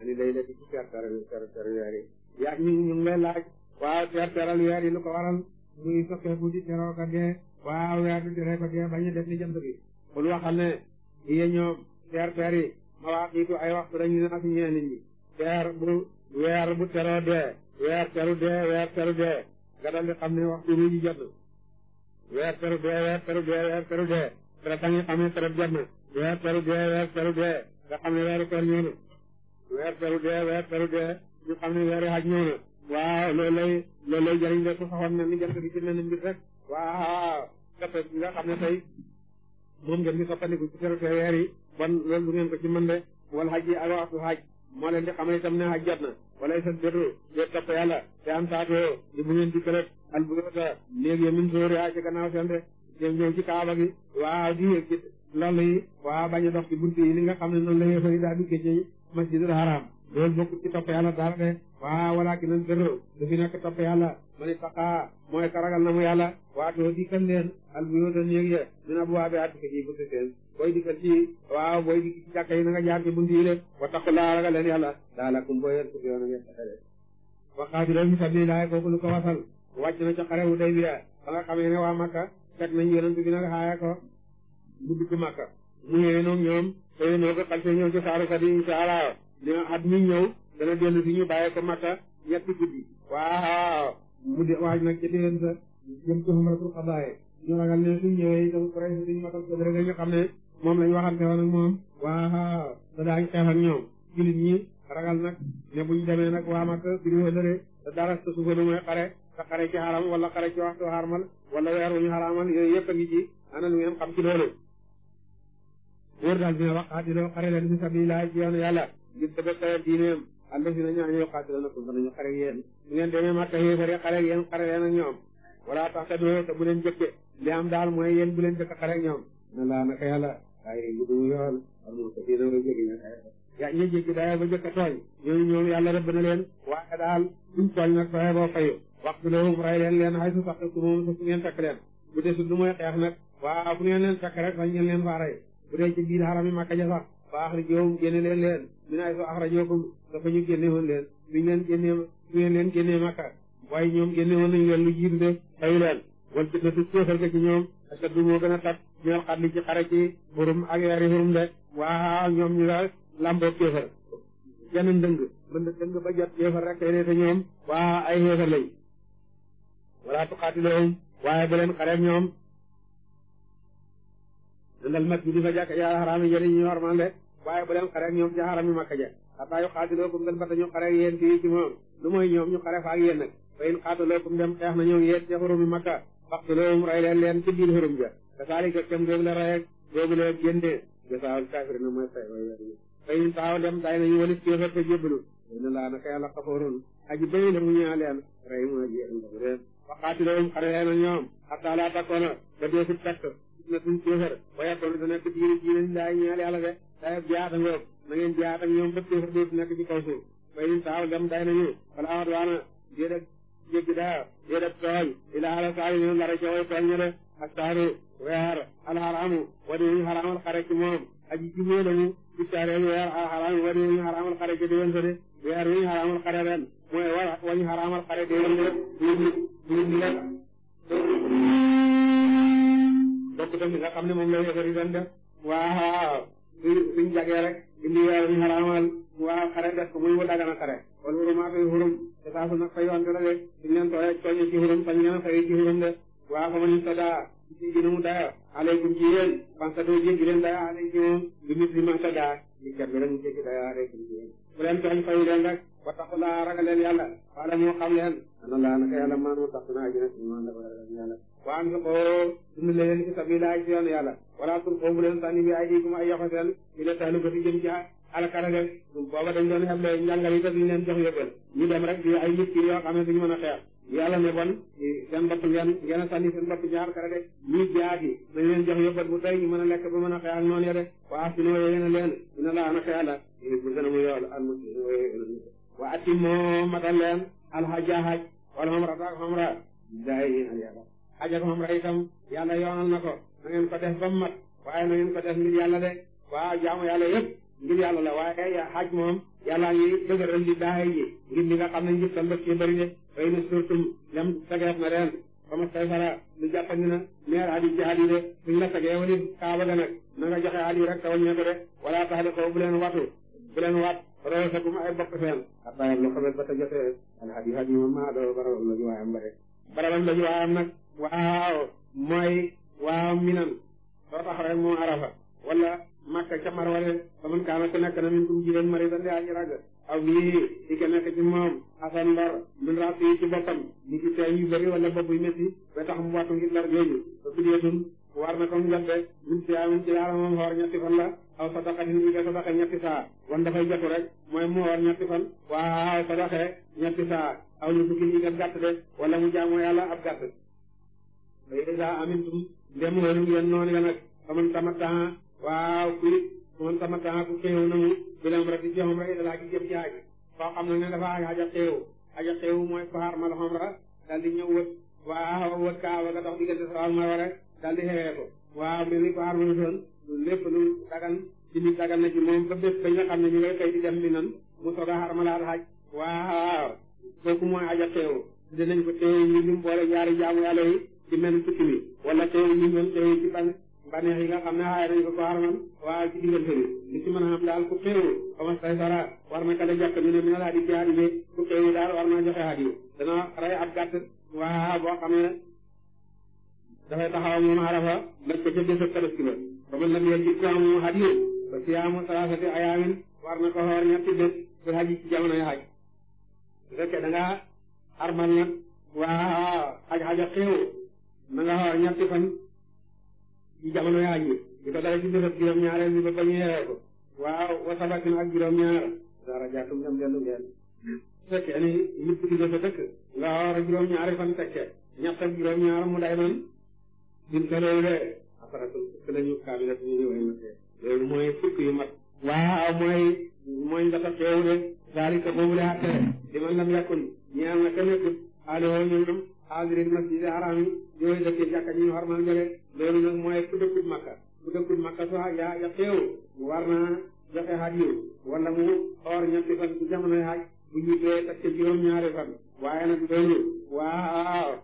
ani day lekk ci teer teral teer teral weer yi yaa ñu ñu ngi lay laaj waaw teer teral weer yi lu ko waral muy sokkee bu di teroo ko dee waaw weer bi teree ko dee bañ a def ni jant bi bul waxal ne yéen ñoom teer teer yi ma waa xiitu ay waxtu dañuy naas ñee nit ñi teer bu weer bu teroo dee weer teru dee weer teru dee nga dal di xam ne waxtu wi jot na weer teru dee weer teru dee weer teru dee traite ba nga xam ne traite jot na weer teru dee weer teru dee nga xam ne weeru koor ñëw na weer teru dee weer teru dee ñu xam ne weeru haj ñëw na waaw loolu lay loolu lay jëriñ de ku soxoon na ni jant bi ci ne nañ bi rek waaw kese bi nga xam ne tey moom ngeen di soppandiku ci teru dee weer yi bon loolu du ngeen ko ci mën de wal haj yi ak waxtu haj moo leen di xamal itam ne xaj na wala sa bétu ngeen topp yàlla te am saatoo di bu ngeen di këlëg al buyoota léegi min sóori a ci gannaaw seen de jëm ñëw ci kaaba gi waa di yëg ci yi waa bañ a dox ci yi li nga xam ne noonu la yéefar yi daa duggee ci masjidul haram loolu bokkul ci topp yàlla dara de waa walaakin al birru lu fi nekk topp yàlla mani taqaa mooy karagal na mu yàlla waatoo dikkal leen al buyoota néeg ya min abwaabi attika ci buntu seen booy digal ci waaw booy dig ci jàkka yi na nga jaar ci buntu yi de wa taqulaa ragal leen yàlla laalakum booy yéen suuf yoon na ngeen taxale waxaajuloo fi sabilillah kooku lu ko wasal wàcc na ca xare wu day bi ba nga xamee ne waa Makka fekk nañ yonent bi nag xaaya ko mu dugg Makka mu ñëwee noog ñoom te noo ko xalfe ñëw ci saaru sa di mi ñëw dana dellu fi ñu bàyyee ko Makka ñetti guddi waaw mu di waaj nag ca déwén sa jëm ci umratul xadaaye ñu ragal ne suñ moom lañu waxante woon ak moom waa te daañu xeex ak ñoom jullit ñi ragal nag ne buñ demee nag waa Makka duñu wëlëree te dara te su ko mooy xare ci xaram wala xare ci waxtu xarmal wala weer wu ñu xaramal yooyu yëpp a ngi ci ana lu ngeen xam ci loolu wóor daal dina wax xaatiloo xare leen fi sabilillah ci yoonu yàlla ngir tebetawet diineem àlla si na ñaañow xaatiloo nakum danañu xare ak yéen bu ngeen demee Makka yéefari xare ak yéen xare leen ak ñoom wala tax te bu leen jëkke li am daal mooy yéen bu leen jëkk xare ak na laa naka yàlla waaye bu dul yoon ma ba jëkk a tooñ ñooñu ñoom yàlla rëbb na leen waaye daal duñ tooñ nag faxe boo fayu waxtu loolu fay leen leen xay su sax su moom su fu ngeen takk leen bu dee su du mooy xeex nag ngeen leen takk rek sañ ngeen leen faa rey bu dee ci biir xarami Makka ja sax fa axrijoom génne leen leen mi na ay so axrajookum dafa ñu génne woon leen biñu leen génne su ngeen leen génne Makka waaye ñoom génne woon nañu leen lu jiir de fayu leen wal fitna tu kéefal ga ci ñoom ashaddu moo gën a tat ñoo xam ne ci xare ci xurum ak yaari xurum de waaw ñoom ñu la lamboo kéefar genn ndëng na dëng ba jot kéefar rek tey te ñoom waa ay xeefar lañ wala tuqaatiluhum waaye bu leen xareeg ñoom dundal mat bi di fa jàkk yaa xaraam yi jëri ñu warman de waaye ñoom yi yu xaatilookum dan ba ta ñu xareeg yéen fii ci moom lu mooy ñoom ñu xare fa ak yéen nag fa in xaatilookum dem xeex na ñëw yéen ci xurum yi makka faqtuluhum rey leen leen ci biir xurum ja kasaalika kem googu la rayek googu la génde jasaawul kaafir na mooy fay way wér fayin saaw dem day nañu walis kéefar te jébbalu ina laa naka yàlla xafooroon aji bay la mu ñaa leen rey mu aji ndaw reen waxaatilawum xare leen ak ñoom xataa laa takkoona ba dee si takk na suñ kéefar ba yekkoon da nekk diine diine laay ñaal yàlla de day jaata ngoog na ngeen jaat ak ñoom ba kéefar dootu nekk ci kaw suuf fayin saaw dem day nañu wala ñu lara ca way tooñ ña de asaaru weer alxaraamu wadi ñu xaraamal xare ci moom aji juboo lañu ci saare weer alxaraamu wadi ñu xaraamal xare ci déwén sa de weer wi ñu xaraamal xare ren mooy wa wañu xaraamal xare déwén de bokk tam nga xam ne moom la yéefar yi doon def waaw suñ jagee rek indi weer ñu xaraamal waaw xare def ko muy mu dagana xare wala xurumaatoy xurum te saa su nag fa yoon te la de suñ leen tooyee tooñe ci xurum sañ leen a fay ci xurum de waaw fa ma ni sa daa ci gën a mu daya aleykum ci yéen fansadoo jéggi leen daya aleykum ma sa daa li kat bi rek mu jéggi daya aleykum ci yéen bu leen tooñ fayu leen rek wattaqulaa ragal leen yàlla wala moo xam leen ana laa naka yàlla maan mu tax naa ajina suñu man dafa yàlla waan nga koo dund leen ci sabila ci yoon yàlla wala tur foofu leen sànni bi ay diikum ay yoxo seen ñu ne taxlu ko ci jëm ci alkara rek booba dañ doon xeble njàngal yi te duñ leen jox yóbbal ñu dem rek di ay nit ki yoo xam ne duñu mën a xeex yàlla ne bon seen bopp ngeen ngeen a sànni seen bopp de ñi jaagi dañ leen jox yóbbat ñu mën a lekk ba mën a xeex ak ya de waa si noo a leen dina laa na xeex la bu gën a mu yool al muslimin wa atti moo matal leen alxaja xaj wala xamrata ak xamra day an yàlla xaj ak xamra itam yàlla yoonal na ko na ko def ba mu mat waaye na ko def ngir yàlla de waaw jaamu yàlla yëpp ngir yàlla la waaye xaj moom yàllaa ngi dëgëral li daaye ji ngir li nga xam ne njëkkal dëkk ci bëri xëy na suuf si ñam sageef na ren ba ma say fara lu jàppandi na meer Ali jaali de suñ la sagee wali na rek te wàññeeku de wala tax ko bu watu bu wat royo sa guma ay bopp seen. abdoulaye loo xamante ba te jotee alhadi hadi moom maa doon la ñu waayam ba de. barabam la ñu waayam nag. waaw mooy waaw minan soo taxawee moo arafa wala makka ca marwa de man kaana ku nekk na min kum jiran mari dan de aji ak lii di ko nekk ci moom asan ndar min ras yi ci boppam ni ci teeñ yu bëri wala bopp yu métti ba tax mu wattu ngir ndar jooju ba bideetun war na comme ngadde min siyamin ci yaara moom xoor ñetti fan la aw sadaqatin bi nga sadaqa ñetti saa wan dafay jotu rek mooy mu xoor ñetti fan waa aw sadaxe ñetti saa aw lu bukki yi nga gàtt de wala mu jaamu yàlla ab gàtt ba yéen saa amintum ndem xoolu ngeen noonu ya nag faman tamataa waaw kuy man sama kaa ku xeew na mu bilam rek ci xam rek dalaa gi jëm ci aji koo xam ne ne dafa aja xeew aja xeew mooy ko xaar ma la xam ra daal di ñëw wët waa wët kaa waga dox diggante sawaal ma wara daal di xewee mel ni ko xaar ma la doon lépp lu dagan na ci moom ba bés ba nga xam ne ñu ngay a di dem mi nan mu soog a xaar la xaj waaw kooku mooy aja xeew dinañ ko teew ñu lim boole ñaari jaamu yàlla yi ci mel tukki mi wala teew ñu mel teew ci ban bànneex yi nga xam ne aay nañ ko ko xaramal waaye ci diggante bi li ci mën a am daal ku xéewu xamas tay sara war na ka da jàpp ñu ne mina laa di ci hadiye ku xéewu daal war na joxe hadiye dana rey ab gàtt waa boo xam ne dafay taxaw moom arafa laj ko ca bésab tabaski ba ba mën lam yel ci ko am hadiye ba siyaamu salaasati ayaamin nga waa xaj xaja xéewu na nga xoor ñetti fan ci jamono yaa ji di ko dara ci bésab bi ba bañ a yeewee wa sabatin ak juróom-ñaar dara jaatum dem dellu ngeen fekkee ni nit ki dafa dëkk nga war a juróom fan fekkee ñett ak juróom-ñaar mu day man din ko loolu de aparatul fukk lañu ñu ni way matee loolu mooy fukk mat waaw mooy mooy nga tax teewu de daalika boobu de àtte di man lam yàkkun ñeel na ka nekkut aloo ñoom a masjidil haraami yooyu dëkk jàkka ñu xarmal njële loolu nag mooy ku dëkkul makka ku dëkkul makka soo xaj yaa xeew war na joxe xaj yu mu or ñetti fan ci jamonoy xaj bu ñu dee takk juróom-ñaari fan waaye nag loolu waaw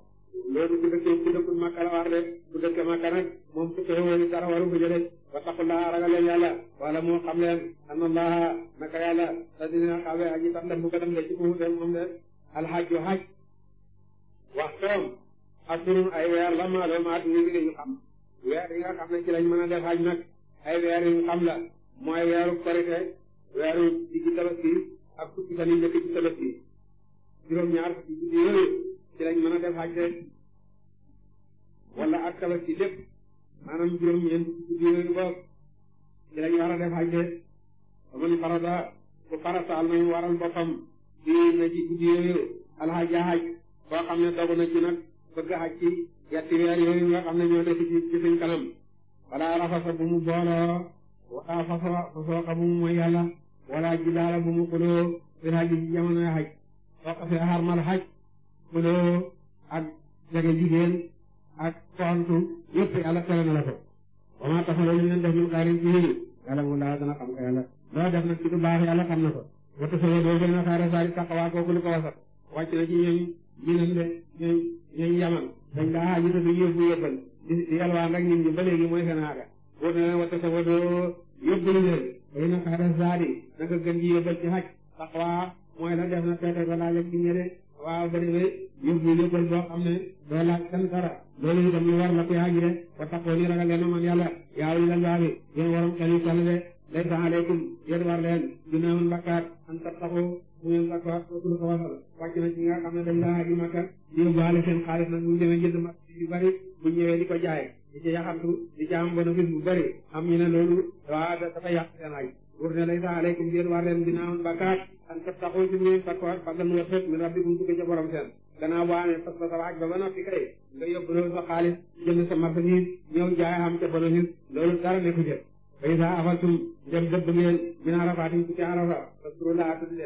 loolu ku dëkkee ku dëkkul makka la war de ku makka nag moom su xeewoo dara waru ko jëlee wattaqullaha ragal leen yàlla wala moo xam leen anna allaha naka yàlla sa dina xawee aji tax dem bu ko dem de assurun ay weer la maalum at ñu ngi xam weer yi nga xam ne ci lañ mën a def xaj nag ay weer yu xam la mooy weeru korite weeru digg tabaski yi njëkk ci tabaski juróom-ñaar fukki guddi yooyu ci lañ mën a def xaj rek wala ak tabaski lépp maanaam juróom-ñeent guddi yooyu war a def xaj rek ba man farata bu farataal nañ waral boppam di na ci guddi yooyu alxaj a xaj boo xam ne dogu na ci nag bëgg xaj ci yetti weer yooyu nga xam ne ñoo nekk ci ci suñ kanam wala rafasa bu mu booloo wala faso fasooka bu mu mooy yàlla wala jidaala bu mu xuloo xaj soo ko fee xarmal xaj xuloo ak jege jigéen ak kontu yëpp yàlla tere na la ko wama tafalo li ngeen def min xayrin ci yéen yàlla mu laa dana xam ko ci lu baax yàlla xam na ko wata a ko wasat wàcc na ci ñoom ñi nan de ñoom yaman dañ daa aaju te duñ yóbbu yóbbal di yalwaan rek nit ñi ba léegi mooy seen aada wóor na leen wa tazawwadu yóbbalu leen day na xaaral zaadi naka gën ji yóbbal ci xaj taqwa mooy la def na peete ba laaj ak nit ñi de waaw yóbbu yóbbal boo xam ne doo laaj kenn dara loolu itam lu war la koy aji de wa taqoo ni ragal leen man yàlla yaa ulil albaabi yéen waroon xel yu sell de laysa aleykum yéen war leen junaahun bakkaar an tattaqu ñun la ko wax ko ko waxal wàcc na ci nga xam ne dañ di yóbbaale seen xaalis nag bu ñu demee jënd Makka yu bari bu ñëwee di ko jaay di ci yaxantu di ci am bénéfice bu bari am ñu ne loolu waa dafa yàq seen ay wur ne lay sa aleykum yéen war leen dinaa am bakkaat an tattaxoo si ngeen takkoo fadlan wa xeet min rabbikum tukkee ca borom seen gannaaw boo amee fas ba sa waaj ba ba noppi kay nga yóbbu loolu sa xaalis jënd sa marchandise ñëw jaay am ca bénéfice loolu dara nekku jël bay sa afatum dem dëbb ngeen min arafaatin ku ci arafa faskurulaa tudd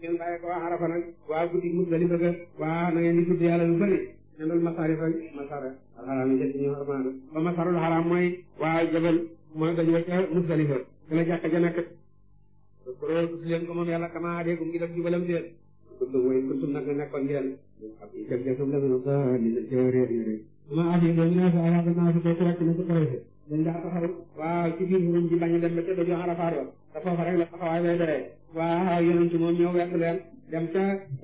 ngeen bàyyi ko waa Arafa nag waa guddi Muzdalifa ga waa na ngeen di tudd yàlla lu bëri ne loolu masaarif ak masaara alxaraam yi jël ñu amaana ba masarul xaraam mooy waa jabal mooy dañu wacc Muzdalifa te la jàkka ja nekk kuroo tudd leen ko moom yàlla kama dee gum gi def jubalam ngeen jëf jëfum la minu sali réer yi rek ma afi do mina sa ayaga naa si ko ci rek ne ci korese dañ daa taxaw a te foofa rek la taxawaay bay doyee waaw yonent moom ñëw wekk leen dem ca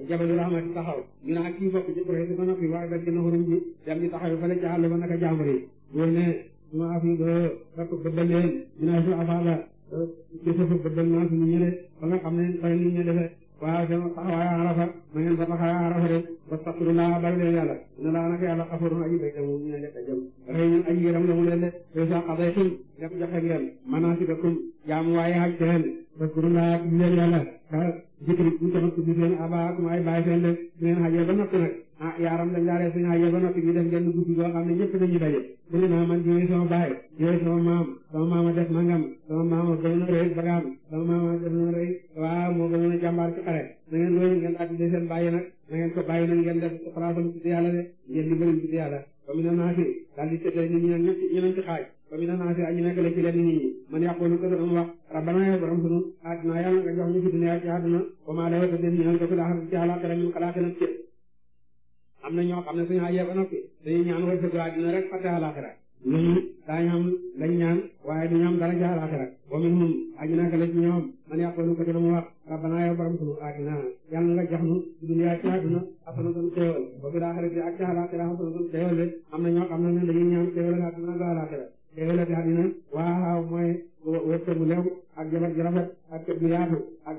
jabalul rahmati taxaw ñu naan ah, kii bokk ci kuréel ba noppi waaye ba gën a xurum ji dem di taxaw fële ca àll ba naka jàmbur yi wéy ne ma afi ba rek bëbbal leen ñu naan su afaala gëstu bëbbal naa suñu ñële ba nga xam ne fay ñu ñële waaw jëm waaye arafa na ngeen ko taxawee arafa de wastaxfirullah bari leen yàlla ne laa nag yàlla xafarun aji bay damu ñu ne lekk jëm rëy ñun aji yëram lamu leen de pesa xadaytum def joxe ngeen manasibakum jaamu waaye haj seen wastaxfirullah leen yàlla ka zikri ñu tamit tudd seen abaakum ay baay seen de ngeen xajee ba noppi nag ah yaaram dañ laa rees naa yeba noppi ñu def genn guddi goo xam ne ñëpp dañuy daje mu ne naa man yooyu sama baay yooyu sama maam sama maama def mangam sama maama gën a rëy bagaam sama maama def na rëy waaw moo gën a jàmbaar ci xare na ngeen loolu ngeen àddina seen bàyyi nag na ngeen ko bàyyi nag ngeen def plaasam tudd yàlla de ngeen di bëri tudd yàlla ba mu ne naa fi daal di tëddee nit ñi nag ñetti ñeenti xaaj ba mu ne naa fi ak ñu nekk la ci lenn nit ñi man yàqoolu ko doon wax rabbana yow borom sunu àddina yàlla nga jox ñu fi dunya ci àdduna wa maa lay wa ta den ñi nan ko fi laaxar ci àllaaxira min xalaaxi nag am na ñoo xam ne suñu ajee ba noppi dañuy ñaan way sëgg àddina rek fàtte àlaxira ñooñu daañu am lañ ñaan waaye duñu am dara ja àlaxira wa minhum aji naka la ci ñoom man yàqoolu ko ci mu wax rabbana yow borom sunu aatina yàlla nga jox nu duniya ci àdduna asana sunu teewal ba bi laaxira bi ak ci àlaxira asana sunu teewal de am na ñoo ñaan teewal àddina ga àlaxira teewal àddina waaw mooy wërsëgu lew ak jabar ju ak kër gu yaatu ak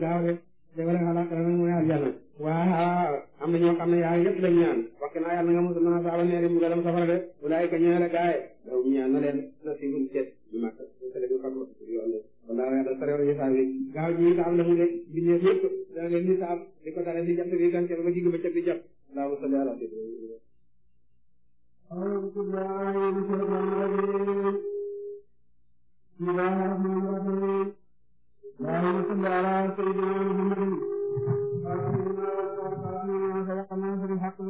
daawa déwén xalaat dana mooy aljanna waaw am na ñoo xam ne yaay yëpp lañ ñaan wax naa yàlla nga mosul naa saaba neeri mbugalam safara ka ñëwee la gaay daw ñaan na leen na si buñ seet ñu màkk sele ñu xam yoon wallaahi yàlla sareewal ñu saab yi gaaw ji saab la mu de bindeef yëpp dana leen di saab di ko dara si jant te xam nga dafa nekk jamono yi te aywa ñu ngi ciy def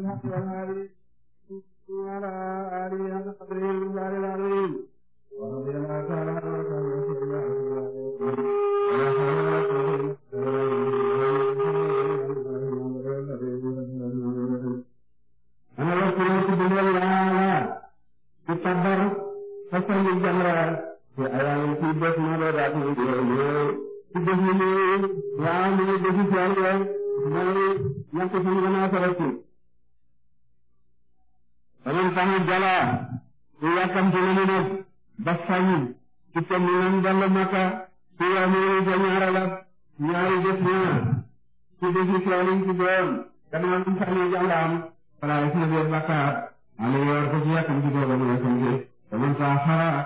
moo doon daal di def na ne waaw li ñu def ci yàlla mooy ñàkk suñu gannaaw sa rëcc. ren tamit Jalla su yàkkam ci la ñu def ba sañu ci comme ñu dal Makka su amee ca ñaara la ñaari def ñaar su def ci tool yi ci doon gannaaw ñu sañu Jalla am voilà est ce que biir Bakar Aliou yor ko ci yàkkam ci doon ba mu nekk ci ren saa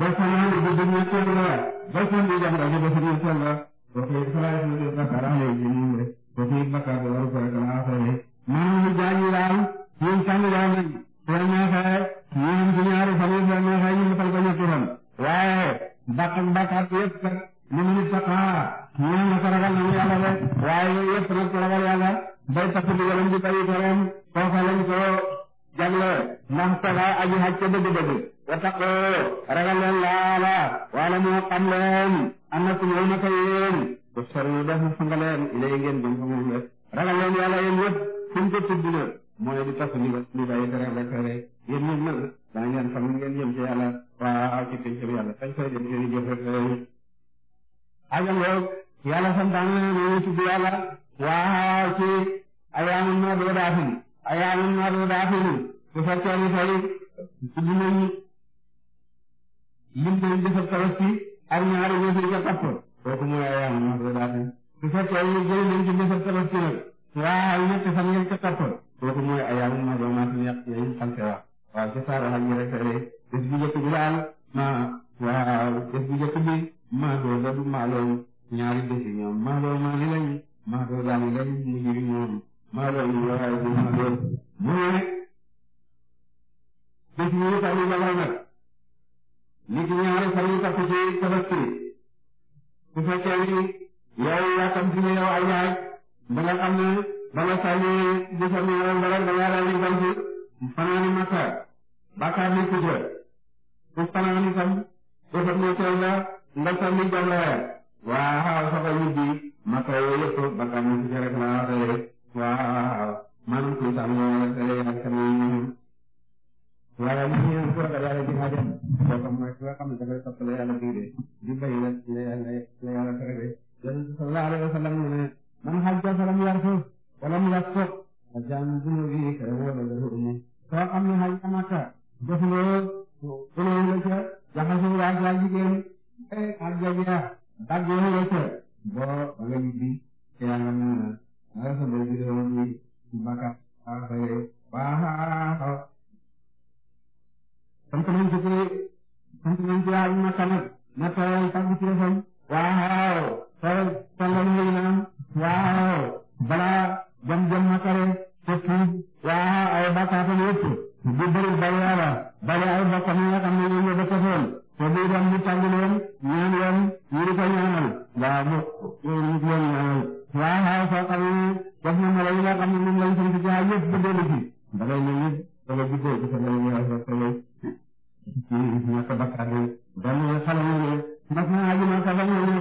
بسم الله بسم الله بسم الله بسم الله وفي صلاة البقرة عليه النور وفي البقرة والبركة الآخرة من مجاني راي ينسان راي ولما خير يوم دنيار خليل ولما خير يمتلك يكرم واي بقر بقر يبقر لمن اتقى يوم ترغى الله يعلم واي يسرق ترغى الله بيتك بيلم بيتك بيتك بيتك بيتك jagleel man saga aji haj wa taqoo ragal leen laala wala moo xam leen am na suñu yéen a koy yéen ba sori yi def na fa nga leen ilay ngeen jëm fa moom rek ragal leen yàlla yéen yëpp fu mu ko tudd la mooy di tax li li bàyyi dara rek rek yéen ñoom nag daa ngeen xam ngeen jëm ci yàlla na ñu tudd yàlla ayyaaman ma'duudaatin bu fekkee ni tey tudd nañu lim nañu defar tabaski ak ñaari ñoo ci ca topp kooku mooy ayyaaman ma'duudaatin bu fekkee ni jël nañu ci defar tabaski nag waaw ñetti fan ngeen ca topp kooku mooy ayyaaman ma'duudaatin yàq yéen xam te wax waaw ci saar wax rek rek bés bu njëkk bi daal ma waaw bés bu njëkk bi maa doon da du maaloo ñaari bés yi ñoom maaloo maa ngi lañ maa doon daal lañ mujj bi ñoom maa ngi lay wax ak yéen ñëpp mu ne dëkk yi yëpp dañuy jàllale nag nit ñi ñaari fan yu takk ci tabaski ku fekkee ni yow yaa tam fi ne yow ay yaay ba nga xam ne ba nga sànni bu sànni yow ba nga daal di gàll ci fanaan yi Makka bàkkaar ni kujje sa fa yóbbi Makka yooyu yëpp bàkkaar ni kujje rek waaw maanaam kuy sàngoo ak kanam waaye li ñu ko ragal yàlla ji xaajal kooku mooy ki nga xam ne dafay toppale yàlla digle di bay la la yàlla la yàlla tere yonent sallallahu alayhi wa sallam ne man hajja falam yarfus walam yafsuq hajjan junubi ka wala lahu koo xam ne hajj Makka defuloo buloo la ca jaxasoo waag waa jigéen hajja ja daggoo la ca boo ba nga ñibbi te yàlla mën na ala sa bëri bi doon di di bàkkaat ala sa yëre waaw. sant nañ ci sant nañ ci waaye na tamit na tooyal tàggu ci defam waaw tooyal tàggal yooyu naan waaw balaa jam jam na kare te tuub waaw ay bàkkaatam yëpp di bëri bari yàlla bari ay bàkkam yi nga xam ne yooyu yëpp a te buy dem di tàgg leen ñaan leen ñu di ko ñaanal waaw bu ñu di leen ñaanal waaye xaaral soo xam ne def na melo yi nga xam ne moom lañ sant ci xaar yëpp ba dellu ji da ngay mel ni da nga gisee ci sa mbéy mi ak sa mbéy ci ñàkk bakkaar yi benn xale mu ne ndax ñu naan ñu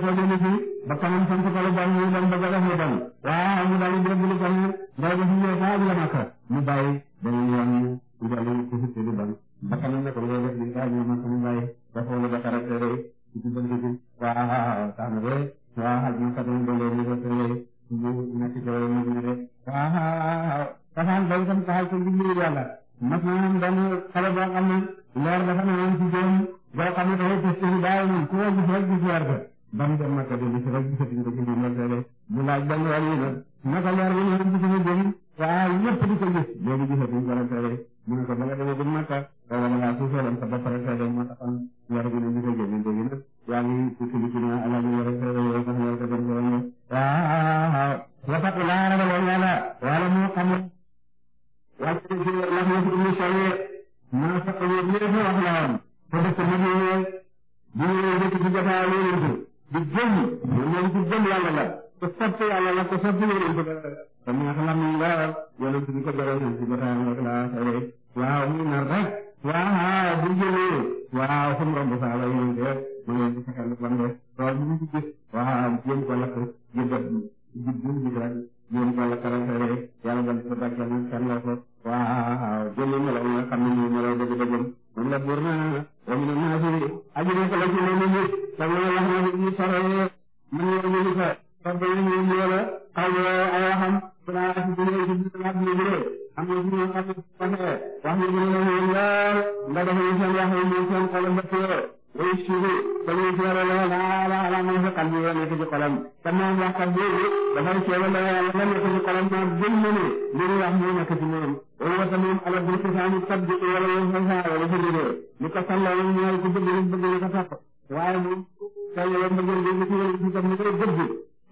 ko dellu ji ba kanam sant ko lu bon ñu dem ba gën a mu dem waaw mu daal di dégg lu bon ndaw bi fi ñëwee saa bi la makka mu bàyyi dañuy yoon ñu dellu ci ci lu bon ba kanam la ko loolu def li nga xam ne moom suñu bàyyi ba xool ba xaral teere ci dimbal bi waaw tax na ba waaw ñoom kat ñu doon loolu ko teere ñu nekk ci loolu ñu ne de waaw safaan bay tam taxal ci liggéey yàlla mas na am benn xale boo xam ne leer dafa ne woon ci doom boo xam ne dafay gis seen bàyyi moom ku ko gis rek gis leer ba ba mu dem naka dellu si rek gisatuñ ko ci dimbal teere mu laaj benn wàll yi nag naka leer bi ñu gis suñu doom waaw ñëpp di ko gis léegi gisatuñ ko rek teere mu ne ko dama demee ba Makka wala ngaa suufeeloon sa bopp rek seede moo taxoon war a gën a gisee jënd léegi nag yaa ngi utili ci naa ala ñu war a seede yow sax war a gën seede yow waaw wasatu laa ragaloo yàlla wala mu xamul wàcc na ci wax na ci indi sawee maa faq yéen ñëpp wax la woon te def ko nag ñëwee bi ñëwee dëkk ci jotaa loolu di jëm ñoom ci jëm yàlla la ko sopp yàlla la ko sopp yéen ko ba xam nga xam nga yàlla yàlla suñ ko jaral ci jotaa rek laa seede waaw mu nar rek waaw bu jëlee waaw suñu romb saa la yéen de ma leen di fexeel ban de tool bi ñu ci gis waaw jéem ko lakk jëbbat bi jib bu jib rek jéem ko lakk rek yàlla dal ko dakkal kan la ko waaw jëlee melaw nga xam ne nii melaw dëgg dëggam moom la buur na wa min annaasi ajrin ko la ci loolu nit tam la wax na ñu sore man la ñu fa fa ba ñu ñu la xaw ay waxam am na jiw yoo xam ne kon wax nga jiw yoo xam ne daal nga defee seen wax yi muy seen xolam ba tey day subi te muy seere la laala ala muy sa xel bi yoo nekk ci xolam te moom waxtaan boobu dafay seere la la nekk ci xolam ma gën na ne li mu wax moo nekk ci moom. wala wasa moom ala bu ci saa ñu tab bi wala wala sa saa wala sa jëlee lu ko salloo ñu ñëw ku bëgg lu bëgg lu ko sax waaye moom sa yoo bëgg lu ci wala ci tam ñu koy bëgg.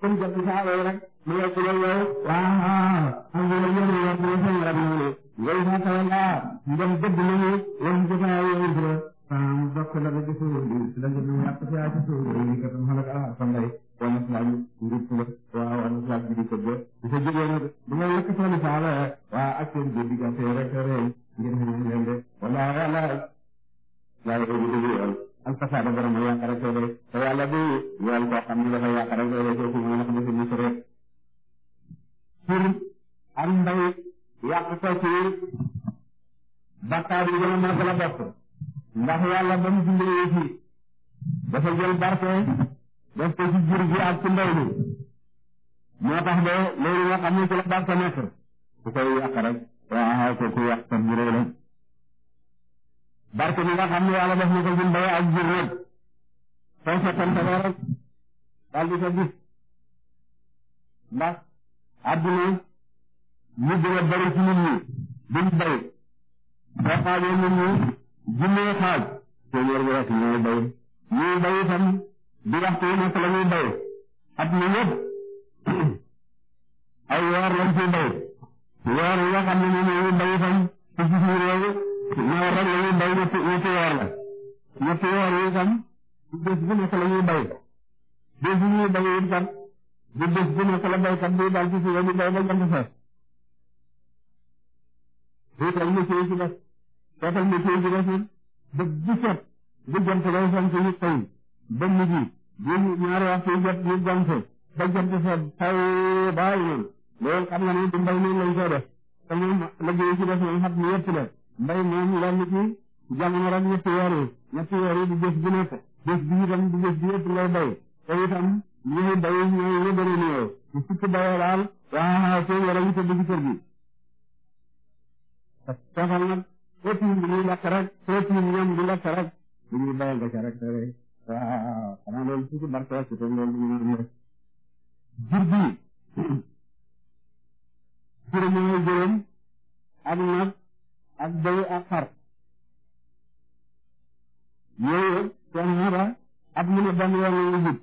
kon jot ci saa yooyu rek mu yokk loolu yow waaw am na lu ñu yokk loolu seen yaram yooyu yow maa taw laa ndem dëgg la ñu yow ci saa yooyu dina waaw bokk la ba ci suuf bi ci la ñu yàq ci yaa ci suuf bi ñu ko tam xalak ala sam lay wala slaaj ngir ci la waaw wala slaaj bi di ko jëf di ko jógee nag di nga yokk seen saa la waaw ak seen bi diggante rek rek ngir xëy na leen de wala wala laa yooyu di yoon alfasaada borom a yàq rek tey te yàlla du yool koo xam ne dafa yàq rek tey tey moom wax dëgg mos rek pour am mbay yàq ko ci bakkaar yi gën a màgg la bokk ndax yàlla ba mu dimbalee fii dafa jël barke def ko ci jur gi ak ci mbay mi moo tax ba loolu nga xam ne ci la barke nekk ku koy yàq rek waaw kooku yàq tam bu rëy la barke bi nga xam ne yàlla def na ko jël mbéy ak jur rek soo seetlante ba di ko gis ndax adduna ñu gën a bëri ci nit ñi duñ béy soo xaajee nit ñi junnee xaaj téeméer bi rek ñooy béy ñuy béy itam di waxtu la ñuy béy at mi ñëpp ay weer lañ ciy béy weer yi nga xam ne ñoom ñooy béy itam ci suñu nawet rek la ñuy bay ñetti ñetti weer la ñetti weer yi tam du bés bay bés bu ñuy bay it tam du bés bu bay ba jant fee. wéetal métier ci des wéetal métier ci des it ba du set bu jant day sant ñu xëy ba midi ñu ñaari waxtu jot ñu gàncax ba jant fee xëy ba ay loolu xam nga ni du mbay noonu lañ koy def mbay moom loolu nit ñi jamono rek ñetti weer yi ñetti di bés bu nekk bés bi di bés bi yëpp bay te itam ñooy bay ñooy ñoo gën a néew su sukk bayoo daal waaw seen yore yi tëdd ci kër gi soxal nag protéine bi ñuy lakk rek protéine ñoom du lakk rek bu ñuy bayal nga ca rek waaw xanaa loolu su ci barkeel ci tam loolu ñu ngi jur bi jur mooy juróom ak nag ak bëy ak xar yooyu seen mura ak mu ne benn yoon lañu jib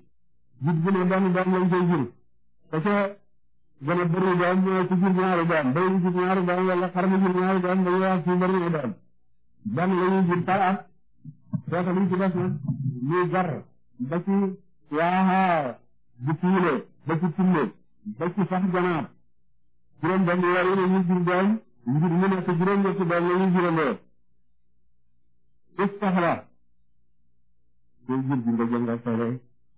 jib bu ne benn jur te ca gën a bëri doom ñoo ñaari doom bëy mu ñaari doom wala xar mu ñaari doom dañuy wax ci bëri na doom benn lañuy jib par at soo ko luñ ci def nag luy gar ba ci waaxaa bu tiile ba ci tille ba ci sax ganaar juróom benn weer yi ngir mu nekk juróom-ñetti doom la ñuy juróomee bés soxla ngay jur gi nga jëngal soxla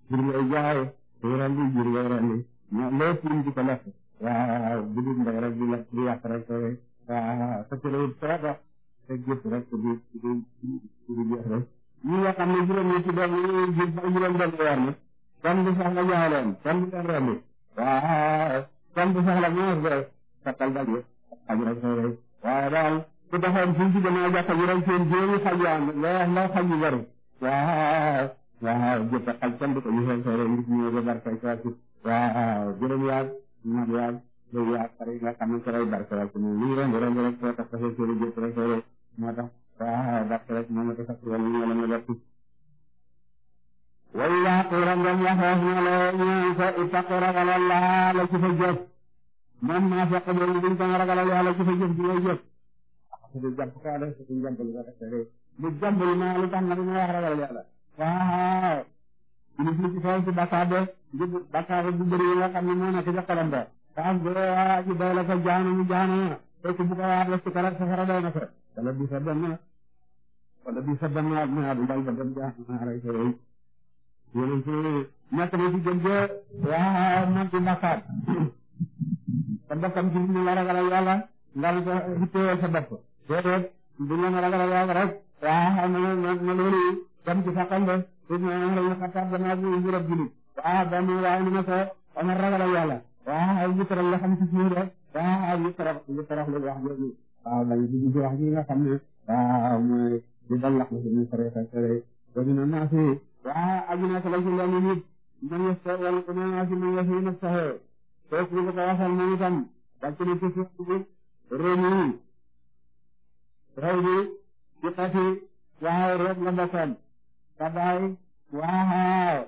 jur ngay jaay ngay ràndi jur ngay ràndi ña loo tiim di ko lekk waaw dugub mbay rek di lekk di yàq rek waaw sa cërëwut sarata teg jëf rek di di di jeex rek ñi nga xam ne juróom-ñetti doom la ñuy jur ba juróom doom la war na kenn du sax nga jaay leen kenn du leen ràndi waaw kenn du sax la ñëw rek takkal daje xaj rek xëy rek waaye daal ku doxoon fii ci gannaaw jàkka ji rek seen xaj yaa nga wax la xaj yu bari xaj kenn du ko ñu xëy xëy rek nit ñi nga barkeel ko ci waaw juróom yaag nag yaag léegi yaag pare nga xam ne ci lay barkeel ko ñu rend rend rek soo tax ci wàllu ñu la ñu lekk wala quran nga wax wax na la ñu fa ittaqu Allah la ci fa moom naa fekk boobu dañ ko ragal yàlla jëfe-jëf ji ngay jëf ko def suñu jàpp li nga def lu jàpp lu tax nag ñu wax ragal yàlla waaw ñu ci ci faaw ci bakkaar de njëg bakkaar ne moo nekk ca xolam ba taas bu waa ji day la ko jaanu mu jaanu na fekk bu ko waat la sukkar ak safara day na ko wala bi sa dem bi sa dem ba jaanu na rek sa yow yéen ci nekk na ci jëm waaw man ci bakkaar sa boppam ci na la ragal yàlla nga xitteewal sa bopp déedéet du la nga ragal yàlla rek waa xam na na loolu dem ci sa xol de su ma lañu xattaat gannaaw bi ñu rab jullit waa benn waaye ni ma ko amar ragal yàlla waa ay jëkkëral la xam ci suñu de waa ay jëkkëral jëkkëral la wax jooju waaw lañu di di wax ji nga xam ne waaw mooy di dal lax na suñu sore sa sore waju na naa fi waa aju na ko la ci lenn nit man yasta wal ko naa fi man yasta yi nag saxee kooku nga ko waxal moom itam parce que li ci suuf bi réew mi réew mi ci xati waaw rek la bokkoon sa baay waaw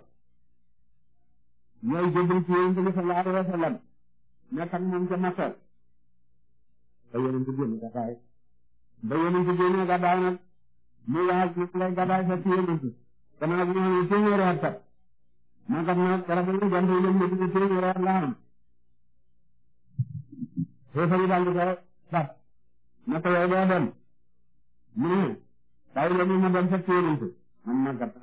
ñooy jëbal ci yonent bi sallallahu alayhi wa sallam nekk ak moom ca Makka ba yonent génn gàddaay ba yonent génn gàddaay nag mu wax nag lay gàddaay sa ci yonent kon nag ñu xam ne téeméeri at kat nag nag keroog ñu jant yi dem na ci téeméeri at la am kéefar yi daal di koy bàq naka yow mu ne bàyyi leen ñu mu dem fekk yéen a ma def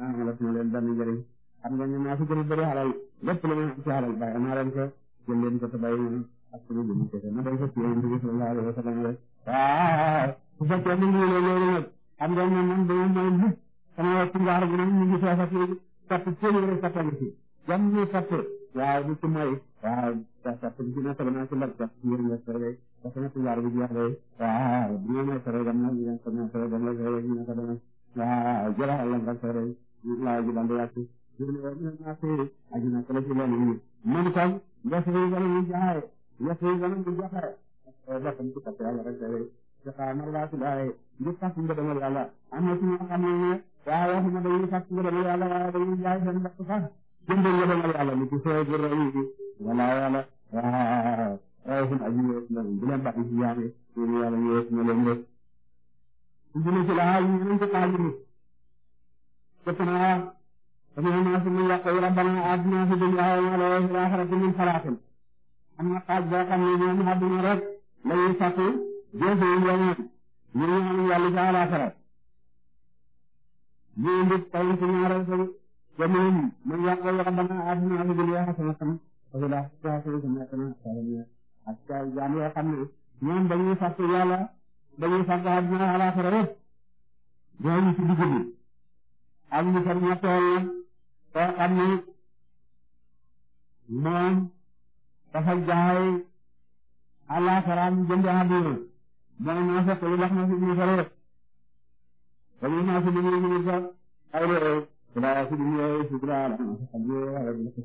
nga ñu maa fi gën a bëri xalal ma ci xalal bàyyi naa leen ko jël ma ak suñu jëmm ma dem fekk yéen bi sallallahu alayhi wa sallam rek waaw su fekkee mu ngi loolu nag xam nga man man dañu may nit ngi fees ak léegi fàtte téeméer rek fàtte jam ñu fàtte waaw du ci mooy waaw sa ko dina sabana ci barka ñu ñu sare da sama ci yar bi di wax day ah ñu ñu sare da ñu ñu sama sare da ñu sare ñu sabana ah jara Allah nga sare ñu la ji ban da yatu ñu ñu na ci ajina kala ci la ñu man tam da sare da ñu jaay ya sare da ñu jaay da ko ci ta ya rek day da ka mar la ci day ñu fas ñu da ñu Yàlla am na ci ñu xam ne waaw wax na dañuy fas ñu da ñu Yàlla waaye dañuy jaay seen bakk fa jënd ñu da ñu Yàlla ni ci soo jëra yi wala wala waaw waaye suñu aji yooyu noonu bu leen bàyyi si jaame suñu yàlla yooyu suñu leen def su jëlee si laaj yi ñu ngi ko xaaj bi jot naa dañoo naa suñu yàq yi rabbana atina fi dunya wa fil akhirati min salaatin am na xaaj boo xam ne ñoom àdduna rek la ñuy fàtte jëfe yi yeneen ñu ngi xam yàlla ci àllaaxira ñu ngi tawante ñaareel sa jamono yi man yàq yi rabbana atina fi dunya hasanatan wala situation bi nekk na askan wi jaam yoo xam ne ñoom dañuy fàtte yàlla dañuy fàtte àdduna àllaaxira rek ñooñu ci digg bi am ñu far ña toll koo xam ne moom dafa jaay àllaaxiraam jënd àdduna moom moo fekk lu wax na si ñu fa rek dañuy naa si lu muy ñu fa ay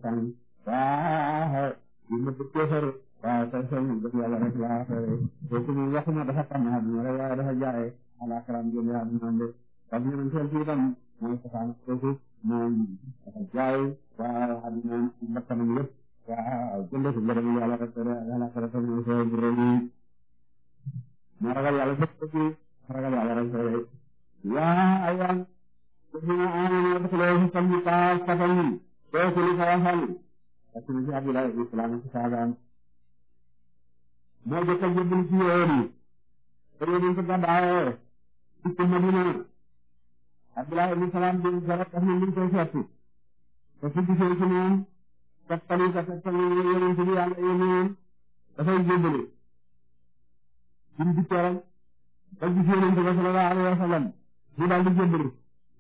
rek. waaw li ma dëkk xër waaw sa sa ñu dëkk yàlla rek laa xëre kooku mu waxuma dafa xam àdduna rek waaye dafa jaare alaakaram jëlee àdduna de ak ñeneen seen fii tam mooy safaan kooku moom dafa jaay waaw àdduna bakkanam yëpp waaw jëndee si ngërëm yàlla rek xëre ak alaakara sa ñu sa ngërëm yi ma ragal yàlla sa kooku ragal yàlla rek xëre yaa ayaan kooku ñu amoon na dafa lay xam ni kaa fafal ni kooku li fa waxal ak suñu si Abdoulaye Abdoulaye Salaam si Saagaam moo jot a jébbalu ci yoon yi te yéen a gàddaayoo ci ci Madina Abdoulaye Abdoulaye Salaam di garab ak ñun ñu koy seetlu te su gisee ci moom tegtali ka tegtali yeneen ci bi yàlla yéen dafay jébbalu suñu dikkee rek ba gis yeneen ci sallallahu alayhi wa sallam ñu daal di jébbalu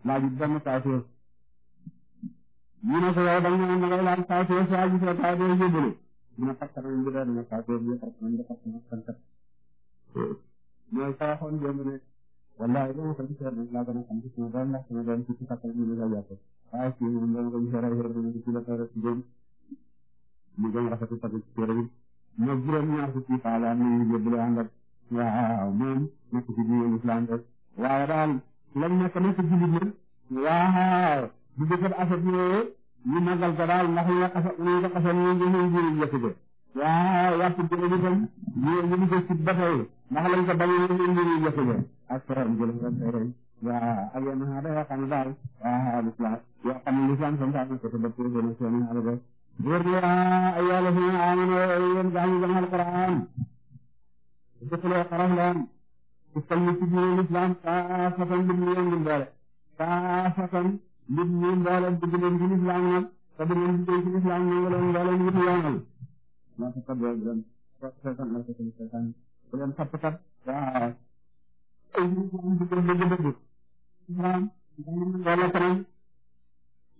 laaj bi benn taasir ñu ne ko yow da nga ne ngay laaj taafeer si aji sa taafeer si bële mu ne parce que man bi doon na taafeer bi parce que man dafa sama sant. mooy saa xool jéem ne wallaahi dama ko gisee rek laa gën a xam ci sama doom ndax sama doom ci ci fàttali ñu la jàpp waaye si moom dama ko gisee rek rek dama ci la tawee si jëm mu gën rafetlu tamit ci kër gi ma juróom ñaar fukki faala am nañu jébbale ànd ak waaw moom nekk ci biir islam rek waaye daal lañ nekk nekk jullit nag waaw bu jëfër aset yooyu ñu màggal ko daal ndax ñu xasa ñu xasa ñu ñu ñu ñu yëkk de waaw yàpp jëlee itam ñu ñu ñu ci ba tey ndax lañ ko bañ ñu ñu ñu yëkk de ak soxam jëlee rek rek waaw ak yenn xaar yoo xam ne daal waaw l'islam yoo xam ne l'islam sam sa ko ba ko ñu seen xaar rek góor ya ayyala fi amana yeen gaañu jàng alquran jëfëloo xaraf leen ci ci l'islam ka fa tan bi ñu ñu doole ka fa tan nit ñi mbooleem dugg leen ci lislaam nag te bu ngeen duggee ci lislaam ñu ngi leen mbooleem yëpp yoonal. maa ko toog rek doon seetaan la ko tamit seetaan bu leen toppatoo waaw. ay lislaam dugg leen dëgg dëgg. lislaam dañ leen boole kanam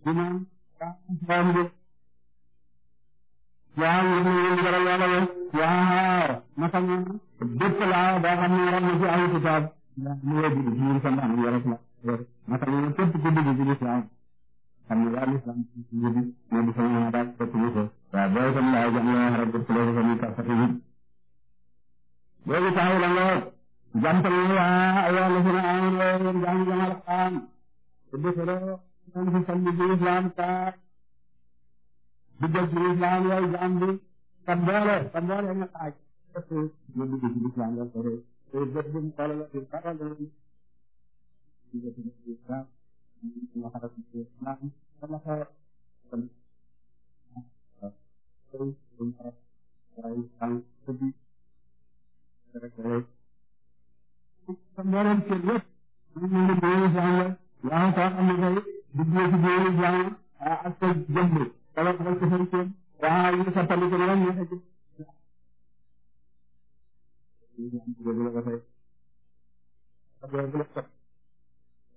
dinaan waaw lislaam bi. waaw yéen a ngi gërëm yàlla woon. waaw naka ngeen. bépp laa boo xam ne war na ci ay kitaab. waaw mu wéy bi di sa mbaa mu yore la. naka noonu képp ku dugg ci lislaam xam ne waa lislaam ci biir bi moo di sama maraaj fekk ñu ko waaw booy itam laay jam la rek def loolu ko ñu taxati bi loolu taxaw la lool jantal waa ayaa la suna amin la yéen jaamu jamal xaam te defaroo ñoom ci salli ci lislaam kaa duggal ci lislaam yow jaam bi sa doole sa doole nga xaaj fekk ñu dugg ci lislaam la ko rek te def bu mu xoolal la ci dara waaw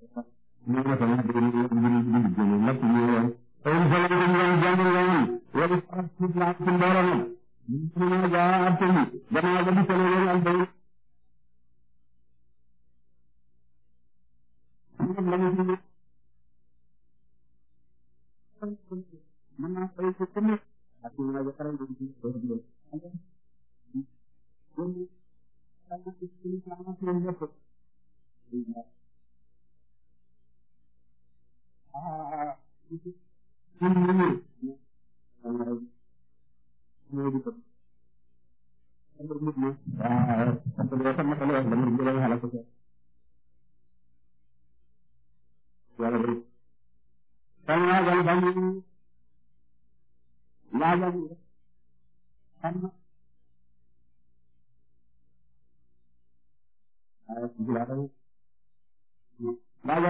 ñu ngi ko ñu ngi ko ñu ngi ko ñu ngi ko ñu ngi ko ñu ngi ko ñu ngi ko ñu ngi ko ñu ngi Thank you. Bajal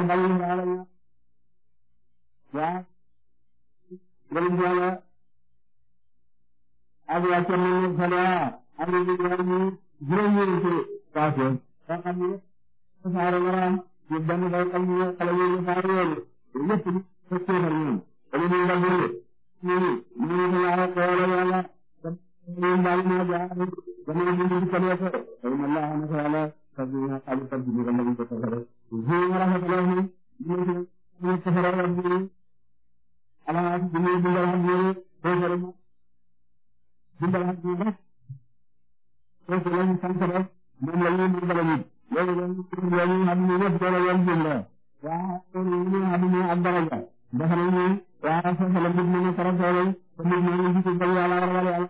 bajal waaw gërëm yàlla ak waa ca mën na xalaat ak li ñu war ñu juróom-ñeent ci passé ba xam ne safaara waraam ñu benn day xam ne xale yooyu safaara yooyu lépp lu ko teefal ñoom dañu ñu dabale ñu ñu ñu xalaat ko wala yàlla ñu daal ñu jaar dama ñu ñu ko lefe ay ma laa na xala sabbi na xali sabbi ni ko ñu ko xala ñu ñu rafa ko ñu ñu ko xala ñu alaana bi ñuy dundal na dundal ak ñoom rek xëy na ñu sant la ñuy dundal la ñuy dundal ak ñun xam ne ñëpp doole yoon jëm la waaw na ñu xam ne ab daraja ndax nag ñun waaw xëy na mbir mi nga faral doole te mbir mi ngi gis bëgg yàlla ragal yàlla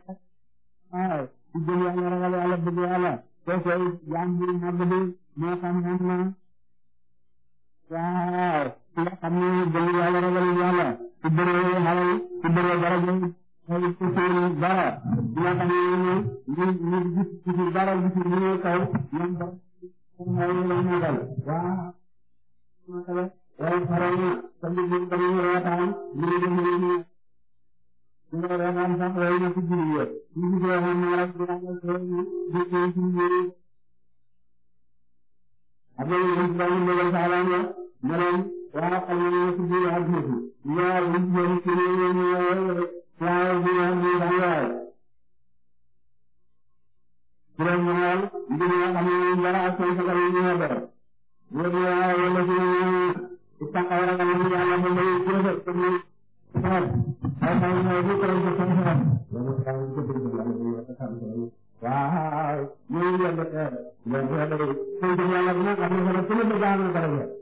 waaw ci bëgg yàlla ragal yàlla bëgg yàlla kooku yaam bi màgg bi moo xam xam na waaw ki ragal ku bëree xalal ku bëree daraja xale ku seen dara bi nga xam ne ñu ñu gis ci dara gis ñu ñëw kaw ñoom ba xale la ñu dal waa waaye xaral na tamit ñu tam ñu reetaan ñu ngi dem ñu ñu reetaan sax waaye na ci jiri yëpp ñu ngi joxe xam ne rek dina nga soo ñu jëkkee ci yëri ak ñu ngi bàyyi mbégal sa alaam la meloon waa xam naa si biir àdduna bi ñaar ñu jëm ci réew mi ñaar bi ñaar bi ñaar waay. juróom ñaar mbir yoo xam ne dara ak seen sagal yi ñoo dara. loolu yaa wala si taxawal ak ñu yàlla ba mbay jëfee comme ni sax ay xaw ma bu ko defee comme sax. loolu yaa ngi jëfee ci yàlla bi yàlla xam ne waaw ñooñu yàlla def loolu yàlla def. seen yàlla bi nag am na solo su la bëgg a am na dara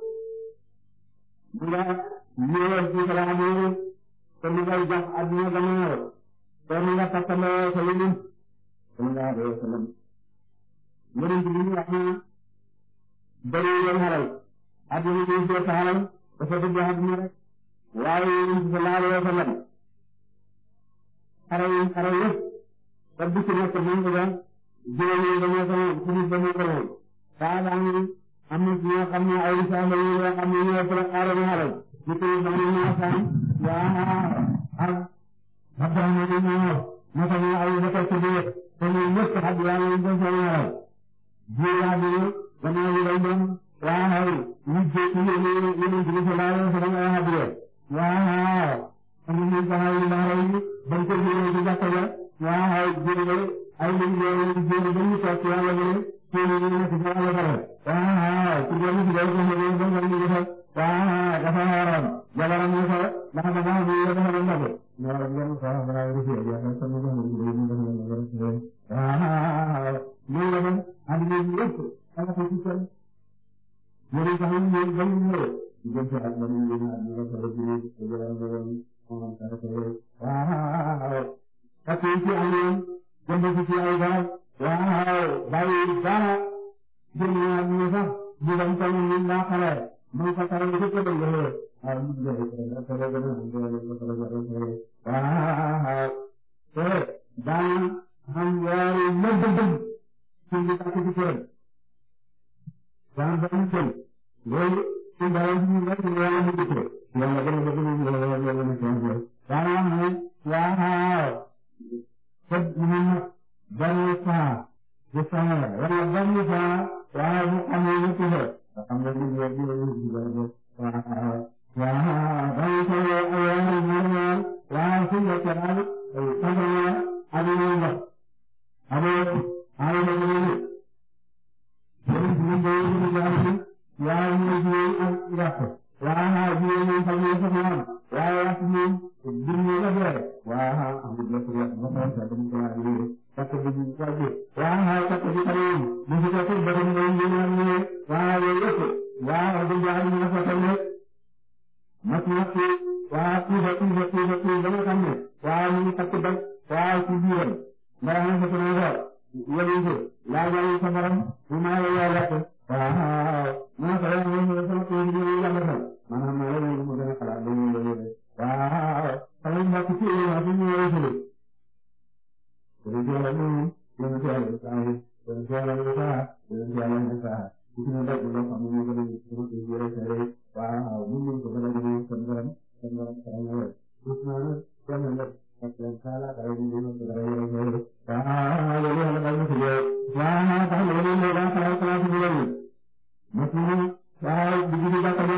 nga ñëwal ci xalaat yi te mu ngay jox adduna gannaaw te mu nga takkandoo sa yëngu sallallahu alayhi wa sallam yonent bi ñu wax na bëri yoon xaral adduna bi jot xaral dafa dëgg adduna rek waaye yonent bi sallallahu alayhi wa sallam xaral yi xaral yëpp te bu ci nekk mu ngi ko jox juróomi dañoo ko moom suñu dañoo ko moom saa am na ci ñoo xam ne ay saaba yi nga xam ne ñoo fa arabi arab ñu koy xam ne ñoo xam yaa ak abdama ko ñoo na ko ay bakkat ci biir te ñu ñëpp xad yaa ngi ko seen arab ji yaa bi dama yi lay dem yaa hay ñu jé ci ñu ñu ñu ci ñu laale sa dama yaa bi yaa hay am ñu ko hay la hay ban ko ñu ci bakkat yaa hay ji ay ñu ñu ji ñu ñu toog yaa la ah ah ah ah waaw waaw bàyyi dara jënd naa ñu sax ñu doon toll ñu laa xale muy sa kàlla njëkk a doon yore waaw ñu ngi lay def rek rek rek waaw te daan xam yaaru lépp dëgg ci li tax ci kër daan doon jël loolu ci dara ji ñu rek yàlla mu dëkk yàlla gën a dëgg ñu yàlla yàlla mu jëm waaw waaw te ñu nag bari saa di saa wala bari saa waaye bu amee lu ci jot nga xam ne bii yéen yéen yéen ñu koy def waaw waaw bari saa yoo xam ne moom mooy waaye suñ la caal sax nga amee ndox amee amee ndox mu ngi yéen ñu koy ñu jàpp waaye ñu ngi ak yàq waaye ñu ngi xam ne sax nga waaye yàq ñu mbir mi la boole waaw amul lépp lépp nga xool sax dañu ko laaj léegi takk bi ñu ko ji waaw takk bi pare yi ñu si ko ba dañu koy yéen a ñëwee waaw yooyu yëpp waaw du jaar ñu nga fa tamit mat mat waaw tuuba tuuba tuuba tuuba nga xam ne waaw ñu ngi takk ba waaw ci biiram nga xam ne sa tënay xool yéen a ko laajal sa borom bu maa la yaa lekk waaw maa ko yaa ngi sama kër yi ñu ngi la defal maanaam maa la ñu mu gën a xalaat dañu la yóbbee waaw xale yu nekk ci yéen ak ñu war a jëlee. yéen ci yàlla moom yéen ci yàlla saa yi yéen ci yàlla moom saa yéen ci yàlla moom saa. bu ci ñu daj loo xam ne ñu ngi leen di di yore sare waaw bu ñu ko dara di seen borom seen borom saa ñu wër. bu ci ñu seen borom ak seen saala dara di leen ko dara yore sare waaw loolu yàlla daal di ko jëlee. waaw tax na loolu moo daan faral faral di leen. mais waaw bu ñu ko jàppale.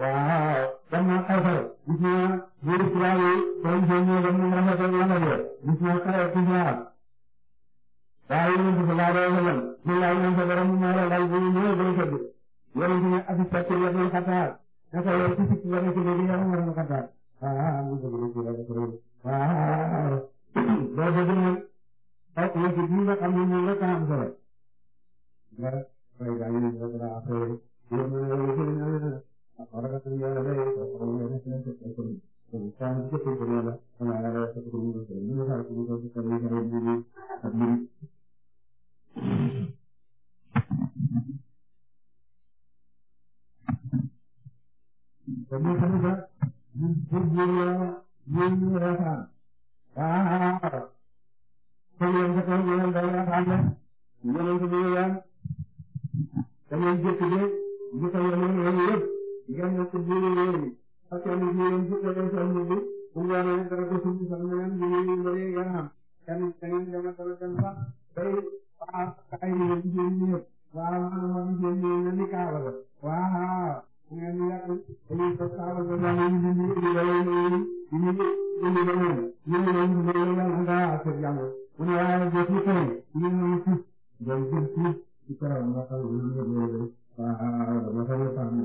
waaw dem na xarxar gis naa ñëri tubaab yi seen seen ñoo dem nañ rafetal la nga jël gis naa xare gis naa am waaye yéen a sallallahu alayhi wa sallam ñu laaj nañ sa borom moo la laaj bu ñu ñëwee day sëgg yéen ñu ne assistat yéen ñu xataar naka yow ci sikk la nekk léegi yow nga doon xataar waaw mu dëgg rek la ko waaw boo dëgg nag ak yëf yi nga xam ne ñu la kanam solo nga fay daal ñu la ko affaire yéen ñu ne te ñoom jëkkëjëf ñu koy yëngu yëpp nga nekk jiwu weer yi parce que jiwu yi ñu ko defee mu ngi mu ngi amee dara ko suñu sax nga dem jiwu yi nga yee nga xam kenn kenn dem ak dara dem sax day waa ay jiwu yi ñëpp waaw xam nga jiwu yi nga ni kaaba la waaw nga ni yàq dañuy ko kaaba ko daal ñu ngi ñu ngi dalee ñu ngi ñu ngi dalee ñu ngi dalee ñu ngi dalee yàlla nga ak sa jàmm mu ne waaye jëf yi tey ñu ngi ñu ci donc jëf ci ci karam nga xam ne ñu ngi dalee waaw dama xam ne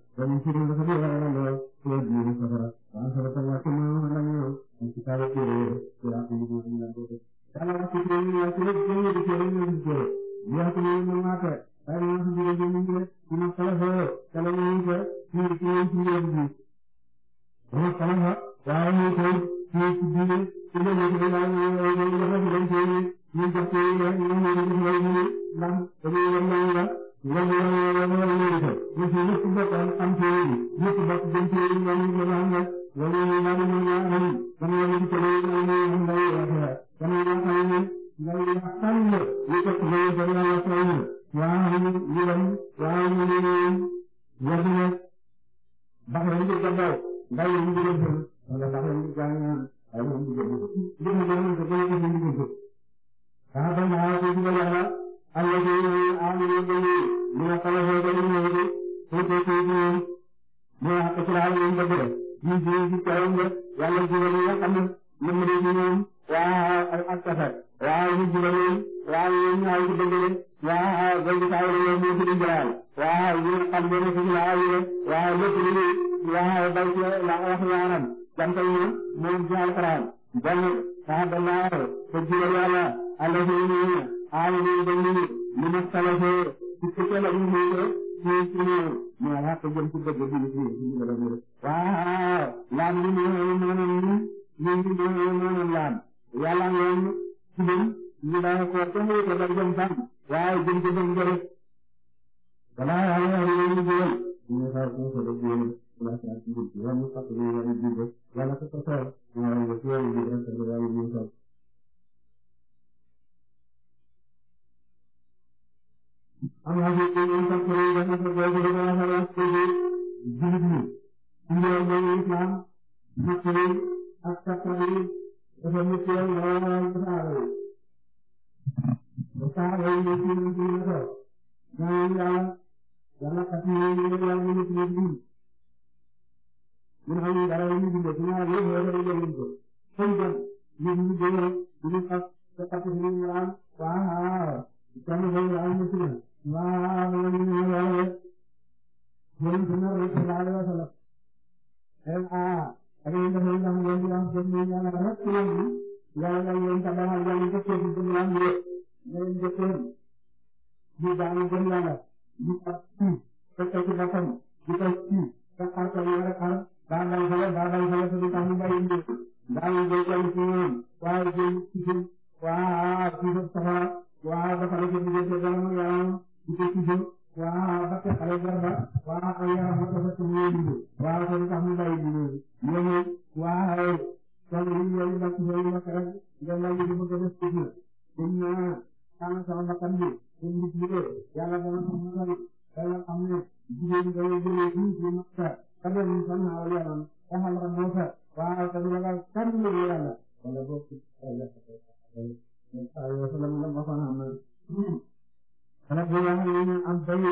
dañu ci dund sa biir loo see biir safara waaye safara sa wàcc ma ma la ñëw ñu ci kaaba téere yooyu ci laa ko ñu ñu leen ko def yàlla wàcc ci ñu wàcc rek jënd di ci ñu di ci ñu wax ñu ñu ma ko ay ñu wax ñu ñu ñu ci ma xala fa kala ñu ko ñu ci ñu ci ñu di ñu xala fa waaye ñu ko ñu ci biir ci la ñu ko la ñu ñu ñu ñu ñu ñu ñu ñu ñu ñu ñu ñu ñu ñu ñu ñu ñu ñu ñu nga ñëw nga ñëw nga ñëw def ñu ci ñëpp bokk am am téere bi ñëpp bokk dem téere bi ñoom ñu am rek wala ñu naan ñu naan am dañu leen di tëlee ñu ngi am ndaw yi ak yaay dañu leen xam ne ndaw yi ak xam ne ñu ko xamee ba ñu la xam ne yaa xam ñu lam yaa ñu ñu ñu yàgg na bax lañ ko gàddaaw ndaw yi ñu gën a jëm wala bax lañ ko gàddaaw ay ñu gën a jëm ñu gën a jëm ko gën a jëm ñu gën a jëm الذين آمنوا به من خلفه بنيه فتكيدون ما حقت العالمين بدر يجي في كلام يعلم جبلين يقم من مريدين وأكثر وعاوي جبلين وعاوي عاوي بدر وعاها زوجة عاوي من في الجلال وعاها يجي قلبين في العاوية وعاها لكل وعاها بيت العاوي العالم لم تكن من جهة القرآن بل فهب الله فجر الله الذين aalamiin ba mu mu ma salafee ci ci la ñu ñëwee ci ci ñu ma wax ko jëm ci dëgg bi ci ci la ñu waaw laam ni ñu ñu ñu ñu ñu ñu laam yàlla ngeen ci dem ñu da ko ko mu ko da jëm fan waaye jëm ci dem jëre dama yàlla ñu ñu jëm ñu fa ko ko dëgg ñu la sa ci ñu ñu fa ko ñu ñu jëm yàlla ko ko ñu ñu ñu ñu ñu ñu am na solo kon am na solo ba ñu ko góorgóorlu ba nga xam ne jullit ñi ñu yor mooy islam mukkule ak tasaare yi dafa mukkule nga waral tasaare yi. tasaare yi ñu ci ñu ci ñu ko ñooñu daal yàlla kat ñu ñu ñu yàlla ñu ci ñu ci ñu xam ne dara ñu dundee ci ñaar yëpp yëpp yëpp yëpp ko kon jëm ñu ñu jëlee ñu xas te kat ñu ñu waaw waaw waaw. maa ngi leen di nuyuwaale yéen suñu rëdd yi daal di ko soxla. yéen ah ak yéen dafay ndax ngeen di wax jëm ñu ñaar ak lépp yéen ñi yàlla na yéen sax daal yàlla jëkkër si jëm yàlla yéen. ngeen jëkkër ñu daal jëm yàlla ñu ak ci fekk ci boppam ñu koy ci sa xar ko ñu rek xar daal lay xale daal lay xale suñu tax ñu bàyyi ñu daal ñu koy jëm ci ñoom waaye jëm ci ci waa ci sa soxla waa dafa la jëm jëm ci dara mu yàlla di ko tuddee waaw ba ca xale garba waaw ay yaram ba dafa tënk yooyu liggéey waaw kon tax mu bàyyi liggéey yooyu waaw kon lii yooyu la ci yooyu la ko rek nga lay di bëgg a def ci biir dañ ñëwaat sama sama bakkan bi dañ di liggéey yàlla dana ko mu lay yàlla xam ne jigéen ñi dañoo jëlee fii ci makka ka dem ñu fan naa wala yaram waxal ko moo fa waaw kon yàlla kan liggéey yàlla wala boog ci yàlla ko ko ko ko ko ko ko ko ko ko kala gona hana am bayi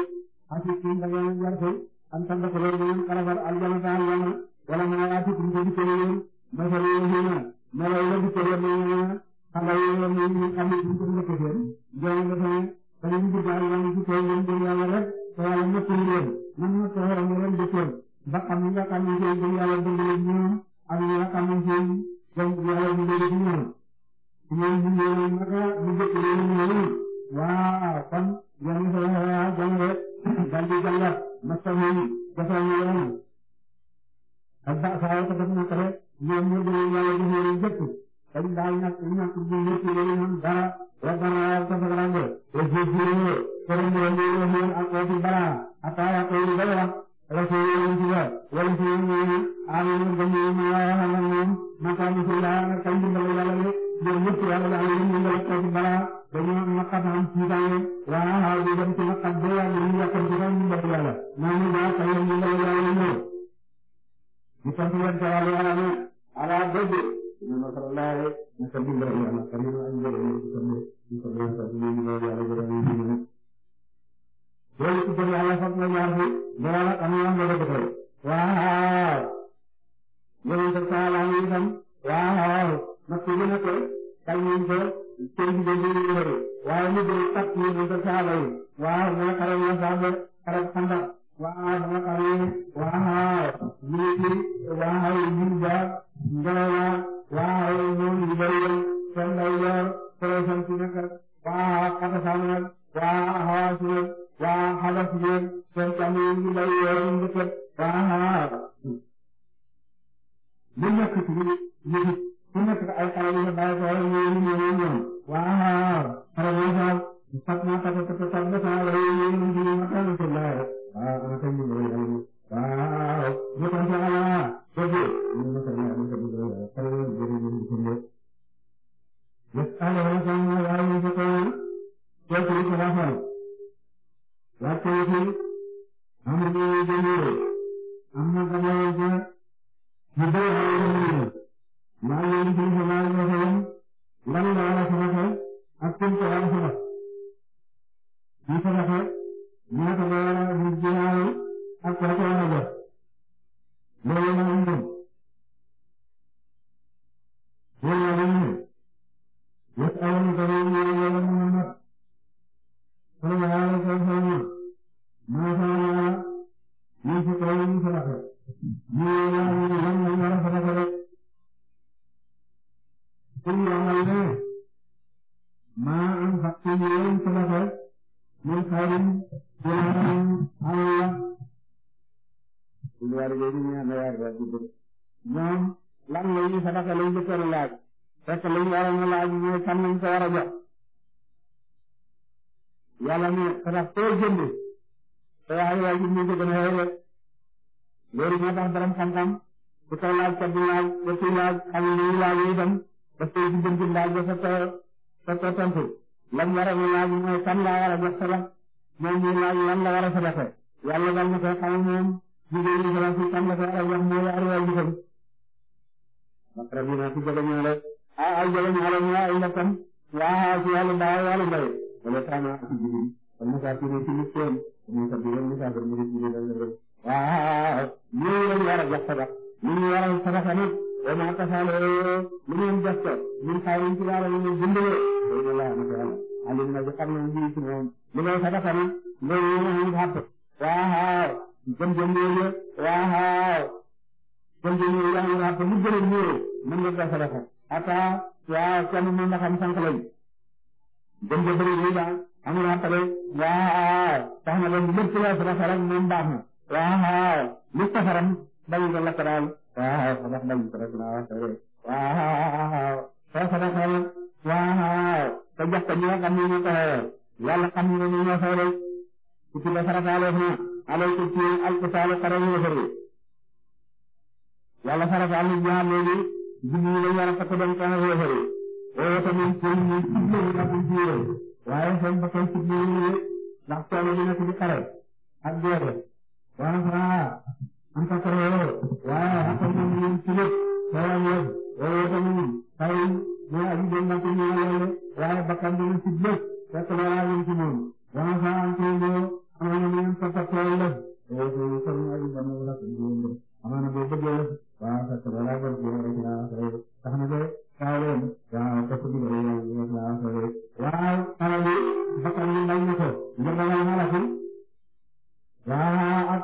ati tinda yana yarfe am tanda kolo yana kalabar aljana ta yana wala mana ati tinda di kolo yana masala yana mala yana di kolo yana kala yana yana kami tinda na kefir jana da sana kala ni di bari yana di kolo yana di yana rek to yana na tinda yana nan na to yana yana di kolo ba kami nga kami di yana di yana di yana am yana kami di yana di yana di yana di yana di yana di yana di yana di yana waaw kon yéen a ngi koy wax di jàngat macha allah defal ñu yoroon ak ba saa ko def na ko rek ñoom ñu ngi leen yàlla jox leen jëpp dañ daal ñàkk ñàkk ñu ñëpp yéen ñoom dara wa dara ko fa grande e ji ji ne ko ñu ñu la ko ñoom ñëpp yàlla na am ñu ngi lay ci balaa dañoo naqat am tiitaange waaw waaw ñu dem ci naqat ba yàgg ñu yàqal ci kan ñu def yàlla naa ñu baax ak ñu ngi lay yàlla ñëw ñu sant leen ca wàllu yàlla ne ala bëgg ñu ma ko laaye ñu sant ñu def yàlla kan ñu am jërë ñu sant ñu sant ñu sant ñu ngi lay yàlla jërë ñu ngi lay loolu ci jërë yàlla sant na ñaar fi dara am ñu am la dëgg tey waaw yow itam saa laa ñu itam waaw nag su mën a koy kàll ngeen ko seen jigéen ñi ñu yore waaye ñu jël sàcc yi ñu ko saaba yi waaw dama xaral la saaba xaral xandar waaw dama xaral waaw lii waaw lii ba ngelaw waaw ñoom ñu bëri seen ndaw yor projet ci nekk waaw xatasaan nag waaw xawaas nag waaw xadas ngeen seen càmm yi ñu bëri yor ñu dëkk waaw. ku nekk ay xale yu bàyyi ko wala ñëw ñu ñëw ñëw waaw xale bu ñu daal sax naa tax a tax a tax nga saa wala ñëw ñu ñu ñu xale bu ñu daal waaw ana kay ñu lay daal waaw ñu ko ci ala dëgg ñu ma ko ñaan ko dëgg waaw xale bu ñu ñu ñu ñu yasalu wa sallu ala yusufan wa sallu ala fa wa sallu amru bi jami'i amma dama ya ñu daal maa ngi leen di gërëm maa ngi leen di lan la war a saraxee ak kéem sa war a sarax di saraxee ñaata la war a di jëlaale ak kooku war a jot loolu la ñu gëm loolu la ñu gëm yëpp awoon na tamit ñu ngi leen di mën a mën kon nga war a saraxee ñoom maa saa war a ñu si kaw ñu saraxee ñu war a ñu lan la war a saraxee rek. kon yaa maa am fàttali yéen ci la fay ñun xaarim jëlaat Allah yaar yooyu ñu ne yaar yaar bi ñoom lan la ñuy sadaka lañ ko teel laaj fekk lañ waroon a laaj mooy kan lañ ko war a jox yàlla ne sadaka too jënd te yaay yaay ji ñu ko gën a yore loolu moo tax borom xam-xam ku ko laaj kat di laaj ba ci laaj xam li laaj itam parce que di jëm laaj ba sa sa sa tontu lan war a laaj mooy kan laa war a jox sabab mooy muy laaj lan la war a sadaxe yàlla dal na ko xam moom jigéen ñi sabab si kan la ko ah ah war a jox mooy arwal bi tam. macha allah si jërë ngeen rek ah ay jërë ngeen rek ñaa ay lakam waaw si wàllu baaw wàllu mbay wala sama si jigéen kon Moussa si ne si lu seen Moussa bi rek Moussa bi mu ngi jigéen rek waaw ñii lañ war a jox sabab ñii war a sadaxe nag وما تفعله من جسد من خير في العالم من جنده بين الله تعالى علمنا بقرن به سنهم لما صدقنا لما هم حق واها جم جميل واها جم جميل الله حق مجرد نور من يبقى صدقه أتى يا كم من مكان سنقلين جم جميل الله amul àq de waaw tax na ba lépp loo soxla rek moom baax na waaw li safaram bañ nga lakk daal waaw xanaa xanaa ñu ko rek naa waaw soo ko defal waaw te jox ko ñi nga xam ne ñu ko yàlla xam ne ñu ñoo xew rek su ci la farataale fi alayku ci alkitaalu xare ñu xëri yàlla farataal ñu ñaar léegi julli yi la ñu war a fekk dem ko xëri xëri waaye tamit ci ñu ci la ñu jiire waaye seen bakkan ci ñu ndax soo la ñu nekk di xare ak déere waaw waaw am sa kër waaye ak ay ñoom ñoom ci lépp xeeral yëpp loolu tamit saa yi mooy aji dem na ko ñëw loole waaye bakkan dana ci lépp fekk loolaa yëngu ci moom. waaye saa am kër yoo xam ne ñoom sa sa tool la loolu tamit kon aji dem na la ko ñëw amaana boo bëggee la waaw fekk loolaa gën kii rek laa xëy tax na de saa leen waaw fekk bi la yow rek laa xëy waaw xale bi bakkan yi bañ na ko njëkk a waaw ak.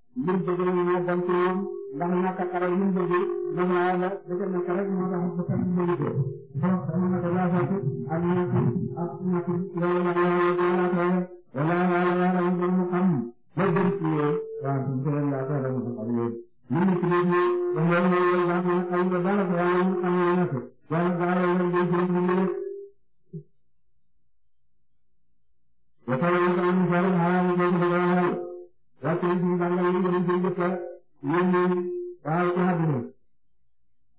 li mu bëgg ñu ñëw dem ci ñoom ndax ñàkk a xaral li mu bëgg moom laa yàlla dëgg na ko rek moo tax ba tax ñu bëgg ko donc xam nga dafa laajatu ak ñàkk ak ñàkk loolu la yàlla doon laa koy wala yàlla yàlla ñu doon mu xam ba gën ci yooyu waaw du ko leen laa koy rek mu xam yooyu ñun ñu ci dégg dañ leen mooy yow baax na ay nga dara ko yàlla ñu xam yooyu nekk yàlla daa la leen day jëm ñu rek wa taala ñu ko am ñu ko rek xaaral ñu ko ko bëgg a waaye tey jii daal la yéen dañu koy jëfee yéen ñii daal di àdduna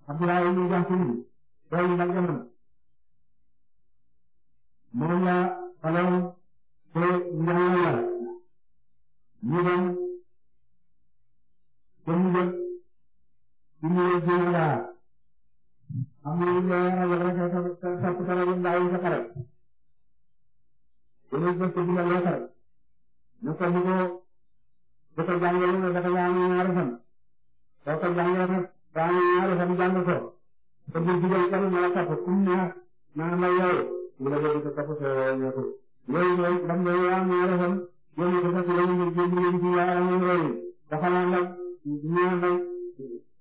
Abdoulaye ñu jàpp ni tey ndax gànnaam moom la xelal te ñaar la ñu dem te mu jot suñu jéem a yaar am na lu ñu koy yaral rek sa sa sa kutala yi ndaw yi sa xaral. dinañ ko sa dina loo xaral ne ko ni ko. bu ko jàngee nga dafa yaanu ñaari fan boo ko jàngee rek yaanu ñaari fan jàng ko te bu jigéen kenn mën a topp kum neex maa may yow mu la doon ko topp sa ñëpp yooyu yooyu daf lay yaanu ñaari fan yooyu dafa ci lañu ñu jëm leen ci yaanu yooyu dafa la nag ñëw nag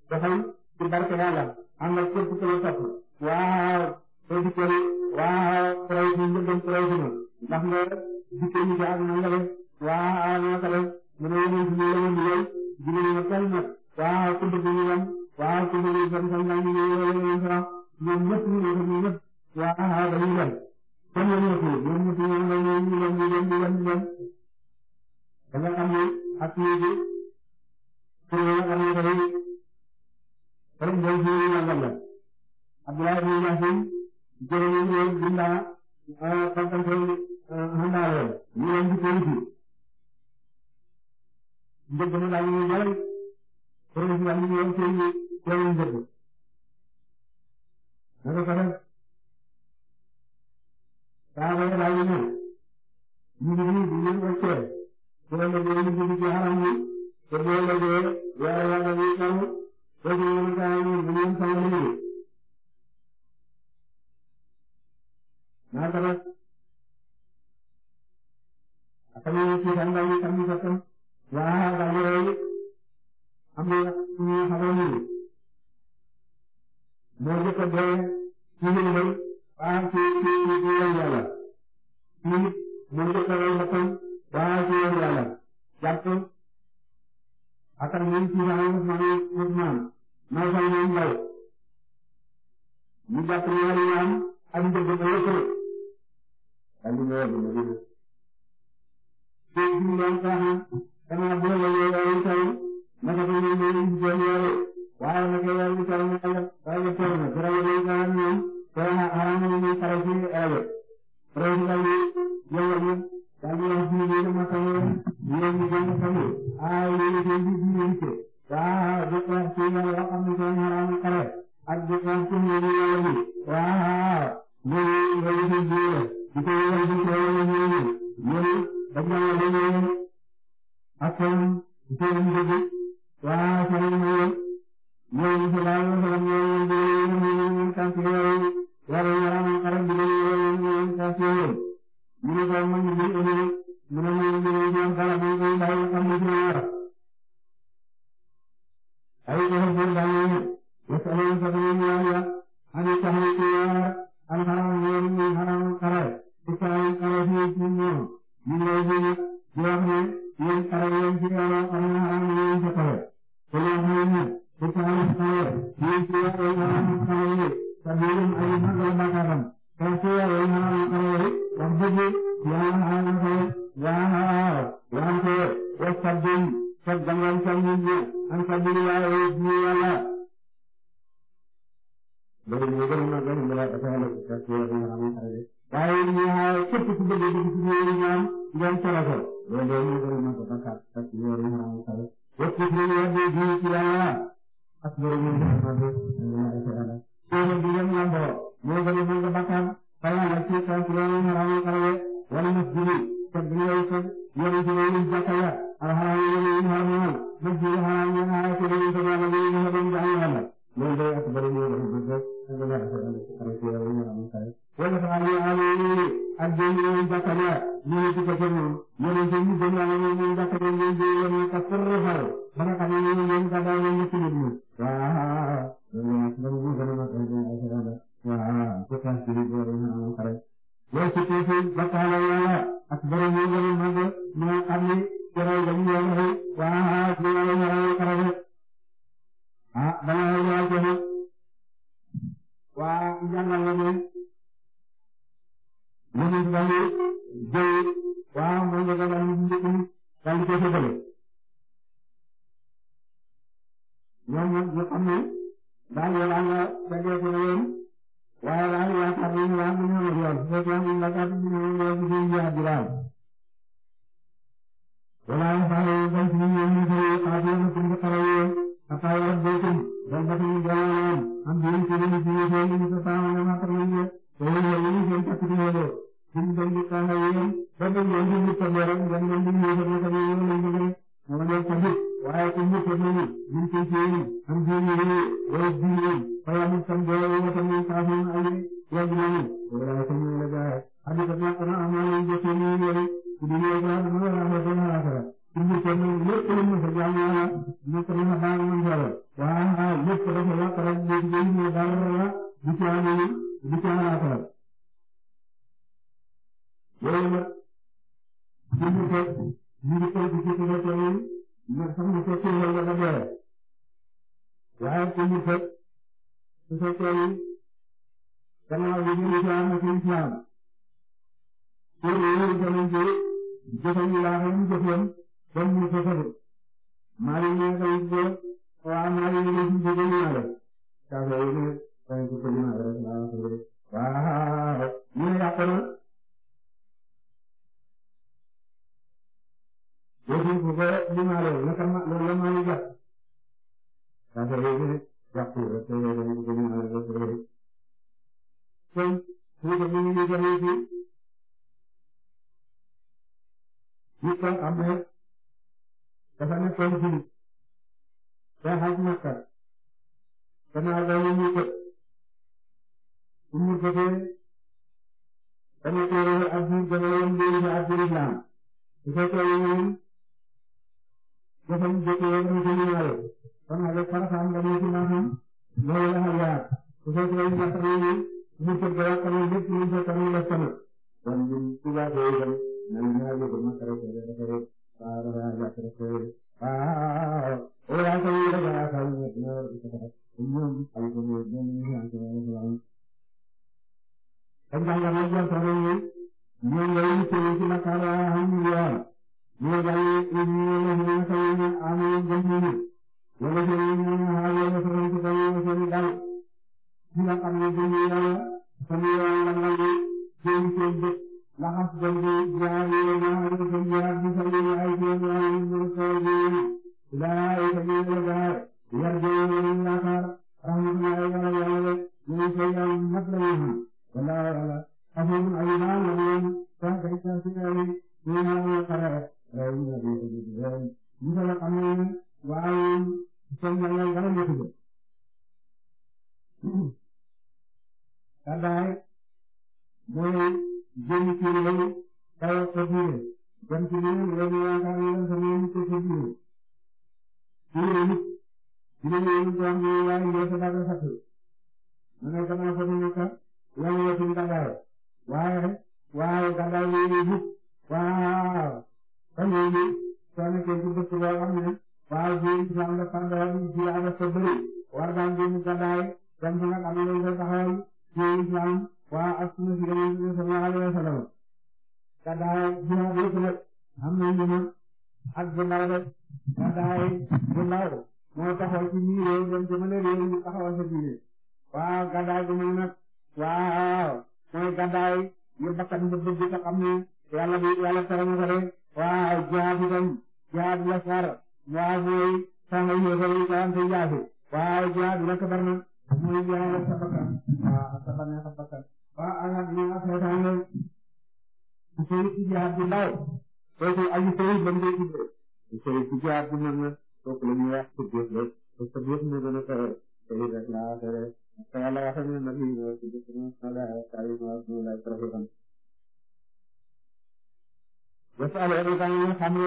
dafay ci barke yàlla am na képp ku la topp waaw producteur waaw produit bi ñu dem produit bi ndax nga dikkee ñu ci ak na nga def waaw naka def mu ne yéen a ngi leen di leen di leen wax tey nag waaw ku bëgg ñu dem waaw ku bëgg ñu dem sax ñu ngi leen di leen sax ñoom ñëpp ñu ngi leen ñëpp waaw dañuy dem kon ñoom ñëpp ñoom ñëpp ñoom ñoo ñëw ñu dem ñu dem ñu dem ñu dem da nga xam ne ak léegi pour nga xam ne dafay rek day jëlee ñu nangam la Abdoulaye Mbengue Ndiakhate jërë ngeen ñëw Binda xam-xam tey Mbenda Allé ñu leen di njëgg mu daal ñuy jëriñ projet daal ñuy yem seen seen njëgg naka ko def saa ba daal ñu ñëw ñu ngi nii di ñëw ak ceeb su la lëggee ñu ngi ci xaram yi te boo lëggee yàlla yàlla ñuy taw te ñu ngi saa ñu ñu ngi taw ñu ñëw naka def ak tamit ci xam nga ñu xam ñu waaw waaw yooyu am na ñuy xamal ñu moo jëkk a dee ci ndimbal waaw ci ci ci ci yoon yàlla ci moo jëkk a rey boppam waaw ci yoon yàlla jàpp akal ñun ci saa yu ma ne Usmaan maa fay ñoom ndaw ñu jàpp ñaari ñaam ak njëg ba yëpp daal di ñëw ba mu déglu. xanaa bu ñu la yooyu taw naka ko ñu ñu jël yore waaye naka yàlla bu taw naka la waaye la toog na dara yooyu taw ak ñoom dara na xanaa ñu ñu xare ci aabe rek nga ñu yow ñu daal di wax ñu ñu ma taw ñoom ñu gën taw ay ñu ñu ñu ñu ñu ci waa bu ko ci ñu wax am ñu ñu xaraam xare ak bu ko ci ñu ñu ñu waa ñu ñu ñu ñu ñu ñu ñu ñu ñu ñu ñu ñu ak kawam kawam dëgg waaw kawam yooyu yooyu si laaj la kawam yooyu yooyu yooyu kaas yooyu yàlla yaram xaram bi yooyu yooyu kaas yooyu mu ne ko man ñu jël énu mu ne ñu jël énu am xaram bi ñu koy bàyyi xam ne ci la war ay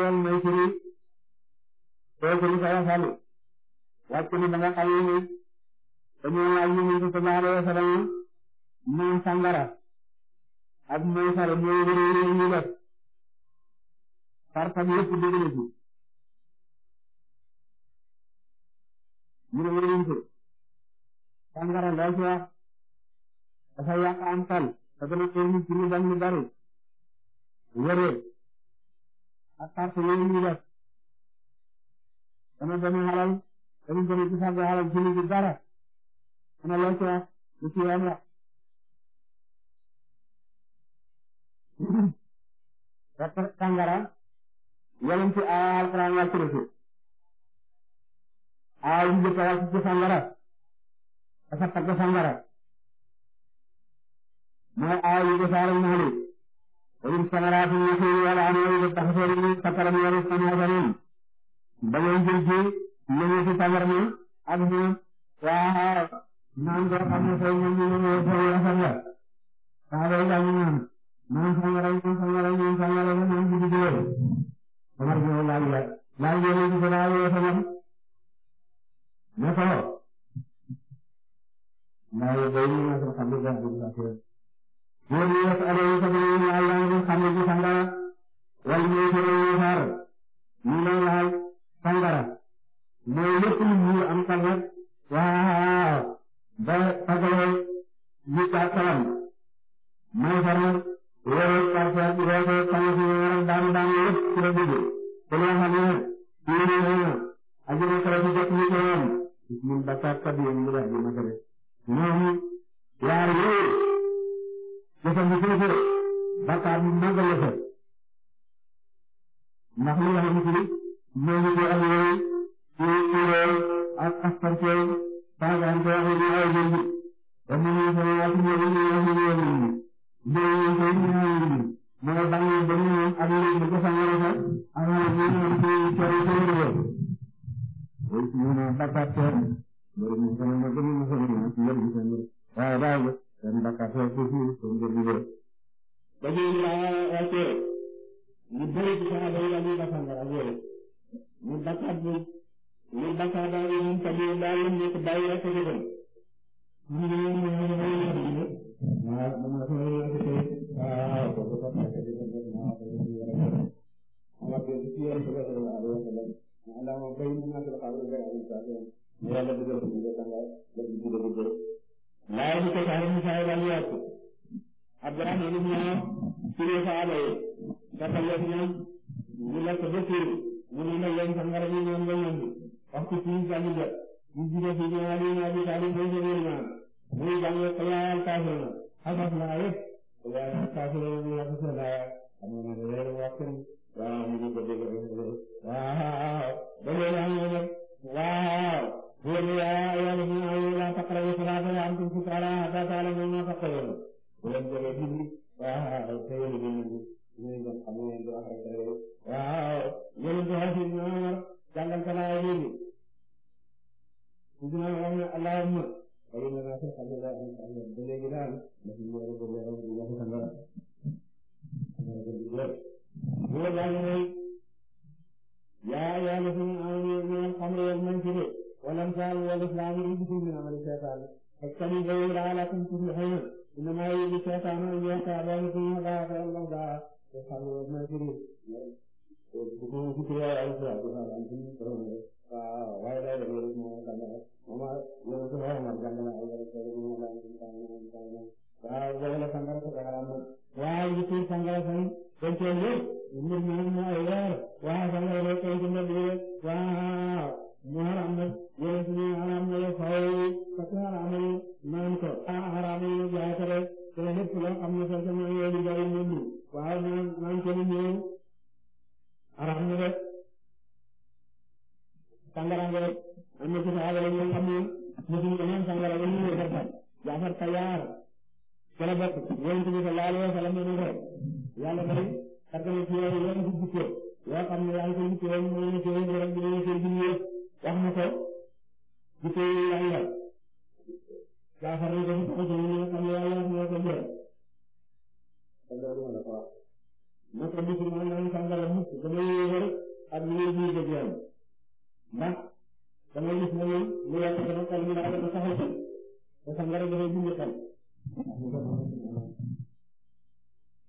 yàlla mooy firi soo firi sa yasalu wàcc na ba nga xamee ne dañoo laaj ñu ngi sallallahu alayhi wa sallam mooy sangara ak mooy sare mooy wërëwërë ñu def fartam yëpp dégg na ci ñu ne wërëwërë ko sangara loo ci wax dafa yàq am xel dafa nekk lu bari wërëwërë. ak kàrt yooyu ñuy def dana demee xalal ci sàgg xalal jëli bi dara dana loo ci wax lu ci yoon wax rek tàngara ci aaya alxuraan wàcc na ci aaya yu njëkk ci sàngara dafa tagg sàngara mooy aaya yu defaale ñaari وبالثمرات النخيل والعنب والتحصير فكرم والمستنعذرين dañoo jël ci ñëwee ci tàmbar mi ak ñoom waa naan boo xam ne tey ñoom ñu ngi ñëw tey rafet la saxaba yi dañu naan naan sangara ñoom sangara ñoom sangara ba ñoom ñu dugg loolu. Omar ñëw laaj la laaj yooyu ci gannaaw yoo xam ne ne ko laaj moo di yas alayhi sallallahu alayhi wa sallam di sangara wala ñuy jëlee xaar ñu ngi lay laal sangara mais lépp lu mu am sangara waaw ba sangara ñu taal salam may sara wala parcelle bi wala sangara bi wala daanu daanu yëpp ci la dugg te loo xam ne yéen a yéen a ajjana kala bi jot ñu ko woon ñun ba saa kàddu yéen ñu def bi ma ko def ñoom yaar yooyu. jëfandiku foofu bakkaar bi màgg la fa ndax li nga xamante ni ñoo ngi koy amee ci réew ak askan bi baagaar bi ak yeneen ay jënd ba mu ngi sama waat ñoo ngi ñëw ñu ñëw ñu ñëw ñu koy ñu ñëw ñu ma nga bàyyi ba ñu ñëw ak yéen ñu ko fa ñëw fa ak yéen ñu ñëw ci coono ci réew mi. loolu ci ñu ne bakkaar teel loolu ñu sama ma gën a ñu sama ñu ci yëpp di seen waaye daal seen bakkaar seen suuf seen njëriñ njëriñ. dañuy laajte ñu bëri ci sax dañuy dañuy bakkaar ak yooyu ñu bakkaar bi ñu bakkaar daal di ñu tëjee daal di ñu bàyyi rek ñu dem. ñu ngi leen di ñu ngi leen di ñu. waaw dama la ko waxee waaw kooku sax nga xam ne dañu ko wax dëgg yàlla. waaw kay ci yéen a ko waxee waaw waaw waaw. maanaam béy mu nekk dafa am lu bëri ay émission. ñu yàlla dugal ko ñu ngi tàngaay def ci dugub bi. laa di ko sax mu saay wàllu yàq Abdourahmane ibn Awf ci ne saaba yi dafa lekk ñoom ñu lekk ba suur mu ne nag leen sax nga rañu ñoom nga ñoom wax ko fii jàll jot ñu jide fi ñu Ali ibn Abi Talib mooy seen yërmaan muy jàng xayaal kaafir na xasaf naa yëpp waaye kaafir na ñu wax sa daa am na weer wax waaw mu ngi ko dégg waaw waaw da ngay wax waaw قولوا يا أيها الذين آمنوا لا تقربوا الصلاة وأنتم سكارى حتى تعلموا ما تقولون ولم تجدوا waaw kay yéen a ngi nuyu ñu ngi doon xam ne dafa am ay waaw yéen a ngi wax si ñoom jàngal ko laa yéene. suñu naan wax ne allahumma. waaye nag maa ngi xam ne daal maa ngi xam ne léegi daal dafa ñëw rek ba léegi dafa ñëw rek ba léegi. bu la jàngalee. yaa yaa la suñu am ñu xam ne yow man ci de. ولم تعلم الإسلام بشيء من عمل الشيطان اجتنبوا لعلكم تفلحون إنما يريد الشيطان أن يوقع بينكم وبين الله تعالى يفعلوا ما يريد bukan kita yang ada bukan antum terus ah wajah dari rumah kami mama yang itu orang macam mana orang itu rumah orang itu orang itu orang itu ah jangan sangkar sekarang wah itu sangkar sini kecuali ini mana ayah wah sangkar itu kecuali wah mu haram la yéen suñu haram la faaw parce que haram la naan ko ah haram la jaay ko rek te lépp loo xam ne sax sama yéen i jariñ ñu waaw naan naan ko ni ñëw haram la rek sangara nga rek am na ci saaba yi ñoo xam ne mosuñu yeneen sangara ba ñu ñëw defar jaafar tayaar ca la bokk yéen suñu ko laalee fa la mën a yàlla day parce que ci yow yéen a ko jikkoo yoo xam ne yaa ngi ko jikkoo mooy ne ci yow rek dinañ ko jikkoo wax na ko ci tey yàlla yaakaar nañ ko ci taxaw ñu xam ne yàlla moo ko jël moo ko bisu moo naan sàngara mukk dama yéegal ak ñu ngi jiite jëm ndax dama gis ne moom mu yàq sama xel mi dafa ko saxal xel te sàngara dafay bind xel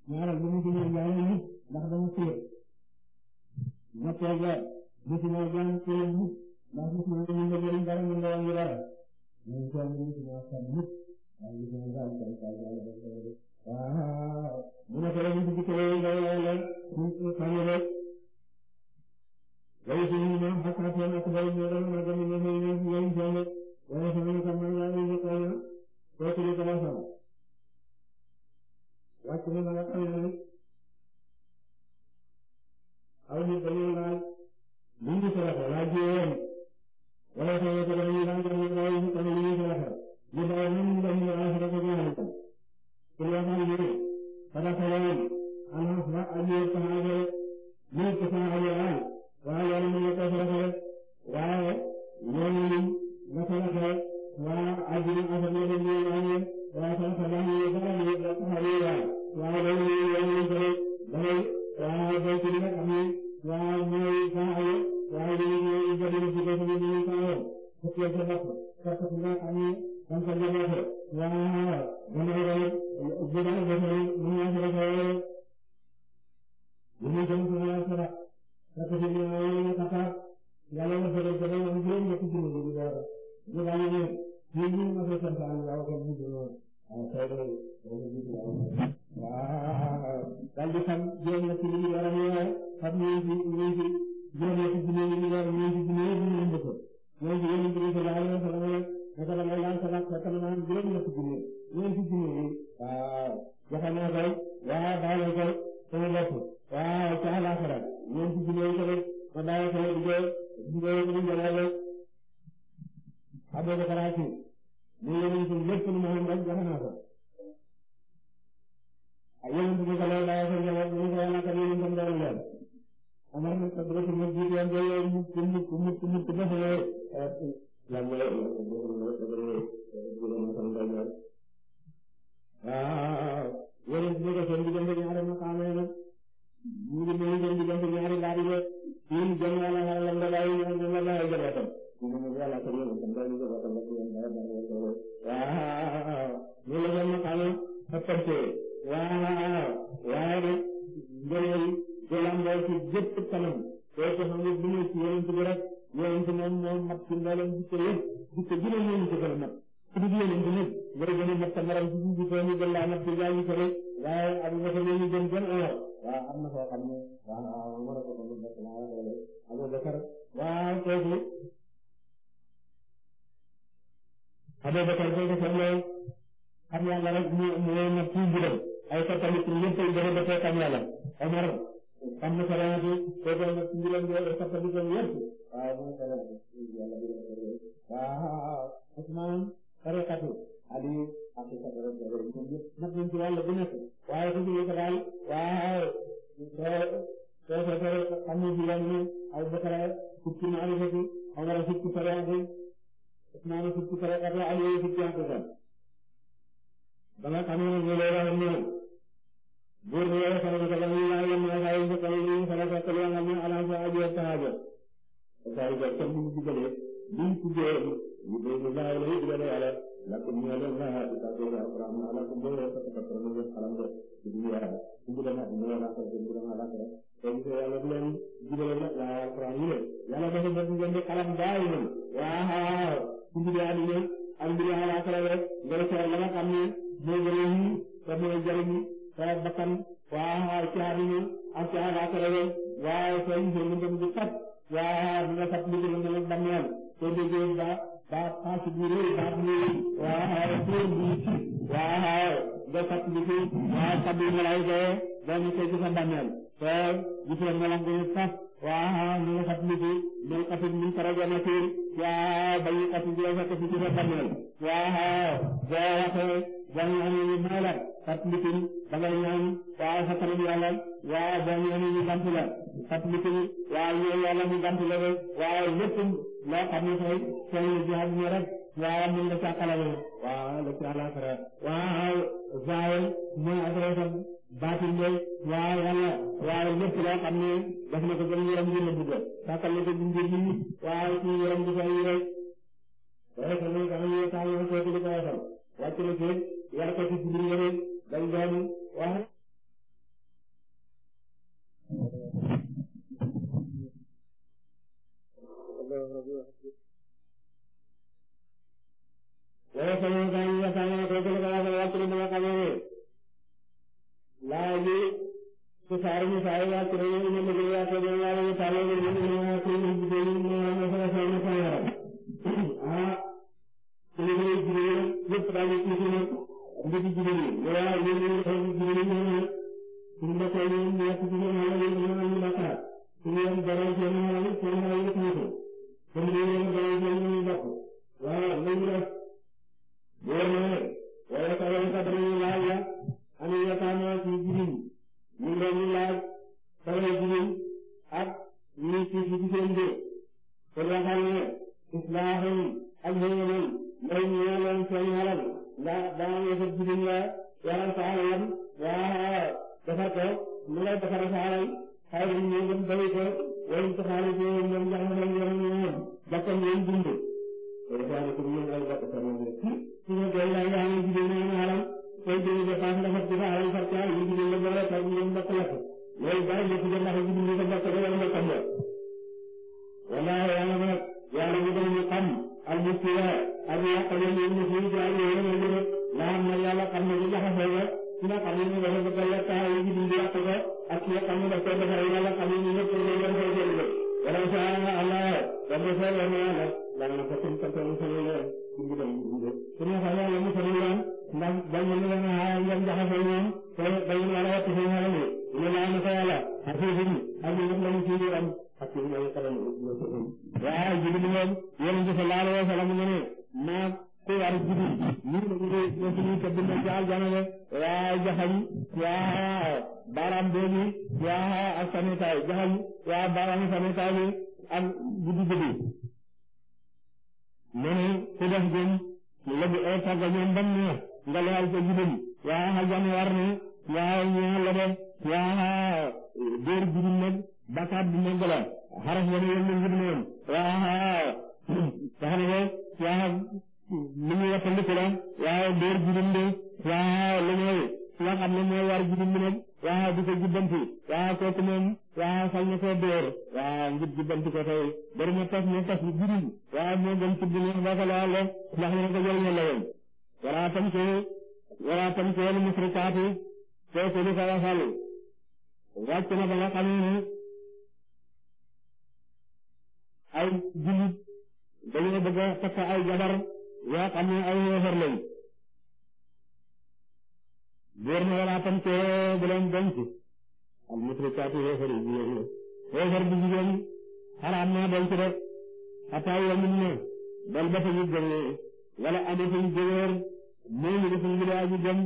ñaaral bu mu ci ñëw yàlla nit ndax dama fiir ma toog bisu moo jàng ci nit ndax gis naa ne ñu ngi dara ñu ngi doon ñu dara ñu ngi toog ñu ngi doon xam nit waaye ñu ngi doon xam kay yàlla def ko rek waaw bu ma tëjee ñu ngi tëjee ñu yàlla ñu ngi xam rek waaye su ñu naan xataa seen ak bari ñu doon ma dem ñu ngi ñu ngi jàng waaye su ñu xam naa ñu ngi xam ko ci ko la sama wàcc na la xam ne aw nit dañu laaj lu ngi sarax laaj yi woon waaye na nga leeral sa jubal yaa xajan war na yaa ñaa la def yaa dóor jubal nag bakaat bu mag la xaras wane yéen lañ jubal woon yaa tax na ko yaa lu ñu wattandiku la yaa dóor jubal de yaa lu ñëw nga xam ne mooy war jubal bi nag yaa di ko jubbanti yaa kooku moom yaa fal na koo dóor yaa ngir jubbanti ko tey bari na tas na tas jubal yaa moo gën ci bu ñu wax ko laale ndax ñu ko jëriñoo la woon wala tamke wala tamke musrikaati foofu li ko waxal wàcc na ba nga xam ay jullit dañoo bëgg a takk ay jabar yoo xam ay yéefar lañ góor na wala tamke bu al musrikaati yéefar yi jigéen la yéefar bu jigéen xaraam naa denc de xataa yomb na ba fa ñu gën wala anafay jëwër mooy ñu defuñu lu daa ji gëm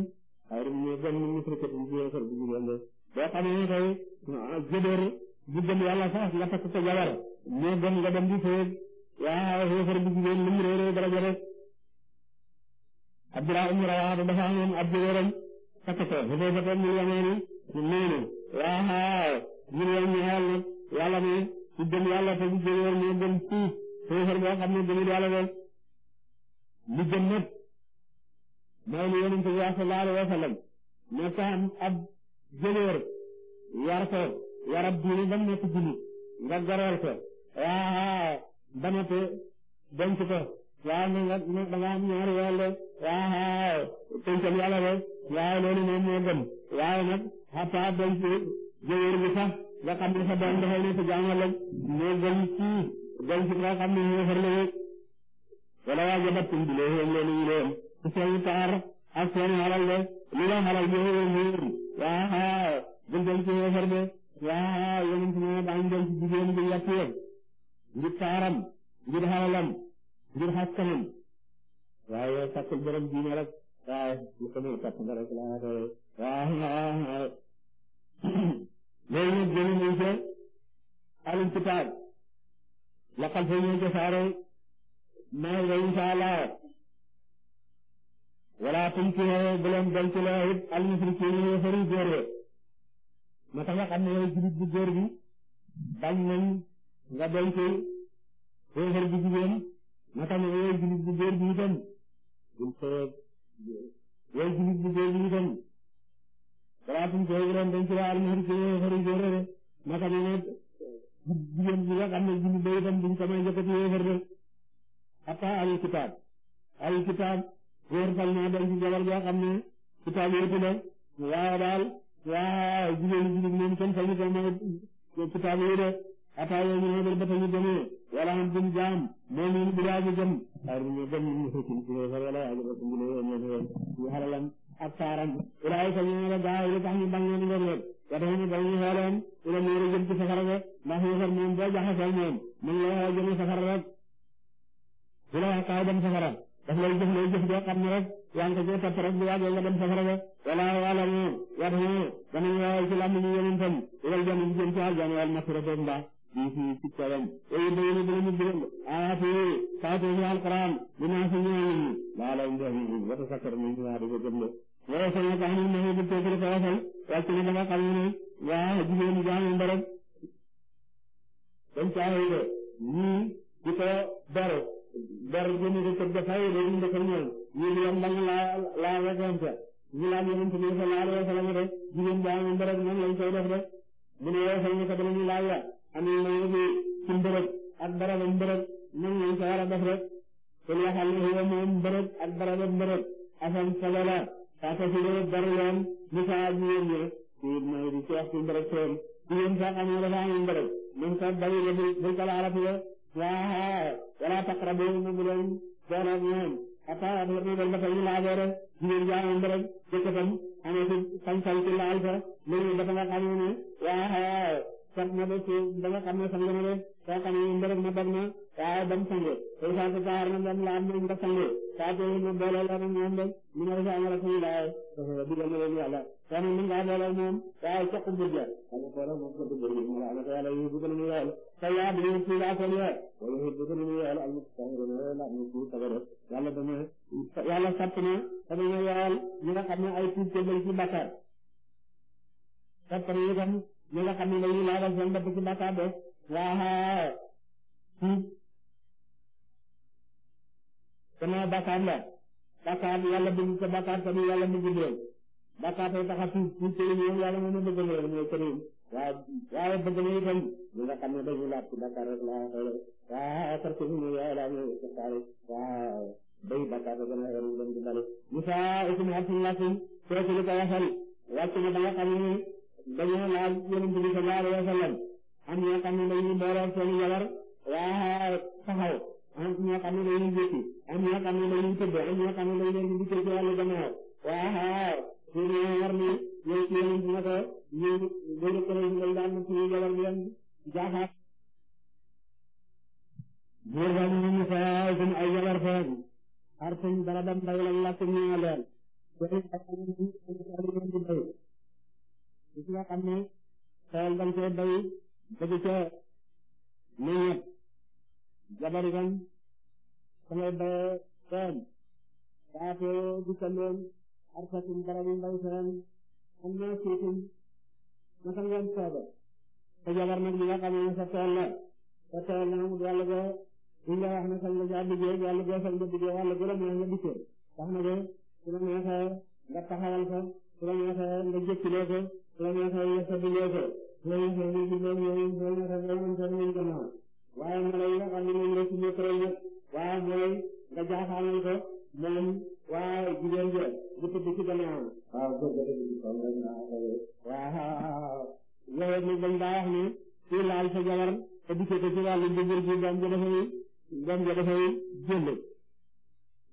xayru ñu gëm ñu musrikatin bu yéefar bu jigéen la boo xamee kay ah, jëbër bu gëm yàlla sax nga takk ko jabar moo gëm nga dem di féeg yaa yéefar bu jigéen lu mu réeree daraja rek Abdullah ibn Rawaha dafa amoon ab jëwëram takk ko Hudayfa mu yamaani ñu noonu waaw ñu leen ñu xel yàlla ne ci gëm yàlla te bu jëwër moo gëm tuut yéefar boo xam ne gëmul yàlla rek lu jëm lépp mooy lu yonent bi wa sallam nekk am ab jëloor yar ko yarab diine ba mu nekk nga goreel ko waaw ba noppi denc ko waaw na nga da nga am ñaari weer la waaw pencam yàlla la waaw loolu moom moo gën waaye nag xataa denc jëloor bi sax nga xam ne sa doom dafay nekk jaamu moo gën ci denc nga xam ne ñoo xar la wala waa jënd tum bi lee yéen leen yéen su seen taar ak seen xalal de li nga xalal bi yéen waa xaa buñ dem ci yéefar de waa yéen ci ñoom daañu dem ci jigéen bi yàq yéen ngir taaram ngir xalalam ngir xaskanam waaye sàkkul borom diine rek waaye mu ko mën sàkk nga rek waa léegi nag jëli nañ ca alin kitaab laqal fa ñëw ca saaree may la insha allah wala tunkihu bu leen denculoo it al musrikiin yéefari góor ya ma tax nga xam ne yow jullit bu góor bi bañ nañ nga denc yéefar bu jigéen ma tax ne yow jullit bu góor bi itam bul xeeb yow jullit bu góor bi itam wala tunkihu bu leen denculoo al musrikiin yéefari góor ya ma tax ne jigéen bi nga xam ne jullit ba itam duñ ko may njëkkati yéefar de hatta ahlul kitaab ahlul kitaab wërtal naa dem ci njabar joo xam ne kitaab yëpp la waaw daal yooyu ñu ba tañu demee wala am dum jaam moom ñu bu daaju dem ar ñu ba ñu lay ñëw ñu halalam ak taaram ilaay ka ñu la gaay li ñu bañ ñu ngor leen wa dañu moom boo jaxasoo moom mu rek bu la kaay dem safara daf lay jëf lay jëf joo xam ne rek yaa ngi ko topp rek bu yàggee nga dem safara ba wala wala mu yàgg mu danañ waay ci làmm ñu yeneen tam dugal jëm ñu jëm ci aljana wal masira boog mbaa di si si kawam yooyu dañu ne dinañu jël ayat yi saatu fi alquran dinaa si ñëw ñu laa lay ndox yi wata sakkar mu ñu naa di ko gëm de loolu sama tax ñu ne bu tekkil ko wasal wàcc na dama xam ne waa jigéen jaamu mbarag dañ caa yi de ñii di ko bare ber jënd di tëb dafay léegi ndëkkal ñoom ñu li yam dang laa laa wekkam sa ñu laaj yonent bi sallallahu alayhi wa sallam rek jigéen jaa ngi mbërëg moom lañ koy def rek mu ne yeesal ñu ko dana ñu laaj ya amee na ñu ci mbërëg ak barab mbërëg moom lañ ko war a def rek te li xam ne yow moom mbërëg ak barab mbërëg afam solo la parce que loolu bari leen ñu saa ñu yéen ñi ci mooy di ci wax ci mbërëg seen jigéen sax amee dafa amee mbërëg moom sax bari la bul bul ko laalati la waaw wala taqrabu mu bu leen doona ak ñoom xataa affaire bi dañ dafay laajoo rek jigéen jaa moom rek jëkkëram amee ci sañ-sañ ci laal fa léegi dafa nga xam ne waaw sax na ba ci da nga xam ne sang na de soo xam ne mbërëg ma dog na waaw ba mu sange tey saa ko taar na dem laam nañ ba sange saa tey ma boole la nag moom rek li ma rasa nga rasul laa digal na leen yàlla soo ne mën ngaa boole moom waaw caq mbir ja xam nga boole moom ko dëgg la yàlla yóbbu ko na mu yàlla tawaa bi ñu ci laasal weer wala ñu dugg ñu yàlla am na ñu bu tagaro yàlla dana yàlla sàpp na dana ñu yaal ñi nga xam ne ay tuub te lañ ci bàkkaar sàpp na itam ñi nga xam ne dañuy laabal seen bopp ci bàkkaar de waaw tuub sama bàkkaar la bàkkaar yàlla bëgg sa bàkkaar tamit yàlla bëgg lool bàkkaar tey tax a tuub tuub te ñu yàlla mën a waaye waaye bëgg na itam ñi nga xam ne dañu laaj ci Dakar rek laa xoole waaw parce que ñu yaay laa ñëw saxtaare waaw bay Dakar rek gën a yor dem di bari Musaa itam atum lakum suratu li ko waxal wàcc na ba nga xam ne dañu laaj yonent bi sallallahu alayhi wa sallam am ñoo xam ne dañuy booroon seen jabar waaw taxaw am ñoo xam ne dañuy jëkki am ñoo xam ne dañuy tëdd am ñoo xam ne dañu leen di dikkee ci wàllu gannaaw waaw pour ñu ñor ni ñoom ci yeneen dina ko ñu déglu ko ñu ngi daan suñu jabar bi leen jaaxaat. buur ba mu ñu fayal suñu ay jabar foofu xar suñ dara dem bay la lakk ñu nga leen. loolu ay ay ñu ñu di bay. li nga xam ne xel dañ cee bay bëgg ca lu ñett jabar yi kan. su ngay bayee seen. daa fee du ca leen. arsatum barabu ndaw seen am naa siitum naka ngeen soobe sa jabar nag ñi nga xam ne sa tool la sa tool la amul wàll ba li nga wax ne sax nga caa duggee wàll boo sax nga duggee wàll bu la neex nga dikkee wax na ko su la neexee nga taxawal ko su la neexee nga jëkkilee ko su la neexee nga sëbbilee ko su la neexee nga jublee ñoom su la neexee nga mën seen ñoom gannaaw waaye mala yi nga xam ne moom la ci ñëkkalal yëpp waaye mooy nga jaaxaanal ko moom waaye jigéen jël bu tudd ci gannaaw waaw góor ga dëgg waaw yow ni dañ daa wax ni kuy laal sa jabar te di ko ci wàllu njëgër gi doom ja dafay doom ja dafay jënd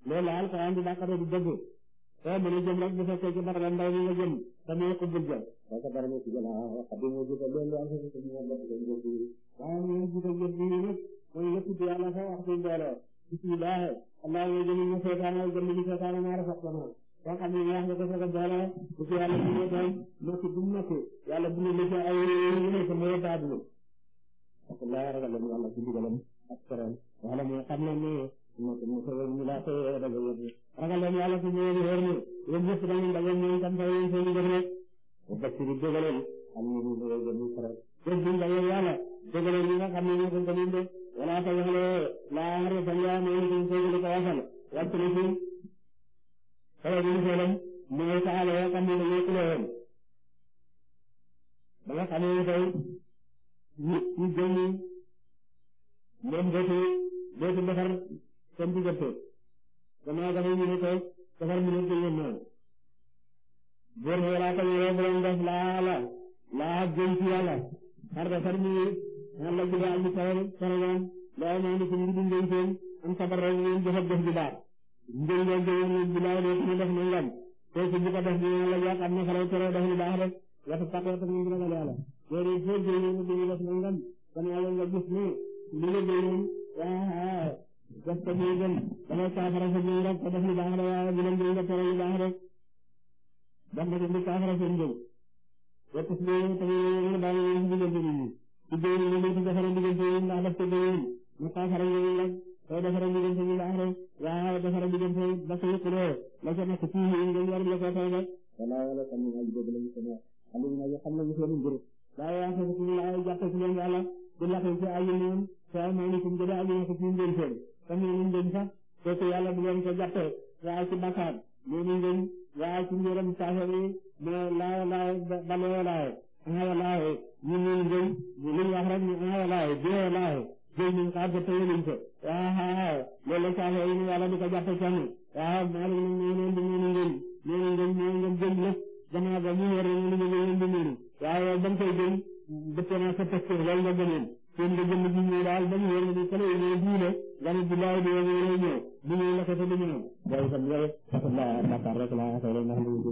loolu laal xaram bi bàkkate du dëgg soo mën a jëm rek bu fekkee ci barab ndaw bi nga jëm te mu yokk bul jëm parce que barab ci gannaaw xam nga moo jiital loolu am sa ñu nga bokk dañ jëm waaye ñu jiital yëpp yi yëpp mooy yëpp yàlla sa waxtu mbooloo bismillah allah yo jëni ñu seetaane jënd ñu seetaane ñaari fas dama boo xam ne ñaax nga ko soog a boole bu ci yàlla bu ñu doon nekk bu mu nekk yàlla bu ñu lëcc ay yu nekk mooy baadulu parce que laa ragal mu yàlla ci ndigalam ak tereem wala mu xam ne ni nekk mu sa ñu laa koy ragal yëpp ragal leen yàlla ci ñëwee wér ni yéen ñëpp dañu ndaje ñoom tam tey yéen seen ngëm rek bëkk bi dëgaleen xam ne ñu dëgal gën ñu tereem yéen duñ ndaje yàlla dëgaleen ñi nga xam ne ñoo ko gënuñ de wala ta wax ne laa xare sanja mooy suñ soogu di ko wasal wàcc na ci xale bi seelam mooy saxaale yoo xam ne dañoo kulewoon ba nga xamee tey ñu ñu génn ñoom dootu dootu defar seen diggante gannaaw dafa ñu ne ko defar mu ne génn noonu buur ne wala ta ñu rek doon def laa la laa jëm ci yàlla xar defar ñu nan la julli ak tawal faraloon laa naa ni ko ngi dundee seen am sabar rek ngeen joxe def bi daal njël ngeen joxe ni bi daal dee suñu def ni ngam kooku bu ko def ni la yàq am na xalaw tere def ni baax rek wata pàqee tam ngi ragal yàlla loolu foo jëy ni dañu def ni ngam kon yàlla nga gis ni li nga jëy ni waaw def ko muy gën dama saafara sa jëy rek te def ni baax rek waaye bu leen jëy nga tere yu baax rek daf nga jënd saafara seen jëw wa tas bi tamit daal ñu def diggante nit ñi ubbeewu ñu ngi defaral diggante yi ndax daf koy béyoon mu xaaral yooyu rek soo defaral diggante yi ndax rek waaw defaral diggante ba ko yëkkuloo la ca nekk ci yi nga yor la ko toog rek. wallaahi wala xam nga ay bëgg la ñu ko ñor Aliou nag xam nga ñu seen njëriñ waaye yaa ngi ko ci ay jàppee ci leen yàlla di laqee ci ay yéen saa maa ngi fi jëlee ay ko ci ngeen seen comme ni ñu gën sax kooku yàlla du leen ko jàppee waaye ci bakkaar loolu ngeen waaye ci njëriñ saa yi mais laaw laaw baloo laaw laaw laaw ñu ñu gëm li ñu wax rek ñu ah wallaahi bi wallaahi gëm nañ ko àgg tëye nañ ko waaw waaw loolu saa yi ñu yàlla di ko jàppe kenn waaw maa ngi leen di ñu ñu gëm ñu ñu gëm ñu ñu gëm lépp gannaaw ba ñu war ñu ñu gëm ñu ñu waaye ba nga koy gëm dëppee naa sa posture loolu nga gëmoon seen lëjëm ji ñëw daal ba ñu wér di kële ñëw diine lan bi laay di wér ñëw ñëw bu ñëw la ko tëdd ñu ñëw day sam yow xasul laa bàkkaar rek laa xasal ndax lu ñu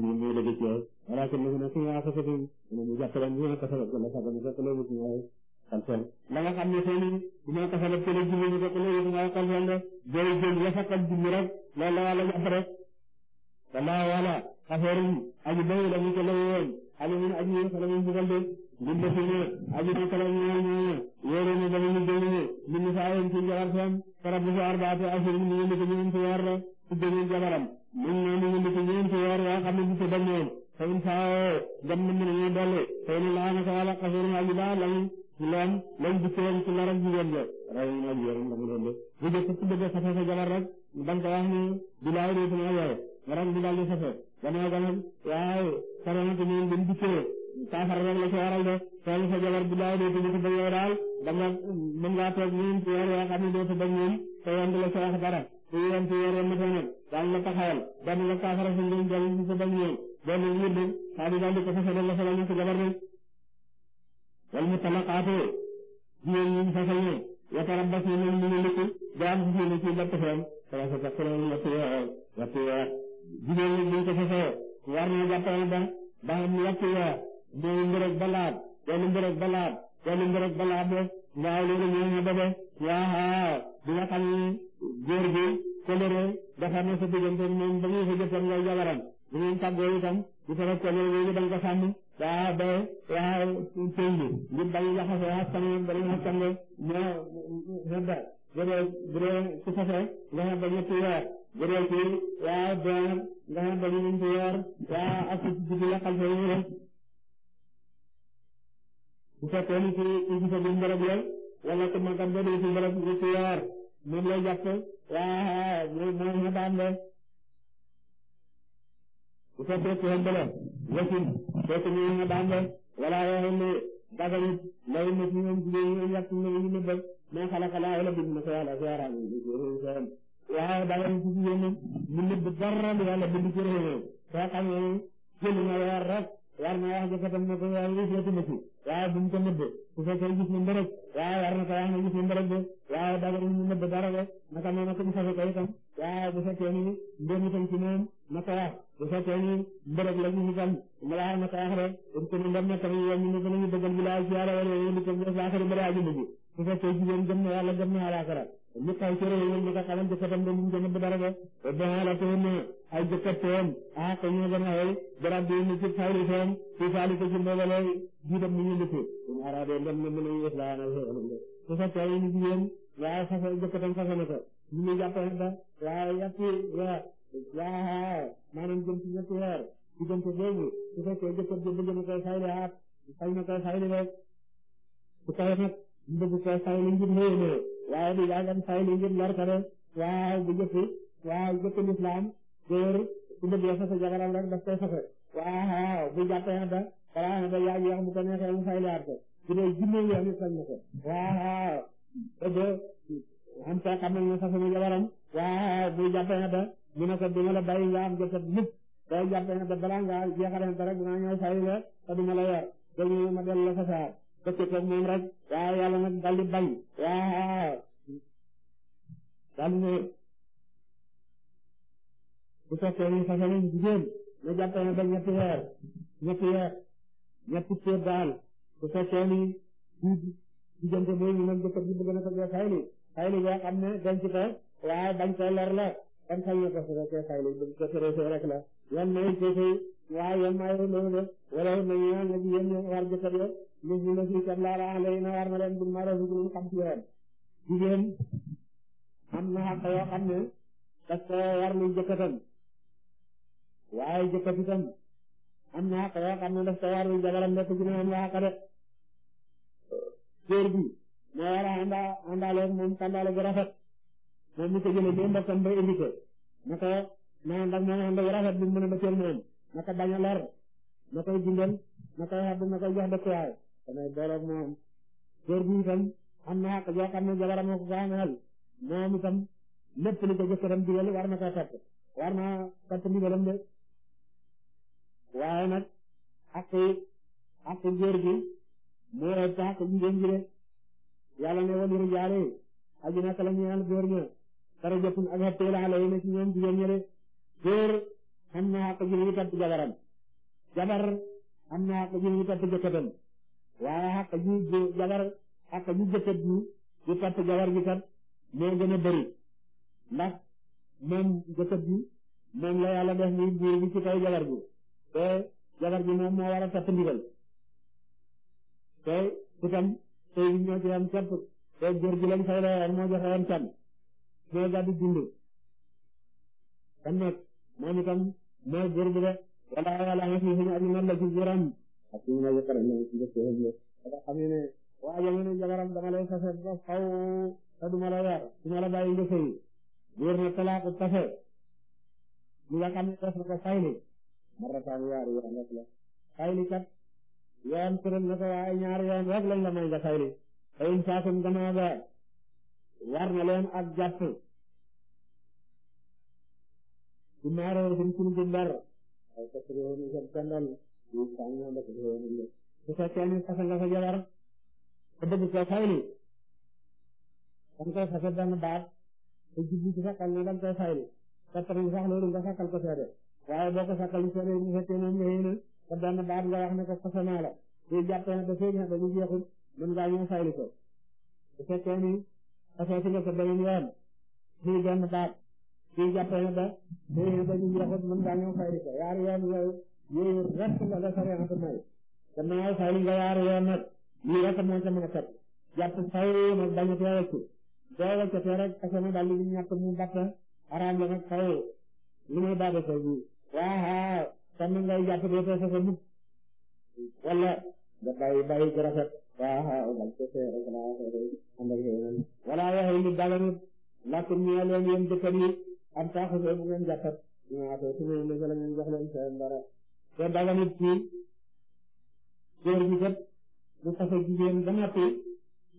ñu ñu la gëcc yow wala ko ñu ko ya ko tëdd ñu ñu jàpp leen ñu ko sabab la sabab ñu ko lu ñu ñëw kan seen la nga xam ne seen bu ma ko sabab tëdd ñu ñu ko lu ñu ñëw kan seen de day jël yafakal bi rek la la la ñu rek wala wala affaire yi aji bay la ñu ko lawoon ali min aji salamu bi ñu define aji na kala ñoo ñoo wéeru na dafa ñu déglu ñu ñu fa ayoon ci jabar sam farab bu arbaate ashirin ñu ñu ko ñu ci war la ci déglu jabaram ñu ñu ñu ko ñu ci war ya xam ne ci dem ñoom fañ fa gam na ñu dalé fañ la na kala qasur ma ji ba lañ lam lañ bu teem ci la rek ñu gën ja ray na ñu yaram dafa doon de bu def ci bëgg fa fa jabar rek dañ ko wax ni bilaay do sama yow rek bi dal di fa fa gam na gam waaye farana ko ñu dem bu teem saafara rek la ci waral de toll sa jabar bu daaw dee tëdd ci ba yow daal da nga mën ngaa toog ñun ci weer yoo xam ne doo fa bañ ñun te yoon du la ci wax dara su yoon ci weer ma toog daal la taxawal benn la saafara sa ngeen jël ci sa bañ ñun benn yëdd saa di daal di ko fasal la fasal ñu sa jabar rek wal mu talaqaatu jigéen ñi fasal ñu yatarabbas ñu ñu ñu lukk jaam ci seen ci bakk fam sa sa takk la ñu ci weer waxtu weer jigéen ñi buñ ko fasal war na jàppal ba ba mu waxtu weer mooy mbërëg balaat benn mbërëg balaat benn mbërëg balaat de waaw loolu mooy ñu bëgg waaw bi nga xam góor gi coloré defar na sa diggante moom ba muy sa jëfam ngay jabaram bu ngeen tàggoo itam bu fekkee coloré yooyu da nga ko sàmm waaw ba waaw tëy bi ngir bañ laxasoo askan wi bari askan wi moo hedda bu dee bu dee su fafee nga xam ba ñetti weer bu dee ci waaw door nga xam ba ñetti weer waaw ak ci digg laxal fa yi rek bu fekkee ni ci ci gisaguñ bërëb yooyu wala ku magam ba dee ci bërëb bu ci weer moom lay jàpp waaw moom mooy xabaam la bu fekkee ci xel bële wasin kooku mooy xabaam la wala yoo xam ne daganit lay na ci ñoom jigéen ñi yàpp na ñu nëbbal mais xalaxalaa la bind na ko yàlla seeraan waaw daganit ci jigéen ñi mu nëbb dara lu yàlla bind ci réew soo xam ne jël na weer rek war na wax jëkkëram ne ko yaay yëf yëf na ci waaye bu mu ko nëbb su fekkee gis na mbërëg waaye war na ko wax ne gis na mbërëg de waaye dagar ñu nëbb dara de naka noonu ko mu safe ko itam waaye bu fekkee ni mbir itam ci moom na ko wax bu fekkee ni mbërëg la gis itam mu la na ko wax rek um ko ni ndam na tamit yoon ñu ne ko la ñu dëggal bi laa ci yàlla wala yéen di ko def laa ko di mbërëg aju bëgg su fekkee jigéen gëm na yàlla gëm na alaakara li xaw ci réew mi nga xamante ne tam dañuy jëm ba dara ba ba la ay jëkkëteem ah te ñu gën a xëy garab bi ñu ci xayri feem ci saali ko ci mbooloo ji dem mu ñu lëkkee. suñu arabe ndem na mën a yées laa na xëy na su fekkee ay nit yéen waaye fas jëkkëtam fas na ko ñu ngi jàppee ba waaye yàppi weer waaw maanaam jëm ci ñetti weer ci jëm ci boobu su fekkee jëkkër ji bëgg na koy xayri aat xay na koy xayri rek su koy nag bëgg koy xayri ngir waaye du jàngan fay li ngir lor ko de waaw bu jëkk waaw jëkk lislaam góor su bëggee fase jabaram rek daf koy fase waaw bu jàppee da balaa da yaag yeex bu mu fay liaat ko su ko waaw ëggo am ko xam nañ ne fase na jabaram waaw bu jàppee da ñu ne ko dina la bàyyi nga am jëkkër lépp day jàppee da balaa nga jeexarente rek dinaa ñëw fay la te duma la dëkk ak moom rek waaye yàlla nag dal di bañ waaw dal ne bu fekkee ni fase nañ jigéen na jàppee ne ba ñetti weer ñetti weer ñetti ceeb daal bu fekkee ni di diggante boobu nag jëkkër ji bëgg na ko jox fayli fayli boo xam ne denc ko waaye bañ ko lor la kon fay ko su fekkee fayli bu ko teree rek la yan mooy kooku waaye yan maay loolu wala nañu naan la ji yéen war jëkkër lu ñu la fi kat laala alayna war na leen bil ma'ruf ci luñ xam ci yoon jigéen am na xaq yoo xam ne daf ko war lu jëkkatam waaye jëkkat itam am na xaq yoo xam ne daf ko war lu jabaram nekk ci moom la xaq de góor bi moo war a ànda àndaaleeg moom kàndaale bu rafet moom mi ko jëlee ba mbokkam ba indi ko na ko naa ndax moom ànd bu rafet bi mu mën a dëkkeel moom na ko bañ a lor na koy dundal na koy xadd na koy jox dëkkuwaay dana booloog moom góor bi am na xaq joo xam ne jabaram moo ko ko ameel moom itam lépp li ko war na ko war na topp ndigalam de waaye nag xaq yi xaq góor gi moo rëdd xaq jigéen gi de yàlla ne wali rijaale aju naka la ñeel góor ña darajatun ak xeppee la xale yi ci ñoom jigéen ña de am na xaq ji mu topp jabaram jabar am na xaq ji mu topp jëkkëram waaye xàq ji jabar xàq ji jëkkër ji ci topp jabar ji kat moo gën a bëri ndax ji moom la yàlla def ni buur bi ci kaw jabar ji te jabar ji moom moo war a topp ndigal te bi ñoo ci am képp te góor gi lañ fay la moo joxe woon càmm moo gàddu dund kon bi de wala wala nga fi suñu aji man la ci góoram ak suñu rajo pare ñu ngi ci jëf dafa xam ne waaye yow ne jabaram dama lay fase ba faw te du la yar su ma la bàyyi nga sëy wér na talaaku tase li nga ne def na ko fayli marataan yaari yoon la fayli kat yoon tëral na ko waaye ñaari yoon rek lañ la may nga fayli te insaakum gannaaw ba war na leen ak jàpp su maaree suñ suñ bindar ay kasri woon seen pendal su fekkee ni fase nga sa jabar te bëgg ko faylu danga koy fase benn baat te jublu ci sakkal ne danga koy faylu kattan sax loolu nga sakkal ko seede waaye boo ko sakkal ni seede bu fekkee moom nga yéene te baat nga wax ne ko fase naa la te jàppee na ba feeñ na dañu jeexul mën ngaa ñëw faylu ko su fekkee ni fase si nga ko beneen yoon fii benn baat fii jàppee na ba feeñ na dañu jeexul mën ngaa ñëw faylu ko yaari yoon yooyu ñun rek la la sariya may gannaaw fay nga yaar yoon nag lii rek moo ca mën a teg jàpp fay ma bañ a tee wëcc doo wëccatee rek kese ma daal di ñàkk mu bàtt araam la nag fay li may bàtte sa bi waaw kon ngay jàpp doo tee sa mukk wala nga bàyyi bàyyi ko rafet waaw daal ko see rek laa ànd ak yooyu noonu wala waxee li daganut lakk ñee leen yéen dëkkër yi am taaxu bu ngeen jàppat ñaa ko su ngeen la ngeen jox leen seen dara te daganit ci góor gi kat bu tase jigéen ba noppi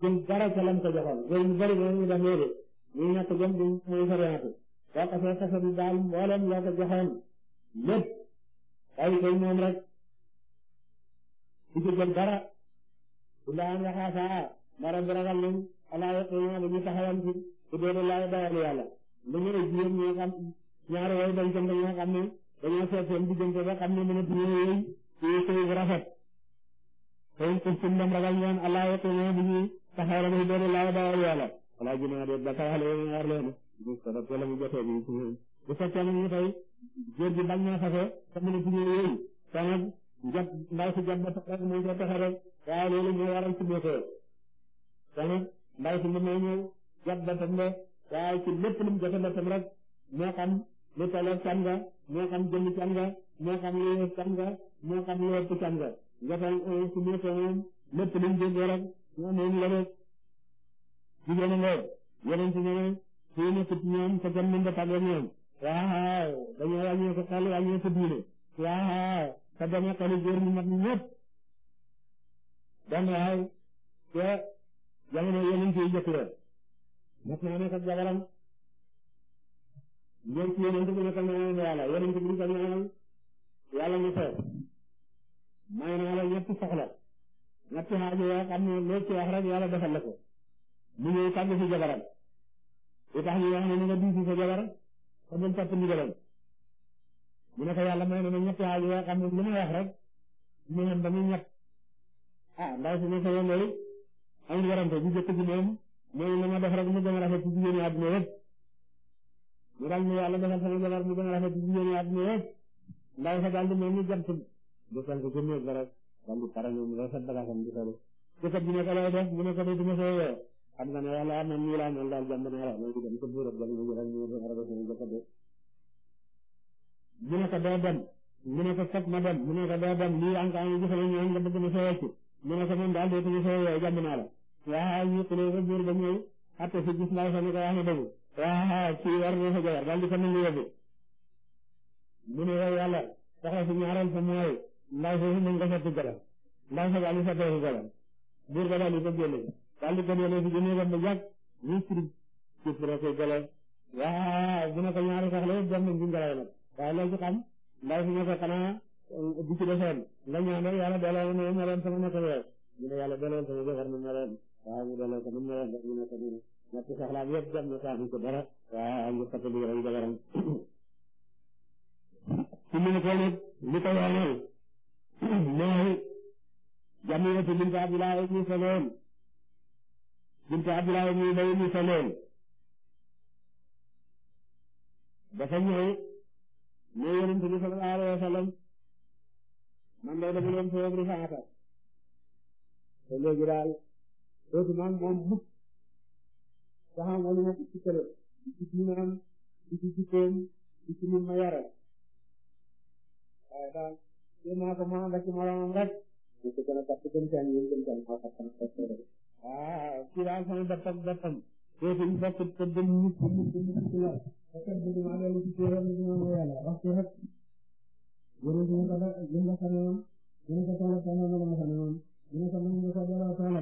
jëm dara ca lam ko joxoon góor ñu bari dañuy def loolu ñuy ñàkk jëm du muy soriyaatu boo ko fee tase bi daal mboolem loo ko joxoon lépp ay koy moom rek du ci jël dara illa an yaxaafa dara bi ragal lañ alaa yaqiina dañu taxawal ci su dee laay dawal yàlla lu ñu jigéen ñi nga xam ñaari way dañ jëm dañoo xam ne dañoo seet seen diggante ba xam ne mënut ñu ñëw sëy bu rafet sëy kustum dam ragal ñaan allah yokk ñoo bi ñu taxaw rek doon laaw daawal yàlla wala junaa ba taxale yéen ñaar leen bu ko def wala mu jotee bi bu fekkee ñu tey góor gi bañ naa fase si jot ba tax rek muy ko si mën na ñëw jot ba tam la moo xam jënd can nga moo xam loo can nga moo xam loo ëpp can nga nga fay su ñu fexeem lépp luñ déggoo rek ñoom ñoom la rek jigéen nga yeneen si ñoom suy na fukki ñoom sa jëm mën nga tàggoo ñoom waaw dañoo wàññee ko xel wàññee ko diine waaw sa demee xelu góor ñu mag ñëpp dan waaw te jamono yeneen siy jëkk la mat naa ne sa jabaram ñoom ci yeneen dugub naka ñaanal yàlla yeneen dugub naka ñaanal yàlla ñu teew may naa la ñetti soxla ñetti xaajo la ko mu ñëw tàgg ci jabaram li tax ñu wax ne nga diisi sa jabar te bul topp ndigalam mu ne ko yàlla may na ma ñetti xaajo yoo xam ne lu ma wax rek ñu xam ah, ko yoon loolu amul mooy na ma def rek mu gën a rafet ci jigéen ñi àdduna yëpp mu daal ne yàlla defal sama jabar mu gën a rafet jigéen yi àdduna yëpp ndaw sa daal di mel ni jant bi du sant ko néeg ba rek daal di parale mu rafet bagaasam di solo jëkkat bi ne ko lay def mu ne ko de duma soo woo xam nga ne yàlla am na nii laa mel daal jàmb naa la loolu dem ko buurab jam mu jëral mu ne ko sama jëkkat de mu ne ko doo dem mu ne ko fokk ma dem mu ne ko doo dem lii anka ñu gisale ñoom nga bëgg ma soo wecc mu ne ko moom daal de duma soo woo jàmb naa la waaw ñu xulee ba buur ba ñëw atte si gis ndaw sa ne ko wax na dëgg waaw kii war na fa jabar daal di fa nangu yóbbu mu ne yow yàlla soxla si ñaareel fa mooy ndaw foofu mën nga sotti galam ndaw fa daal di sotteeku galam buur ba daal di ko génne daal di ko génne si génne ba mu yàgg ñu siri ci proté galam waaw bu ne ko ñaari soxla yëpp dem nañ ci ngelaw nag waaye loolu ci xam ndaw fi ne ko xanaa di ci defoon nga ñaan rek yàlla delloo na meloon sama nekk yow ñu ne yàlla delloo sama defar na meloon waaw mu delloo ko na meloon rek mu nekk nii ñetti soxlaam yëpp def na saa ko dara waaye am na fàttali yaram jabaram su mu nekkee nag li ko yoonal mooy jamiyatu bint Abdoulaye ibnu Saloum bint Abdoulaye ibnu Ubay ibnu Saloum dafa ñëw ne yonent bi sallallahu alayhi wa sallam man day dama doon soob rifaata te léegi daal dootu man moom mukk taxawal na ci këram ci diinam ci jikkoom ci ni ma yare waaye daal yéen naa ko ma ànd ak moroomam rek ñu ko gën a tax gën caa ñëw gën caa xaw xam waaw kii daal sama boppam boppam dootul bokk te dem nit ñi nit ñi ci la fekk bi ma dellu ci téeram bi ma yàlla waxtu rek yéen ñu ko da yéen la xamee ñu ko tala tala la ma xamee ñu ko ñu ko dara tala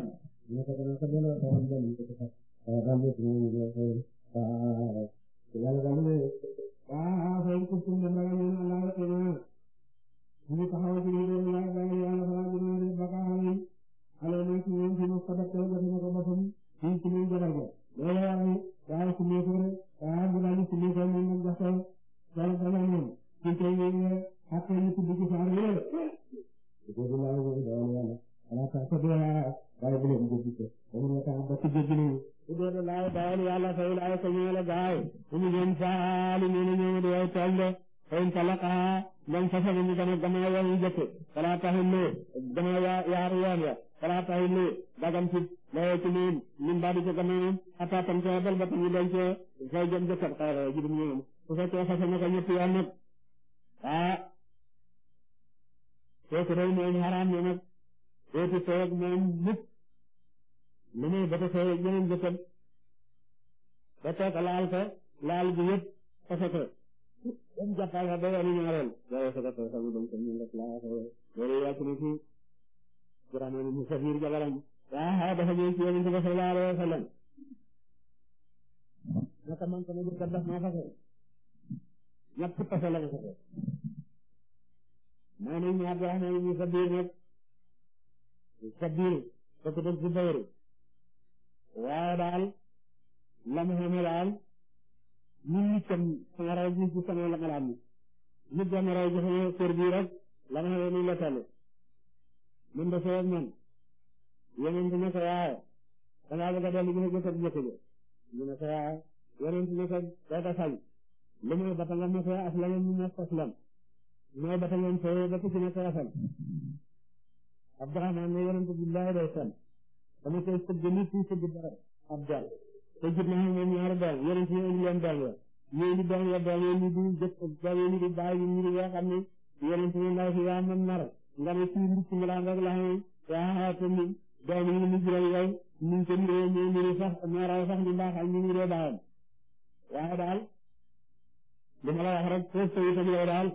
ñu ko dara tala ñu ko waaye bu leen jéggi ko dañu ne tax ba ci jéggi nañu ubbooda laay bàyyil yàlla fayil ay ko ñëw la gaay di way tool de fayin talaqaa ndam fasagu mu dama dama yoon yu jëkk falaa tahillu dama yaar yoon ya falaa tahillu dagam ci laye ci moom min baadi ci gamaamam xataa tam cee bal ba tam ñu denc fay jëm jëkkat xayra ji dum ñoom su fekkee fasagu day moom xaraam na nag kooku toog moom mukk lu muy ba defee yeneen jëkkër ba toog laal ko laal bi yëpp fase ko ba mu jàppal ko ba wàllu ñaareel. waaye sa gàttal sax mu dem comme ni nga ko laajee ko loolu yàgg na ci Birame mu Safiir jabaram waaw dafa ñëw ci yeneen ba sallallahu alayhi wa sallam naka man ko ne daf maa fase ñett fase la ko fase maa ne ñaar wax ne ñu Safiir nag Safiir kooku dem ci Bayru waaye daal la mu xamee daal ñun nit tam sama rajo bi ci sama laxalaat mi nit ba ma rajo xamee kër la ma xamee la toll. mën da soo man yeneen bi ne ko waaye dangaa bëgg a dellu ñu ne jëkkër jëkkër ñu ne ko waaye yeneen bi ne ko doo ko a aslam mu mos aslam mooy bata ngeen fayee ba ku ci nekk rafet Abdourahmane ne yeneen bi billahi day fen dama koy sëgg nit ñi sëgg dara ab dal te jub nañu ñoom ñaari dal yéen ci yéen leen dal ya yéen di dal ya dal yéen di jëf dal yéen di bàyyi ñu di nga xam ne yéen ci ndaw si yaa mën nar nga ne ci ndicc nga daan rek laxee yaa xaate ni doom yi mu jural yow ñu ngi ko niree ñu niree sax ñaaraw sax di mbaaxal ñu niree baayam waaye daal li ma la wax rek foofu sa itam yow daal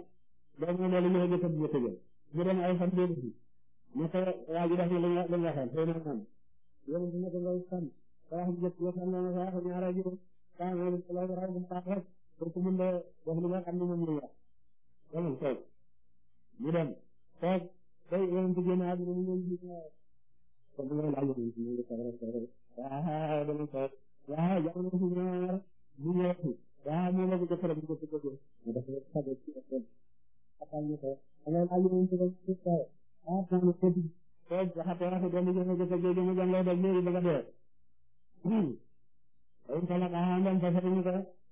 doom nga doolu ñoo jëkkër bi nga tëjal mu dem ay fan déedéet ma ko waa ji def na li nga waxoon xëy na yéen bi naka ngay sànni wax dëgg yëpp yëpp am na ma wax ñaara ji saa ma ne la war a dem saa rek pour que mun la wax li nga xam ne moom la ñu wax. dama toog mu dem toog day yéen bi génn àdduna mu ñëw ji kon dama laaj ñu ci ñu ko rek rek ah dama toog ah jamono si ñaar mu ñëw si ah mu la bëgg a faral di ko bëgg mu def rek sa bopp ci ak ko. atal ñu ko dama laaj ñu ci rek ci ah sama te jaxatee na fi dem jëm jëfee jëm jëm jëm lay def léegi bëgg a dee. ayib tamit ah man fas yéene ko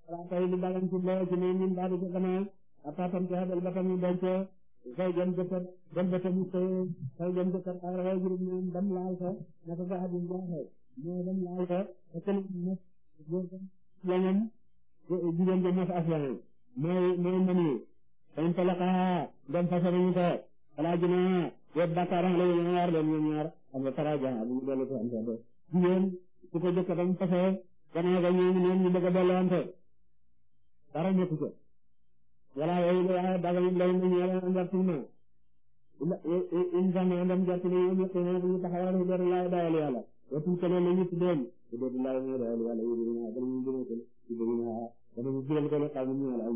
xalaat ay lu baax lañ ci mbéy ci mbéy mi mbaa di ko gannaaw ak paatam ci xabal ba tamit denc fay jëm jëkkër dem ba tamit fay jëm jëkkër ay raway juróom ñoom dem laal ko naka ko abim baaxee ñoo dem laal ko te tamit ñëpp góor la ñoom jigéen bi ñëpp as leneen mooy mooy mën yi. ayib tamit ah man fas yéene ko xalaat wa bakaar xale yi ñaar leen ñoom ñaar am na taraaja bu ñu dellu ko antante jigéen ku ko jëkk ba mu fasee gannaaw ga ñoom ñoom ñu bëgg a delloonte dara ñëpp ko wala yooyu la daga ñu lay ñu ñaar am jàpp na insaan andam jàpp na yoom yëpp na bu ñu taxawal yu doon laay dayal yàlla wetu ko loolu ñu tuddoon yu doon laay ñu dayal yàlla yu doon laay ñu doon ko yu doon laay dama jël ko la xam ñu yàlla ay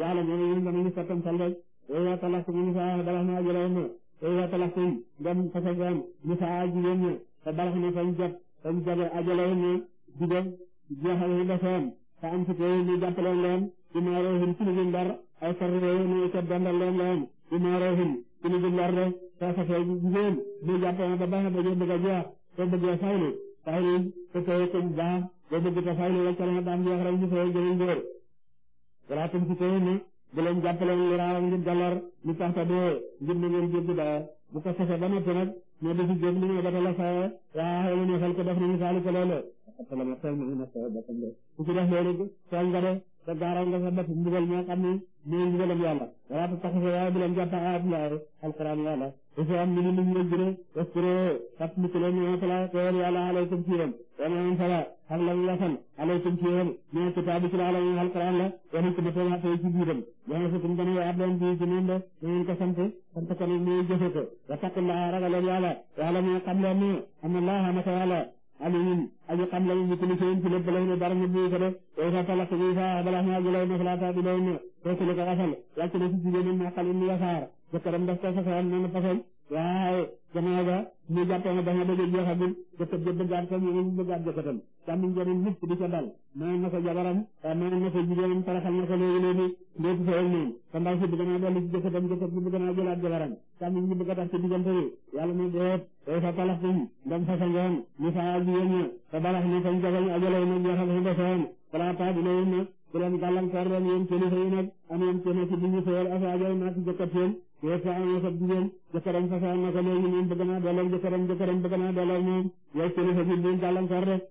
yàlla ñu ñu ñu fattam sal rek wa ya talaqtu min fa'a dalama jalaama yaa talax koy ngam fase gam ñu saa jigéen ña te balax na fañ jàpp fañ jabe ajale ne digal jeexal yi defoon te am si koy ñu jàppaleen leen imaaroohin ci lu ndar ay sarree ne ca dandal leen leen imaaroohin ci lu ndar de te fase jigéen ñu jàppoon ba baax ba ñu bëgg a jeex te bëggee faylu faylu te koy ko baax ba bëgg te faylu waccal na daan jeex rek ñu fay jëriñ góor walaa tam si koy ne bu leen jàppale li raawal ngir dollar li tax te dee ngir ne ngeen jéggi dara bu ko safee ba noppi nag ñoo def ci jéggi li ñoo defal la saa waaw xëy na ñu xel ko def nañu saali ko loolu. ku ci def loolu tooñ nga de te gaaral nga sa bopp mbugal moo xam ne mooy mbugalam yàlla. waaw te taxu waaye bu leen jàpp ak alquran yàlla Ousseynou ñu ngi nuyu ñoom Gune parce que kat mu tudd ñu ngi fële teewul yàlla alaykum ci yéen. wane nañu fa la xam lañu la fan alaykum ci yéen ñu ngi kitaabu ci la lañu alquran la wane ci bëtëm ak ci biiram. wane ci kum gën a abdoon bi ci ñun de ñu ngi ko sant sant ko ni muy jëfe ko wa taqullah ragaleen yàlla yàlla mu xam leen ni am na laa xamante yàlla alimin aji xam lañu ñu kuli seen ci lépp lay ne dara ñu bu ko def day fa talak bi fa bala ñaa gulay na falaata bi lay ne ko ko xasal wàcc na ci jigéen ñi xalin yasaar jëkkëram daf ko fasal noonu fasal waaye gannaaw ga mu jàppoon a bañ a dajale jeexagul jëkkër ja bëggaat ko mu bëggaat jëkkëram tam njëriñ nit di ko dal mayoon na ko jabaram mayoon na ko jigéenam taraxal na ko léegi léegi léegi sa yoon noonu sa ndaw si bëgg naa dolli ci jëkkëram jëkkër bi bëgg naa jëlaat jabaram tam ñu a tax ci diggante yi yàlla mu deet day fa sa ak sa balax ni fañ jabañ ajaloy na jeexal si desoon balaa taa bi loolu nag bu leen gàllankoor leen yéen kilifa yi nag am yéen kenn ci bi ñu sëyal asaajoy naak yooyu saa yi sa jigéen jëkkëram fa saa ne ko léegi moom bëgg naa delloo jëkkëram jëkkëram bëgg naa delloo moom yooyu seen sa biir biir gàllankoor rek.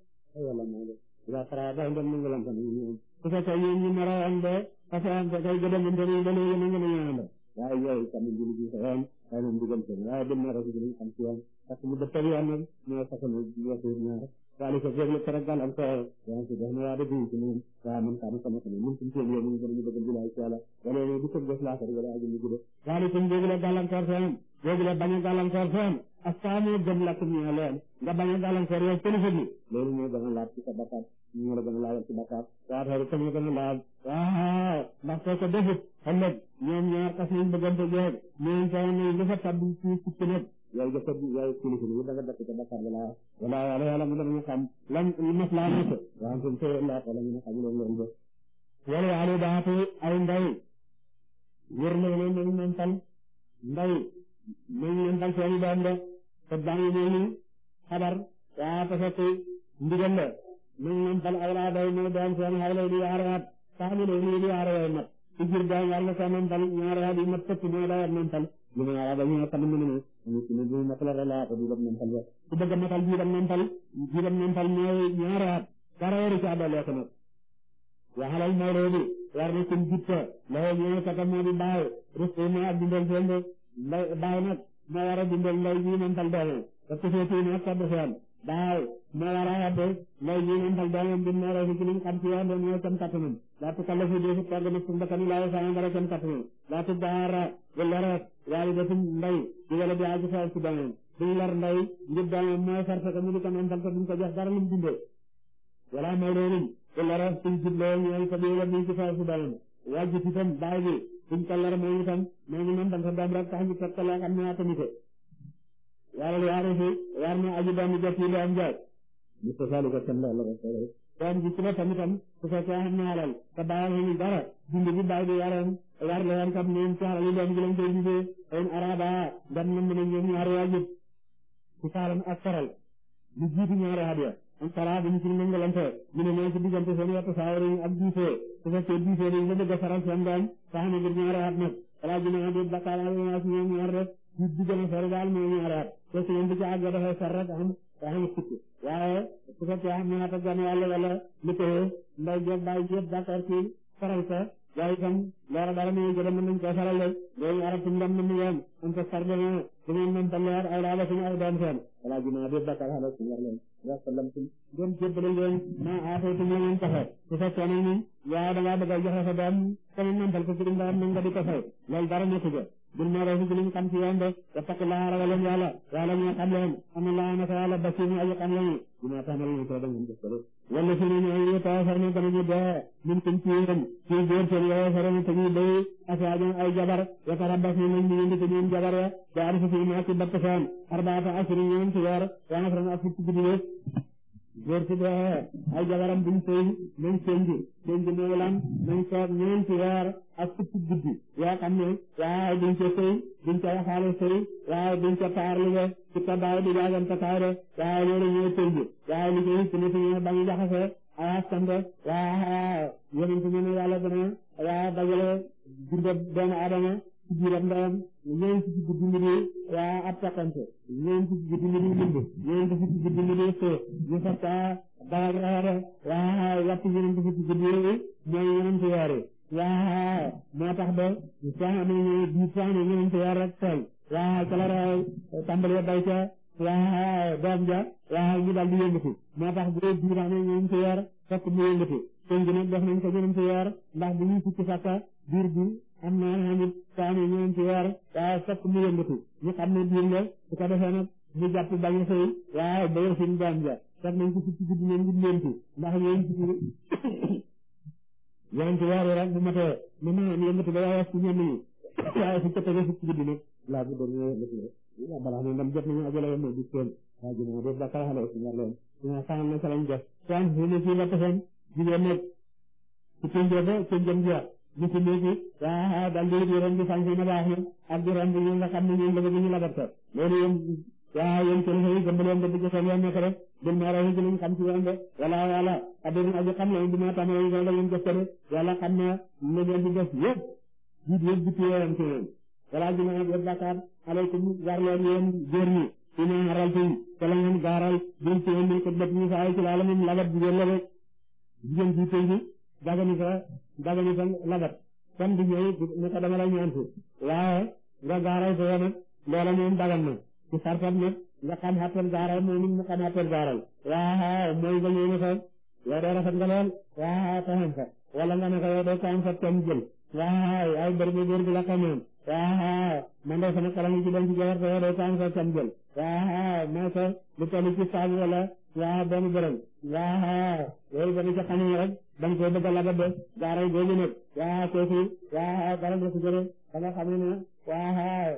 yàlla mooy de la fara ba ndam mu ngi lam fa ñu su fekkee yéen ñu mara am ba façon ba kay gëdëm ndam yi ba léegi na ngeen ñaan la waaye yooyu tamit julli bi sa yoon waaye moom digal seen waaye dem na rek ñu xam ci yoon parce que mu dëppal yoon nag ñoo façon ñaar ذلك جيغ لو ترغال ام تاو يعني دهنا واد بي من من كان سمعت من كنت يوم من بده بده بالله تعالى ولا لو بك بس لا ترغال اجل بده ذلك جيغ لو غالان كار فهم جيغ لو بني غالان كار فهم استامو جم لكم يا لين nga bañ a gàllankoor yow kilifa bi loolu mooy gën a laal ci sa bakkaar ñu la gën a laal ci bakkaar waa tey tam la gën a laal waaw ndax soo ko defut xam nga ñoom ñaar kas nañ bëggante jeex mais ñu lu fa tabbi ci ci nekk yow jëkkër ji yow kilifa bi da nga dëkk ca Dakar bi laa wala yàlla yàlla mu danañu xam lan mos laa nekk waaw suñ tëyee laa ko la ñu ne xamuloon loolu ba wala yàlla daatu ay ndaw wër na leen nañu leen fal ndaw nañu leen fal seen i doom la te daan yu mel ni xabar waa te fekk ndigal la nañu leen fal ay laa day ne doom seen xaw lay di yaarawaat sax mu lay nii di yaarawaay mat ci biir doom war nga soo mën fal ñaarawaat yi mat fëpp ñoo daa war mën fal lu ma yaaraat dañu xam ne nit ñi ñu matal relaata di dem mental ba ku bëgg a matal di dem mental di dem mental ñooy ñaari at dara waru caa dooleeku nag waxalal mawludi war na seen jikko lay ñëw kata moo di bàyyi risque yi ak nag moo war a dundal lay ji mental doole te ku feetii baaw moo war a xedde lay ñi nampal doomam bi meeree fi ci liñ xam ci yoon doon mooy kem kattanam laa tukallifu déefu togg na su mbakkani laa saa ngara kem kattanam laa tuddaara bu loroot waalidatum ndey di wala di aji foofu ci doomam duñ lor ndey ngir doomam mooy forcé ko mu di ko nampal ko duñ ko jox dara lu mu dundee wala moo dooruñ bu loroot suñ jubloo ñooy ko bii wala ci foofu ci doomam wàjj baay bi suñ ko lor mooy ngi nampal sa doom rek tax ñu waral waarifi war na aji daamu jot yi am jaay Mustafa lu ko kenn la rasul doom ji ci boppam itam su fekkee xam na alal te bàyyam amul dara dund bi bàyyi bi yaram war la yam kam ñoom ci alal yi doom ji lañ koy gisee in araba dan na mën a ñoom ñaari waajib ci saalan ak saral lu jiitu ñaari at ya sala dañu ci nangalante ñu ne mooy ci diggante seen yett saawar yi ak diisee su fekkee diisee dañu la bëgg a saral seen doom sax na ngir ñaari at nag ala ji na di bakkaal ñoom ñaar rek ñu diggante sori daal mooy ñaari at kooku moom bu ci àggee dafay far rek am am sikk waaye su fekkee am na ta gan yàlla wala lu tëye nday jot bàyyi jot d'accord ci faral ko waaye itam loolu dara muy gën a mën nañ koo faral rek loolu arab suñu dem nañu yoon am ko far demee su ngeen mën taleer ay laala suñu ay doon seen wala ginnaaw bi bakkar xala suñu wax leen wax ko lam suñu gën jébbale leen maa aataytu ma leen ko fay su fekkee nag ni yaa da ngaa bëgg a joxe sa doom sama mantal ko ci ndawam na nga di ko fay loolu dara nekk bul mere ci li ñu xam ci yoon de te a laa ragaleen yàlla yàlla moo xam leen am laa naka yàlla ba ci ñu aji xam lañu dina tamal ñu ko dañu def ko wala ci ñu ay yota far ñu dañu dee min kum ci yéen ci góor seen yoo faram te ñu day ak ajan ay jabar ya tarabbas ñu ñu ñu ci ñu jabar ya da arfu fi ma ci bakkan arbaata asri ñoom ci weer ya afran afu ci guddi góor su dee ay jabaram buñ sëy nañ sënji sënji mooy lan nañ soog ñeenti weer ak fukki guddi yoo xam ne waaye duñ ca sëy duñ ca waxaale sëy waaye duñ ca paarlige ci tabaay di jaagan takaare waaye loolu ñooy sënji waaye li koy sini suñu bañ jaxase ay askande waaye yonent ñu ne yàlla dana waaye dajale dundab doomu adama ci biiram ndeyam ñeent ci guddi mi waa ab takkante ñeent ci guddi mi di bind ñeent ci guddi mi di xëy ñu fatta dawaj waa yàpp ñeent ci waa moo tax ba saane ñëw di saane waa ca la raw tàmbalee waa doom ja waa ñu dal di yëngatu moo tax bu dee diir amee ñeent weer fekk mu yëngatu sëñ bi nag def nañ ko ndax bu am na amit taani ñoom ci weer waaye fokk mu yëngatu ñu xam ne biir la su ko defee nag ñu jàpp bañ a sëy waaye bañ a seen doom ja fekk nañ ko ci guddi nañ ngi léntu ndax yéen ci yéen ci weer rek bu matee mu ma am yëngatu ba waaye ci ñenn ñi waaye su ko tegee ci guddi nag laa bu doon ñëw lëkk rek balaa ne ndam jot nañu ajale yoon ma di seen waa ji moom def ba kala xale ci ñor leen dina xamal na sa lañ def saan si ne fii la taxoon jigéen nag ci tënjee ba tënjam jeex gis léegi waaw daal léegi di romb sànq na baax yi ak di romb yi nga xam ne ñoom la bëgg ñu labat ko loolu yéen waaw yéen seen xëy gëmb leen dëgg joxe leen nekk rek bul ma raw ci luñ xam ci yoon de wala wala adduna aji xam la dina tàmm yoon la ngeen def ko de yàlla xam ne lu ngeen di def yëpp jiit yëpp di téyeeram ci yéen wala ji ma def bàkkaar aleykum war leen yéen góor ñi ci ma xaral ci te la ngeen gaaral jël ci yéen ko def ñu sa ay ci laala moom labat jigéen la rek jigéen ji tey ji daga ni sa dagan itam labat comme di ñëw ni ko dama la si waaye nga gaaray fo nag loola moom dagan na ci sartam nag nga xam xattal gaaray moom it mu xam xattal gaaray waaw mooy nga ñëw ne ko yow dee rafet nga lool waaw taxam fa wala nga ne ko yow dee kaam fa tam jël waaw ay bëri bu góor bi la xamoon waaw man de sama kalam yi wala waaw benn waaw loolu ba ñu ko xamee rek dañ koy bëgg a laga ba daaray boobu nag waaw kooku waaw dara nga ko jëlee ba nga xam ne waaw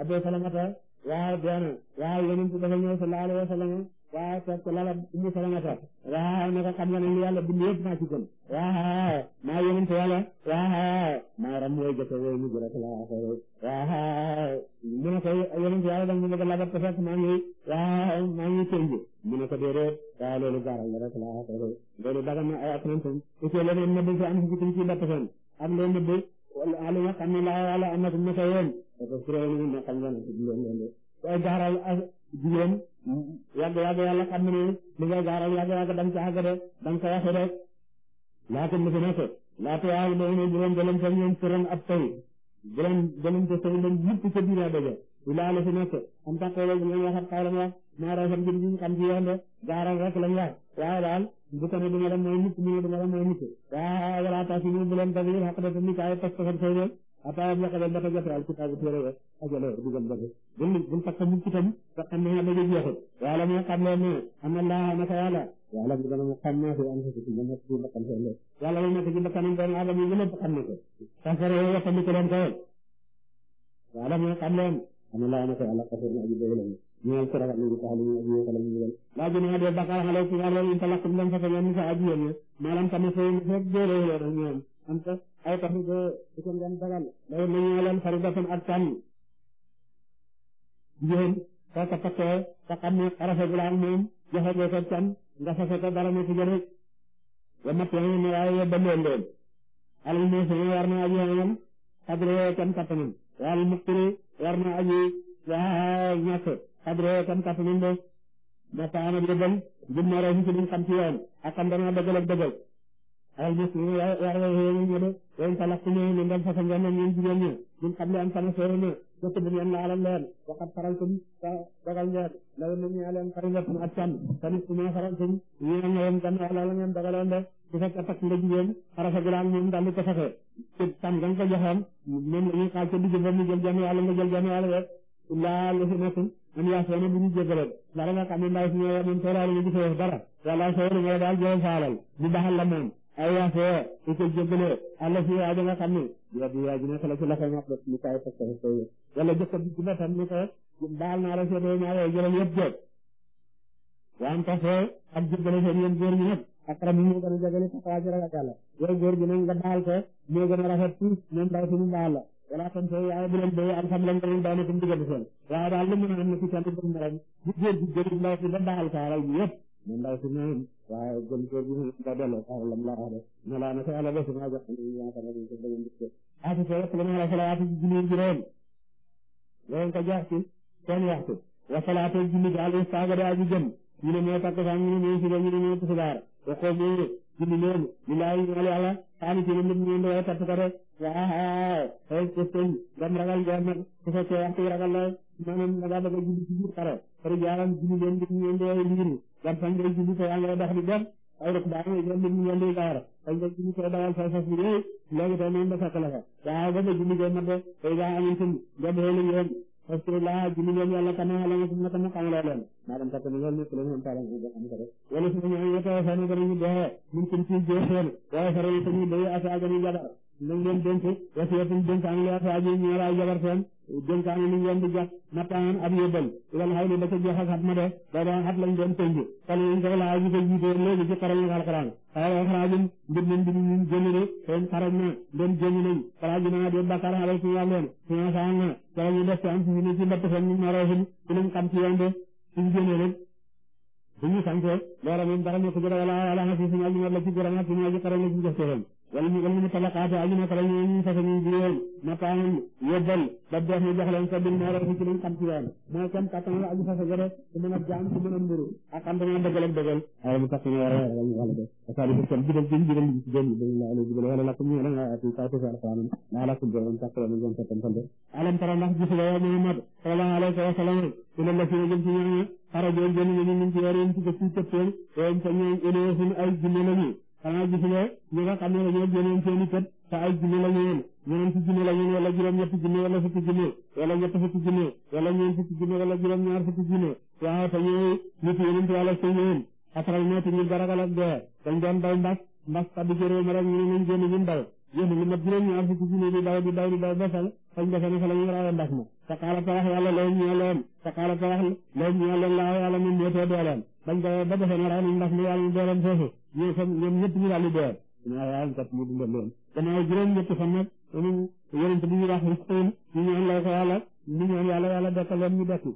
Abu Salamata waaw doona waaw yonent bi dafa ñëw sallallahu alayhi wa sallam waaw fekk lala umu sala nga toog waaw ne ko xam nga ne li yàlla bind yëpp maa ci gën waaw maa yonent yàlla waaw maa ram wooy jëkk wooy mujj rek la mu ne ko yonent yàlla da nga bëgg labat te fekk maa ngi waaw maa ngi tënj mu ne ko déedéet waaw loolu gaaral la rek la loolu daga ay atlantum ite leneen nëbb fi si ci ci batt fen ak loo nëbb ali nga xam yàgg yàgg yàlla xam ne li ngay gaar ak yàgg yàgg da nga ca àgg de da nga ca waxee rek laata mu gën a ko laata yaa ngi doon bu leen gëlëm sax ñoom sëram ab taw bu leen gëlëm sax sax ñoom yëpp ca biir yaa dëgg lu laa la fi nekk am tàqooloo bu ngeen waxat xaw la wax maa raw sam jëm ñu xam ci yoon de gaaral rek lañ wax waaye daal bu ko ne du ma dem mooy nit mu ne du ma dem mooy nit waaw walaa tax si ñu bu leen dagg yëpp xaq de te ni kaay pas pasam say de ataaya bi nga xam ne dafa jot al kitaabu téere ya ajale digal bëgg bul bul takk mu kitam te xam ne ba jeexul yàlla mu xam ne ne am na laa naka yàlla yàlla mu dana mu xam naa fi am na ci dana ci bakkan seen lool yàlla mu nekk ci bakkanam doomu aadama yi lépp xam na ko safara yoo xam ko leen ko woon yàlla mu xam leen am na laa naka yàlla xasir na aji bëgg la ñu al sara ni ko xalu aji ko lañu digal laa jëne adé bakkaar xale ci yàlla in talaqtum lam fa tan nisa aji yéen maalam tamit fay fek jëlee leen ñoom am ta ay tax ñu ba itam leen dagal loolu na ak tànn jigéen soo ko takkee te xam ne rafet moom joxe ko ko can nga fase ko dara mu wa matt yooyu ne waaye yóbba leen alal mu sunu war aji xamam xadre tam kattanam wal muqtiri aji waa ñàkk xadre tam kattanam de bi dëggal jub na rafet ci liñ xam ci yoon ak ay bés ñu yàlla yéen ñu de yéen sa lakk ñëw ñu ngeen fas ngeen ñun jigéen ñi ñun xam ne am sama sóor ne jëkk bu ngeen laalal leen waxat faral tum sa dogal ngeen law na ñu leen farilatum ak càmm tamit su ma faral tum ñu ne ñoom gannaaw la la ngeen dogaloon de su fekkee takk nga jigéen xarafa gi daal moom daal di ko fexe ci tam nga ko joxoon moom la ñuy xaaj ca digg ba mu jël jëm yàlla nga jël jëm yàlla rek laa la fi nekkum am yaa soona bu ñu jégaloon dara nga xam ne ndaw si ñoo moom tooraale ñu gisee dara wala soo daal jël saalal di baxal la moom ay yaasee ku ko jéggalee àll fi yaa nga xam ni yow yaa ji nekk la ci la koy ñaq lu kaay fekk ko fekk wala jëkk bi ci boppam ni ko baal naa la seetee naa lay jëral yëpp jeeg yaa am tasee ak jéggale seen yéen góor ñi nag ak rab yi moo gën a jagale sa waa jërë ak yàlla yow góor gi nag nga baal ko moo gën a rafet tuut même ndaw si mu baal la wala kon tey yaa ngi leen béyee alhamdulilah nga leen daanaka mu diggante seen waaye daal lu mën a am na ci sant bu mu mel ni bu góor gi jëriñ ndaw si ba baal ko alal bi yëpp mu ndaw si moom waaye gën koo gi nga delloo sax lam laa wax de ne laa na ko yàlla bés maa jox ni ñaa xam ne ko bëgg ndik ko aati ko yëpp la ma la salaatu ji julli juróom loolu ko jox ci seen waxtu wa mu julli leen lillaahi ñal yàlla xaani ci ne nit ñi ndoy tatt ko de waaw xëy ko sëñ ngam ragal jàmm su fekkee waxtu ragal la maanaam nga bëgg a julli ci biir xare par exemple julli lam sañ day julli te yaa ngay dox di dem ay rek baax na ñoom ñu ñëw di gaara sañ day julli te dawal fay fas bi yooyu léegi tey moom la fekk la fa waaye ba fa julli gën mat de tey daa amoon sëñ nga doon lu yoon parce que laa julli ñoom yàlla kan la nga sunu kan xamuloo leen maanaam kat ni loolu nekk la ñu taala ñu xam ko rek wala su ñu yëtoo fa ñu gën ñu doxee ñu ci ci joxeel waaye faral ko ñu day ak ak ñu jabar nañ leen denc wasiyatun dénkaane li ataaji ñeel ay jabar seen dénkaane li ngeen di jox nattaan ab yóbbal ilal xayli ba ca jox ak xat ma de doo doon xat lañ doon tënk kon yéen sax laa gisee jiite léegi ci xaral nga alxuraan xayal alxuraajum mbir nañ mbir ñu génn de seen xaraj na ndem génn nañ xaraaj naa de bakkaar xalal ci yàlleen finance am na wala ñu def ci am ci ni ci mbett seen ñu maroosin ci lañ xam ci yoon de suñ génnee rek bu ñu sànke loola moom dara nekk ci wala wala xasi suñu aji la ci gërëm ak suñu aji xaral la ci jox wala ñu wala ñu talaqaate ak ñu nekkal ñu ñu fas ñu juróom mataan yóbbal ba def ñu jox leen sa bin moo rek ci lañ xam ci yoon mooy kam kattan la ak ñu fas a gërëm ku mën a jaam ku mën a mburu ak xam dañoo dëggal ak dëggal ay bu tax ñu wara wala ñu wala def asali bu tan bidal bin bidal alam tara ndax gisu la Muhammad sallallahu alayhi wa sallam ila xanaa gis nga ñi nga xam ne dañoo génnoon seen i kët te ay junne la ñu woon ñeneen ci junne la ñu wala juróom-ñetti junne wala fukki junne wala ñett fukki junne wala ñeent fukki junne wala juróom-ñaar fukki junne waaw te ñooy nit yeneen ci wàlla seen yoon ataral moo ñu baragal ak dee dañ doon daw mbas mbas kaddu jëróo ma rek ñu ne nañ génn ñu daw yéen lu mat juróom-ñaar fukki junne di daw di daw di daw basal fañ defene fa la ñu rawe mbas ma te xaala ta wax yàlla loolu ñoo leen te xaala ta wax loolu ñoo leen laaw yàlla mun mootee dooleen bañ dee ba defe ne rey nañ ndax li yàlla dooleem foofu ñoom tam ñoom ñëpp ñu daal di dee dinaa yàlla kat mu dundal leen gannaaw juróom ñetti fan nag ñu yonent bi ñu wax ñu ñaan la ko yàlla ñu ñaan yàlla yàlla dekkal leen ñu dekku